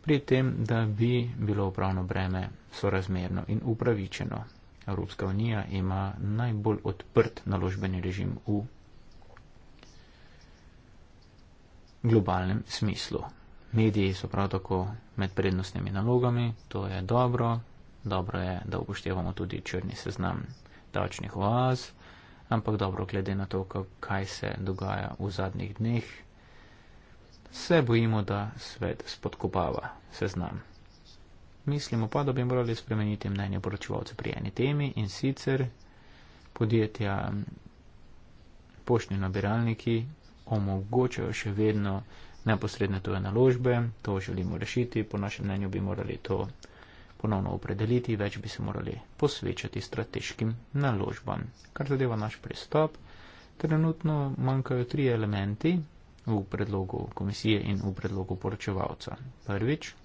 pri tem, da bi bilo upravno breme sorazmerno in upravičeno. Evropska unija ima najbolj odprt naložbeni režim v globalnem smislu. Mediji so prav tako med prednostnimi nalogami, to je dobro, dobro je, da upoštevamo tudi črni seznam davčnih oaz, ampak dobro glede na to, kaj se dogaja v zadnjih dneh, Vse bojimo, da svet spodkopava seznam. Mislimo pa, da bi morali spremeniti mnenje poročevalcev pri eni temi in sicer podjetja poštni nabiralniki omogočajo še vedno neposredne tuje naložbe, to želimo rešiti, po našem mnenju bi morali to ponovno opredeliti, več bi se morali posvečati strateškim naložbam. Kar zadeva naš pristop, trenutno manjkajo tri elementi, v predlogu komisije in v predlogu poročevalca. Prvič,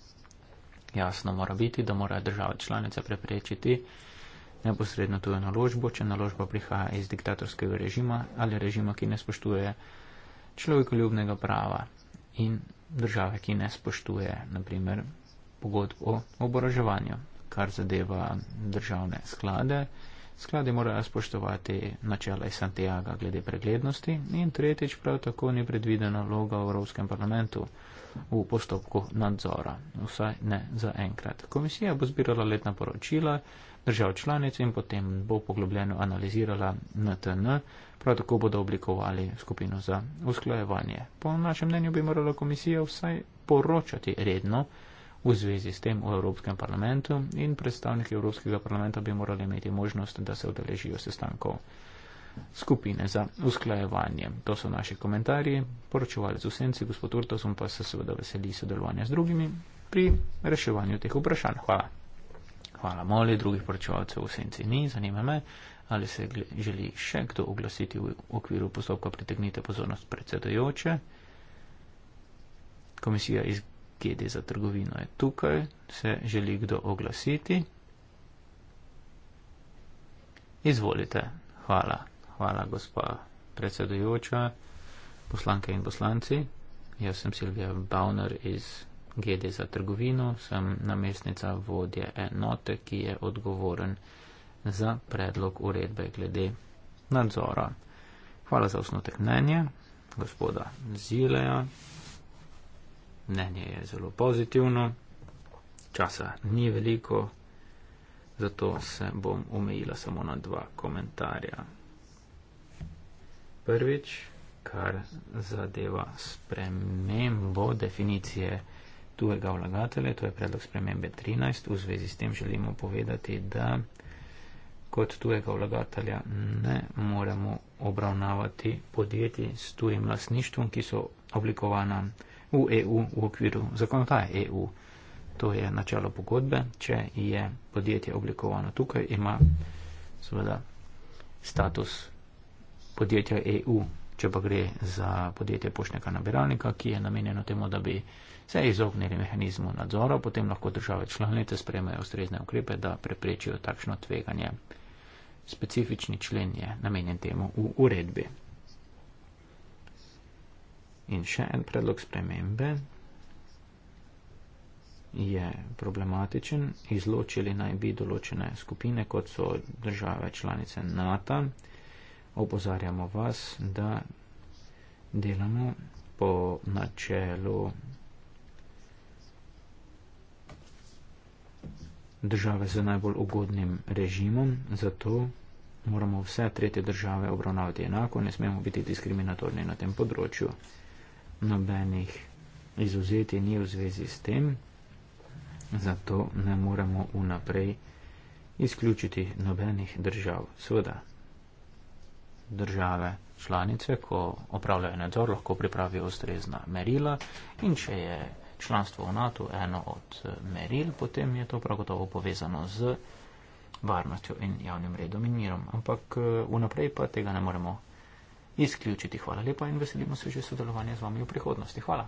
jasno mora biti, da mora država članica preprečiti neposredno tujo naložbo, če naložba prihaja iz diktatorskega režima ali režima, ki ne spoštuje človekoljubnega prava in države, ki ne spoštuje, naprimer, pogodb o oboroževanju, kar zadeva državne sklade. Skladi morajo spoštovati načela iz Santiago glede preglednosti in tretjič prav tako ni predvidena vloga v Evropskem parlamentu v postopku nadzora, vsaj ne za enkrat. Komisija bo zbirala letna poročila držav članic in potem bo poglobljeno analizirala NTN, prav tako bodo oblikovali skupino za usklajevanje. Po našem mnenju bi morala komisija vsaj poročati redno, v zvezi s tem v Evropskem parlamentu in predstavniki Evropskega parlamenta bi morali imeti možnost, da se odeležijo sestankov skupine za usklajevanje. To so naši komentarji, poročevalec vsenci, gospod Urtosom pa se seveda veseli sodelovanja z drugimi pri reševanju teh vprašanj. Hvala. Hvala, moli, drugih poročevalcev vsenci ni, zanima me, ali se želi še kdo oglasiti v okviru postopka pritegnite pozornost predsedojoče. Komisija iz GD za trgovino je tukaj, se želi kdo oglasiti. Izvolite, hvala, hvala gospa predsedujoča, poslanke in poslanci. Jaz sem Silvija Bauner iz GD za trgovino, sem namestnica vodje enote, ki je odgovoren za predlog uredbe glede nadzora. Hvala za osnotek mnenja gospoda Zileja mnenje je zelo pozitivno, časa ni veliko, zato se bom omejila samo na dva komentarja. Prvič, kar zadeva spremembo definicije tujega vlagatelja, to je predlog spremembe 13. V zvezi s tem želimo povedati, da kot tujega vlagatelja ne moremo obravnavati podjetij s tujim lasništvom, ki so oblikovana v EU v okviru zakonodaje EU. To je načelo pogodbe. Če je podjetje oblikovano tukaj, ima seveda status podjetja EU. Če pa gre za podjetje poštnega nabiralnika, ki je namenjeno temu, da bi se izognili mehanizmu nadzora, potem lahko države članice sprejmejo ustrezne ukrepe, da preprečijo takšno tveganje. Specifični člen je namenjen temu v uredbi. In še en predlog spremembe je problematičen. Izločili naj bi določene skupine, kot so države članice NATO. Opozarjamo vas, da delamo po načelu države z najbolj ugodnim režimom, zato moramo vse tretje države obravnavati enako, ne smemo biti diskriminatorni na tem področju nobenih izuzeti ni v zvezi s tem, zato ne moremo vnaprej izključiti nobenih držav. Sveda, države članice, ko opravljajo nadzor, lahko pripravijo ustrezna merila in če je članstvo v NATO eno od eh, meril, potem je to prav gotovo povezano z varnostjo in javnim redom in mirom. Ampak eh, vnaprej pa tega ne moremo izključiti. Hvala lepa in veselimo se že sodelovanja z vami v prihodnosti. Hvala.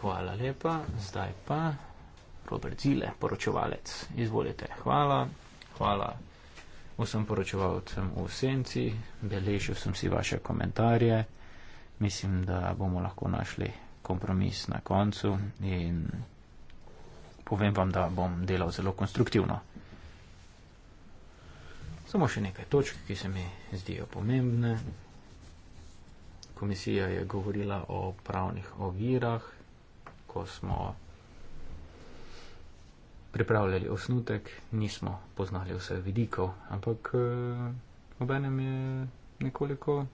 Hvala lepa. Zdaj pa Robert Zile, poročevalec. Izvolite. Hvala. Hvala. Vsem poročevalcem v senci, beležil sem si vaše komentarje. Mislim, da bomo lahko našli kompromis na koncu in povem vam, da bom delal zelo konstruktivno. Samo še nekaj točk, ki se mi zdijo pomembne komisija je govorila o pravnih ovirah, ko smo pripravljali osnutek, nismo poznali vseh vidikov, ampak eh, obenem je nekoliko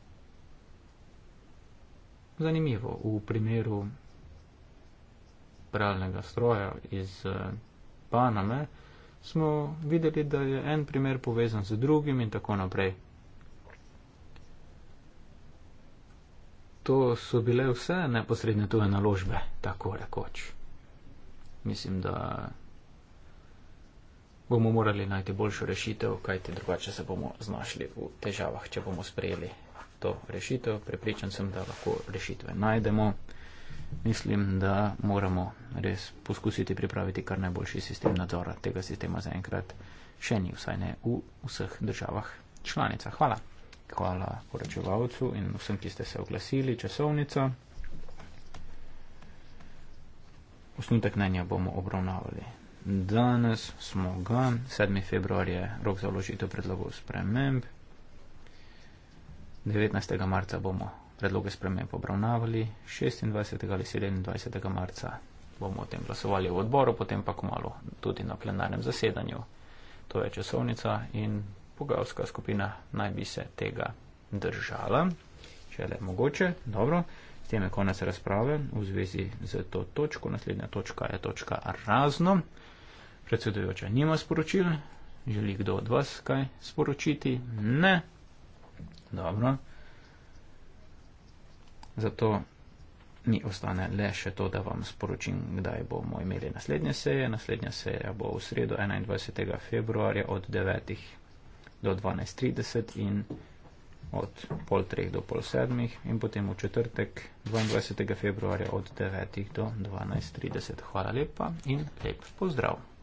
zanimivo v primeru pravnega stroja iz eh, Paname smo videli, da je en primer povezan z drugim in tako naprej. to so bile vse neposredne tuje naložbe, tako rekoč. Mislim, da bomo morali najti boljšo rešitev, kajti drugače se bomo znašli v težavah, če bomo sprejeli to rešitev. Prepričan sem, da lahko rešitve najdemo. Mislim, da moramo res poskusiti pripraviti kar najboljši sistem nadzora. Tega sistema zaenkrat še ni, vsaj ne v vseh državah članicah. Hvala hvala poročevalcu in vsem, ki ste se oglasili, časovnica. Osnutek mnenja bomo obravnavali. Danes smo ga, 7. februar je rok za vložitev predlogov sprememb. 19. marca bomo predloge sprememb obravnavali, 26. ali 27. marca bomo o tem glasovali v odboru, potem pa kmalo tudi na plenarnem zasedanju. To je časovnica in pogalska skupina naj bi se tega držala. Če le mogoče, dobro, s tem je konec razprave v zvezi z to točko. Naslednja točka je točka razno. Predsedujoča nima sporočil. Želi kdo od vas kaj sporočiti? Ne. Dobro. Zato mi ostane le še to, da vam sporočim, kdaj bomo imeli naslednje seje. Naslednja seja bo v sredo 21. februarja od 9 do 12.30 in od pol treh do pol sedmih in potem v četrtek 22. februarja od 9. do 12.30. Hvala lepa in lep pozdrav!